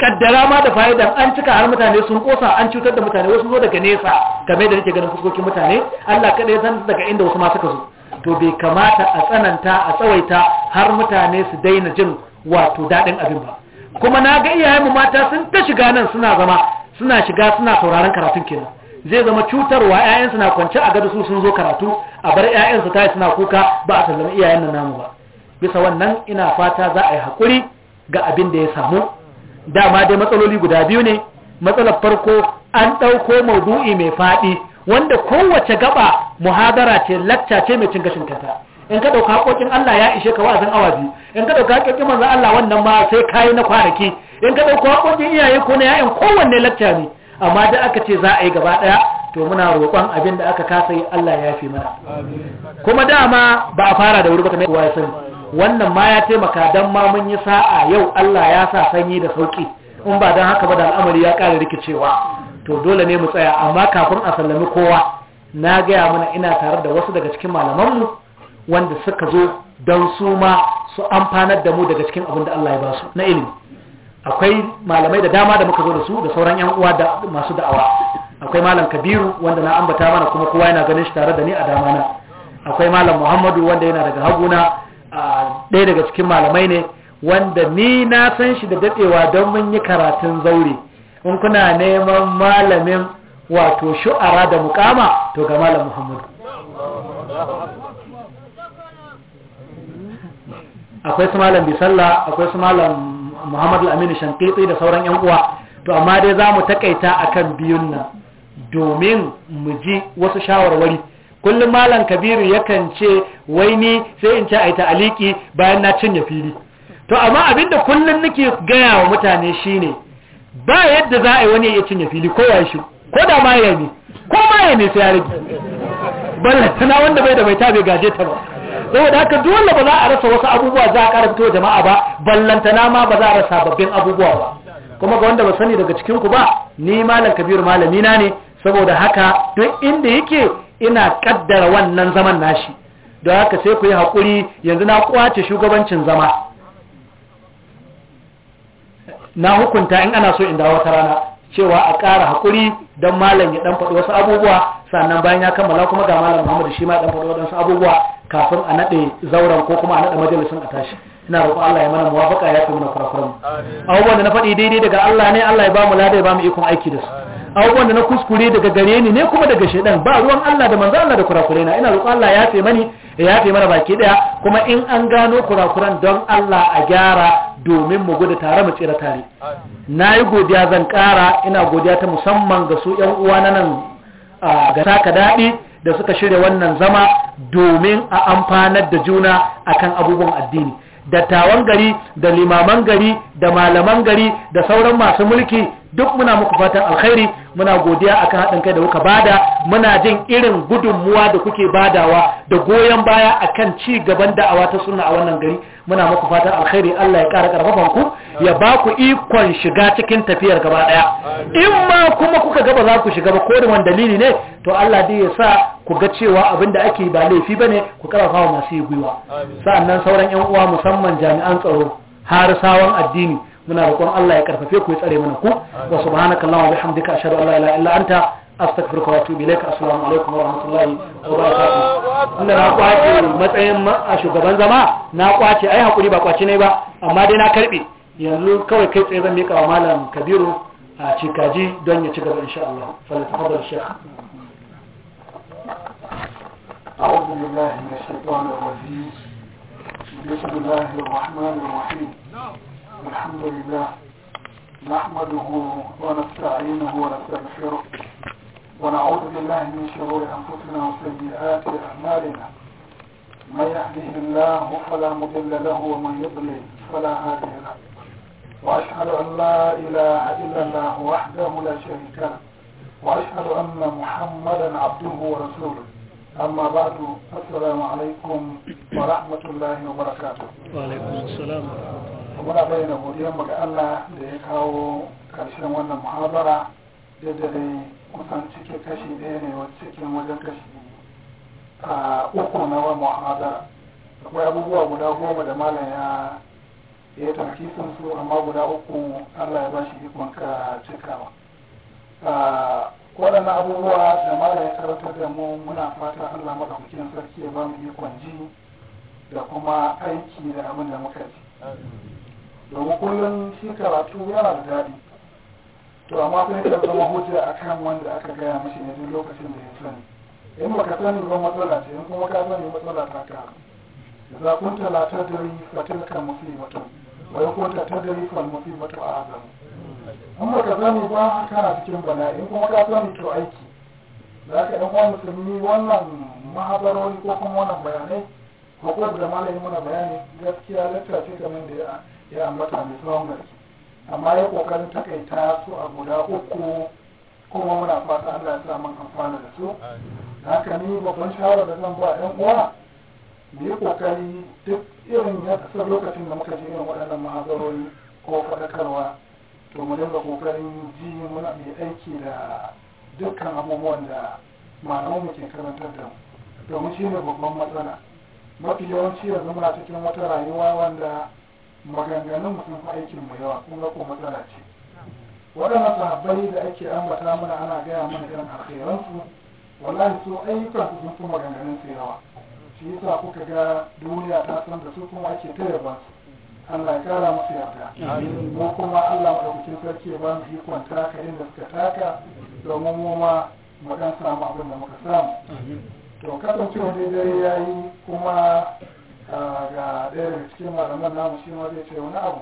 kaddara ma da fa'idan an cika har mutane sun ƙosa an cutar da mutane wasu zo daga nesa game da nake ganin fuskokin mutane Allah kaɗai ya san daga inda wasu ma suka zo to bai kamata a tsananta a tsawaita har mutane su daina jin wato daɗin abin ba kuma na ga iyayenmu mata sun ta shiga nan suna zama suna shiga suna sauraron karatun kenan zai zama cutarwa ƴaƴansu na kwance a gado su sun zo karatu a bar ta yi suna kuka ba a sallama iyayen na namu ba bisa wannan ina fata za a yi haƙuri ga abin da ya samu dama dai matsaloli guda biyu ne matsalar farko an ɗauko maudu'i mai faɗi wanda kowace gaba muhadara ce lacca ce mai cin gashin kanta in ka ɗauka haƙoƙin Allah ya ishe ka wa'azin awa biyu in ka ɗauka haƙoƙin manzon Allah wannan ma sai kayi na kwanaki in ka ɗauka haƙoƙin iyaye ko na yayan kowanne lacca ne amma da aka ce za a yi gaba ɗaya to muna roƙon abin da aka kasa yi Allah ya fi mana kuma dama ba a fara da wuri ba kamar kowa ya sani wannan ma ya taimaka dan ma mun yi sa'a yau Allah ya sa sanyi da sauƙi, in ba dan haka ba da al'amari ya ƙara rikicewa to dole ne mu tsaya amma kafin a sallami kowa na gaya mana ina tare da wasu daga cikin malamanmu wanda suka zo don su ma su amfanar da mu daga cikin abin da Allah ya ba su na ilimi akwai malamai da dama da muka zo da su da sauran yan uwa da masu da'awa akwai malam kabiru wanda na ambata mana kuma kowa yana ganin shi tare da ni a dama na akwai malam muhammadu wanda yana daga haguna ɗaya daga cikin malamai ne wanda ni na san shi da daɗewa don mun yi karatun zaure in kuna neman malamin wato shu'ara da mukama to ga malam muhammadu akwai su malam bisalla akwai su malam muhammad Aminu amin da sauran yan uwa to amma dai za mu takaita kan biyun nan domin mu ji wasu shawarwari kullum malam kabiru yakan ce wai ni sai in ce a ta aliki bayan na cinye fili to amma da kullum nake gaya wa mutane shi ne, ba yadda za a yi wani ya cinye fili ko ya shi ko da ma ya ne ko ma ya ne sai ya rage wanda bai da mai ta bai gaje ta ba saboda haka dole ba za a rasa wasu abubuwa za a karanto jama'a ba ballantana ma ba za a rasa babbin abubuwa ba kuma ga wanda ba sani daga cikin ku ba ni malam kabiru malami na ne saboda haka duk inda yake ina kaddara wannan zaman nashi don haka sai ku yi haƙuri yanzu na kwace shugabancin zama na hukunta in ana so in dawo wata rana cewa a ƙara haƙuri don malam ya ɗan faɗi wasu abubuwa sannan bayan ya kammala kuma ga malam muhammadu shi ma ɗan faɗi waɗansu abubuwa kafin a naɗe zauren ko kuma a naɗe majalisun a tashi ina roƙo Allah ya mana muwafaka ya fi mana kurakuran abubuwan da na faɗi daidai daga Allah ne Allah ya ba mu lada ya ba mu ikon aiki da su abubuwan da na kuskure daga gare ni ne kuma daga shaidan ba ruwan Allah da manzo Allah da kurakure na ina roƙo Allah ya yafe mani ya yafe mana baki ɗaya kuma in an gano kurakuran don Allah a gyara domin mu gudu tare mu tsira tare na yi godiya zan ƙara ina godiya ta musamman ga su ƴan uwa na nan ga taka daɗi da suka shirya wannan zama domin a amfanar da juna akan abubuwan addini dattawan gari da limaman gari da malaman gari da sauran masu mulki duk muna muku fatan alkhairi muna godiya akan haɗin kai da kuka bada muna jin irin gudunmuwa da kuke badawa da goyon baya akan ci gaban da'awa ta suna a wannan gari muna muku fatan alkhairi Allah ya ƙara ƙarfafan ku ya ba ku ikon shiga cikin tafiyar gaba daya in ma kuma kuka gaba za ku shiga ba ko da wani dalili ne to Allah dai ya sa ku ga cewa abin da ake ba laifi bane ku karfafa wa masu yi gwiwa sa'annan sauran yan uwa musamman jami'an tsaro harisawan addini muna roƙon Allah ya karfafe ku ya tsare mana ku wa subhanakallahumma wa bihamdika ashhadu an la ilaha illa anta astagfirka wa tubi ilaika assalamu alaikum wa rahmatullahi wa barakatuh inda na kwace matsayin a shugaban zama na kwace ai hakuri ba kwace ne ba amma dai na karbe yanzu kawai kai tsaye zan miƙa wa malam kabiru a cikaji don ya ci gaba insha Allah أعوذ بالله من الشيطان الرجيم بسم الله الرحمن الرحيم الحمد لله نحمده ونستعينه ونستغفره ونعوذ بالله من شرور أنفسنا وسيئات أعمالنا من يهده الله فلا مضل له ومن يضلل فلا هادي له وأشهد أن لا إله إلا الله وحده لا شريك له وأشهد أن محمدا عبده ورسوله أما بعد السلام عليكم ورحمة الله وبركاته وعليكم السلام muna bayyana godiyar ga Allah da ya kawo karshen wannan muhabara yadda dai kusan cikin kashi ɗaya ne Wa cikin wajen kashi a uku na wa muhabara akwai abubuwa guda goma da malam ya ya eh, sun su amma guda uku Allah ya ba shi ikon ka cikawa ah, waɗannan abubuwa da mara ya da mu muna fata Allah maɗaukakin sarki ya ba mu ikon ji da kuma aiki da abin da muka ji domin kullum shi karatu yana da daɗi to amma kun ka zama hujja akan wanda aka gaya mashi ne duk lokacin da ya sani in baka sani ba matsala ce in kuma ka sani matsala ta ka za kun talata da yi fatilka musibatun wai ko ta tadari kan musibatu a azam in ba ka sani ba kana cikin bala'i in kuma ka sani to aiki za ka ɗan wani musulmi wannan mahabarori ko kuma wannan bayanai ko kuma da malamin mana bayanai gaskiya lakta ce kamar da ya ambata mai tsawon gaske amma ya kokarin takaita su a guda uku kuma muna fata Allah ya sa mun amfana da su haka ni babban shawara da zan ba 'yan uwa mu yi kokari duk irin ya kasar lokacin da muka je irin waɗannan mahazarori ko faɗakarwa to mu dinga kokarin ji muna mai aiki da dukkan abubuwan da malamanmu ke karantar da mu domin shi ne babban matsala mafi yawanci yanzu muna cikin wata rayuwa wanda maganganun sun fi aikin mu yawa kun ga ko matsala ce waɗannan sahabbai da ake ambata mana ana gaya mana irin alkhairansu wallahi su ayyukan su sun fi maganganun su yawa shi yasa kuka ga duniya ta san da su kuma ake ta yaba Allah ya kara musu yarda mu kuma Allah madaukakin sarki ya ba mu ka yin da suka taka domin mu ma mu dan samu abin da muka samu to kasancewa dai yayi kuma ah, ga ɗaya daga cikin malaman namu shi ma zai ce wani abu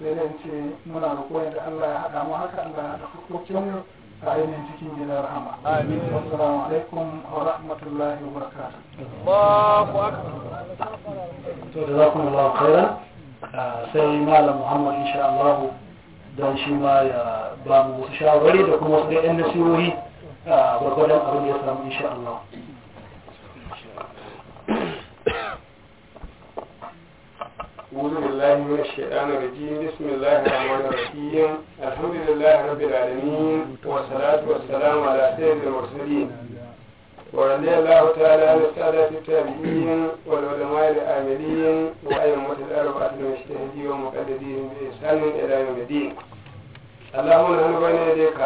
sai dai ce muna roƙo da Allah ya haɗa mu haka Allah ya haɗa fuskokin sa'ilin cikin gidan rahama amin assalamu alaikum wa rahmatullahi wa barakatuh Allahu akbar to da za ku sai malam Muhammad insha Allah dan shi ma ya ba mu wasu shawarwari da kuma wasu ɗan nasihohi ah, gwargwadon abin da ya samu insha Allah أعوذ بالله من الشيطان الرجيم بسم الله الرحمن الرحيم الحمد لله رب العالمين والصلاة والسلام على سيد المرسلين ورضي الله تعالى عن السادة التابعين والعلماء العاملين وأئمة الأربعة المجتهدين ومقلدين بإحسان إلى يوم الدين اللهم نحن بين يديك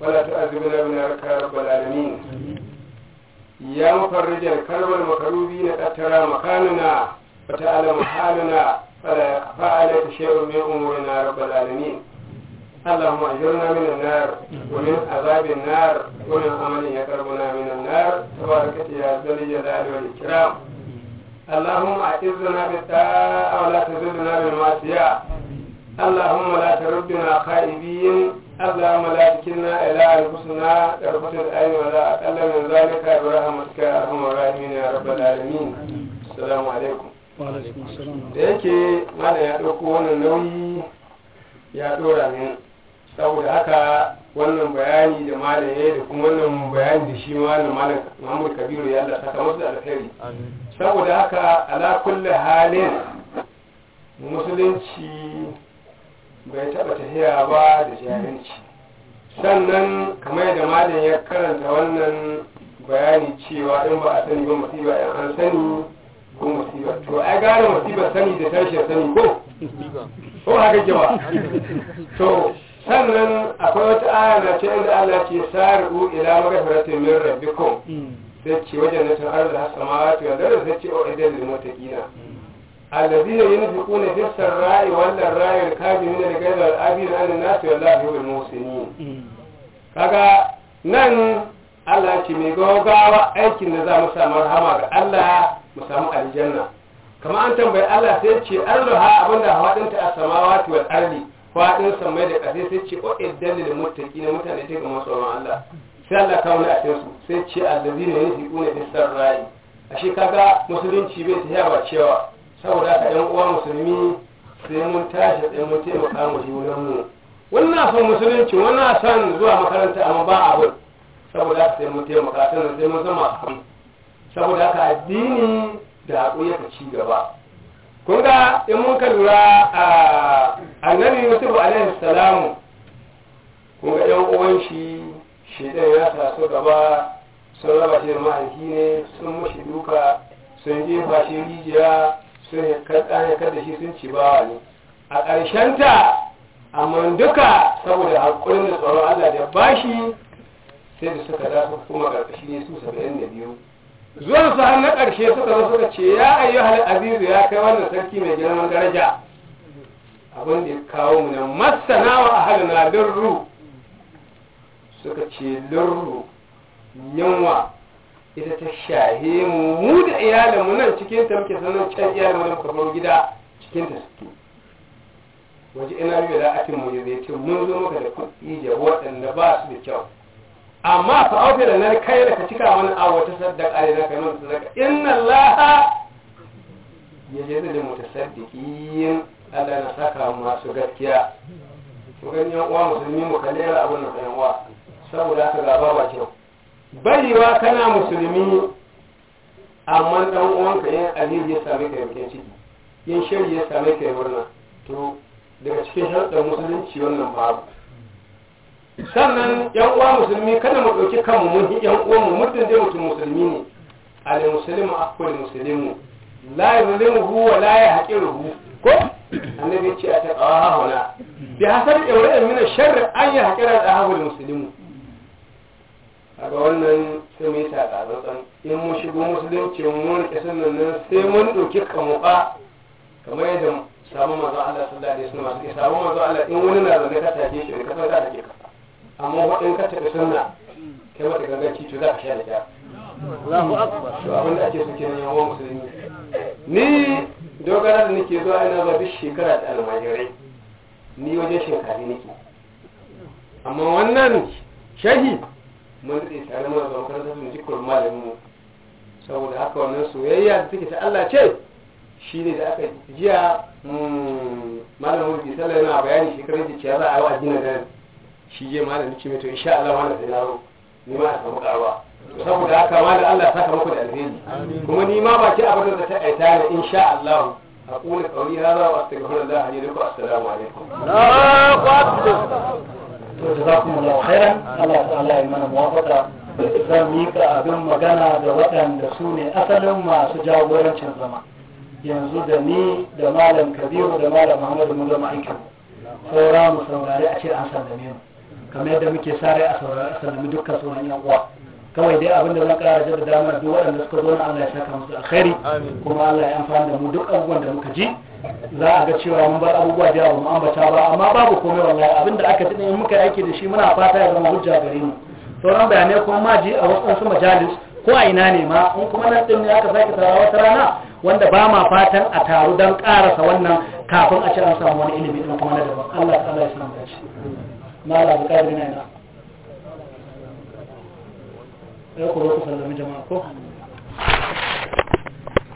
ولا تؤذبنا بنارك يا رب العالمين يا مفرج الكرب المكروبين أترى مكاننا وتعلم حالنا فلا شيء من أمورنا رب العالمين اللهم أجرنا من النار ومن عذاب النار ومن أمن يقربنا من النار تبارك يا ذا الجلال والإكرام اللهم أعزنا بالطاعة ولا تزدنا بالمعصية اللهم لا تردنا خائبين اللهم لا تكلنا إلى أنفسنا طرفة الأين ولا أقل من ذلك برحمتك يا أرحم الراحمين يا رب العالمين السلام عليكم da yake mana ya ɗauko wannan nauyi ya ɗora ne saboda haka wannan bayani da malam ya da kuma wannan bayani da shi malam malam Muhammad Kabiru ya Allah saka masu alheri saboda haka ala kulli halin musulunci bai taɓa tafiya ba da jahilci sannan kamar da malam ya karanta wannan bayani cewa in ba a sani ba musiba in an sani ko musiba to ai gara musiba sani da tashi sani ko ko haka ke to sannan akwai wata aya na ce inda Allah ce sari'u ila maghfiratin min rabbikum sai ce wajen na nasan arda hasamawati wal ardi sai ce o idan lil muttaqina الذين ينفقون في السراء والضراء الكاظمين الغيظ والعافين عن الناس والله يحب المحسنين kaga nan Allah ya ce mai gawa aikin da za mu samu rahama ga Allah mu samu aljanna kamar an tambayi Allah sai ce arruha abinda hawadinta a ta wal ardi fadin samai da ƙasa sai ce o iddan lil na mutane ta ga masu Allah sai Allah ta wani a cikin su sai ce allazina yunfiquna fis sarrai ashe kaga musulunci bai ta yawa cewa saboda ka ɗan uwa musulmi sai mun tashi sai mun taimaka mu ji wurin mu wannan son musulunci wannan son zuwa makaranta amma ba abin saboda haka sai mun taimaka sannan sai mun zama kan saboda haka addini da haƙuri ya ci gaba kun ga in mun ka lura a annabi yusuf alayhi salamu kun ga yan uwan shi shedan ya taso gaba sun raba shi da mahaifi ne sun mushi duka sun yi shi rijiya sun haikar da shi sun ci bawa ne a ƙarshenta amma duka saboda haƙurin da tsoron allah da bashi sai da suka dafa kuma karkashi ne su saba'in da biyu zuwa su har na ƙarshe suka zo suka ce ya ayyu hal azizu ya kai wannan sarki mai girman daraja abin da ya kawo mu nan masana wa lirru suka ce lirru yanwa ita ta shahe mu mu da mu nan cikin ta muke sanar can iyalinmu da gida cikin ta suke waje ina biyu da atin mu ya zai ce mun zo muka da kuɗi da waɗanda ba su da kyau amma fa auke da na kai da ka cika wani abu ta sadaka ne na kai mana sadaka inna allaha yajidu lil mutasaddiqin Allah na saka masu gaskiya ku gani yan uwa musulmi mu da abun nan yan uwa saboda haka gaba ba kyau wa kana musulmi amma dan uwanka yin alheri ya same ka yankin ciki yin shari ya same ka murna to daga cikin sharɗin musulunci wannan babu sannan yan uwa musulmi kada mu ɗauki kanmu mun yan uwa mu muddin dai mutum musulmi ne al muslimu akwai muslimu la yuzlimuhu wa la yahqiruhu ko annabi ce a taqawa hawla bi hasab ibrahim min sharri an yahqira al muslimu kaga wannan sai mu yi tsantsan in mu shigo musulunci mu ke sannan nan sai mun ɗauki kanmu ba kamar yadda samu manzo Allah sallallahu alaihi wasallam samu manzo Allah in wani na zaune ka taje shi ka san ka taje ka amma waɗin ka taɓa sunna kai mata ganganci to za ka sha da ja Allahu akbar to abin da ake so kenan yawan musulmi ni dogara da nake zuwa ina ba duk shekara da almajirai ni wajen shekari nake amma wannan shahi mun da tare mana zuwa kan sun ji kurma da mu saboda haka wannan soyayya da take ta Allah ce shi ne da aka jiya mm, malamin bisalar yana bayani shekarar da ya za a yi wa gina gani shi je malam ce mai to insha Allah malam sai na zo ni ma a samu karuwa saboda haka da Allah saka muku da alheri kuma ni ma ba baki abin da ta aita ne insha Allah أقول قولي هذا وأستغفر الله لي لكم السلام ku الله أكبر. جزاكم الله خيرا الله mana يمنى موافقة zan ka abin magana da waɗanda su ne asalin masu jagorancin zama yanzu da ni da malam kabiru da malam muhammadu mun zama aikin saura mu saurari a cikin an da mu kamar yadda muke sare a sallami dukkan sauran yan uwa kawai dai abinda zan kara da dama duk waɗanda suka zo na Allah ya saka musu alkhairi kuma Allah ya amfana da mu duk abubuwan da muka ji za a ga cewa mun bar abubuwa da yawa mu ambata ba amma babu komai wallahi abinda aka tuna in muka aiki da shi muna fata ya zama hujja gare mu sauran bayanai kuma ma ji a wasu majalis ko a ina ne ma in kuma nan din ne aka sake tarawa wata rana wanda ba ma fatan a taru don karasa wannan kafin a ci an samu wani ilimi din kuma na daban Allah Allah ya da shi mara bukari na yana ya ku sallami jama'a ko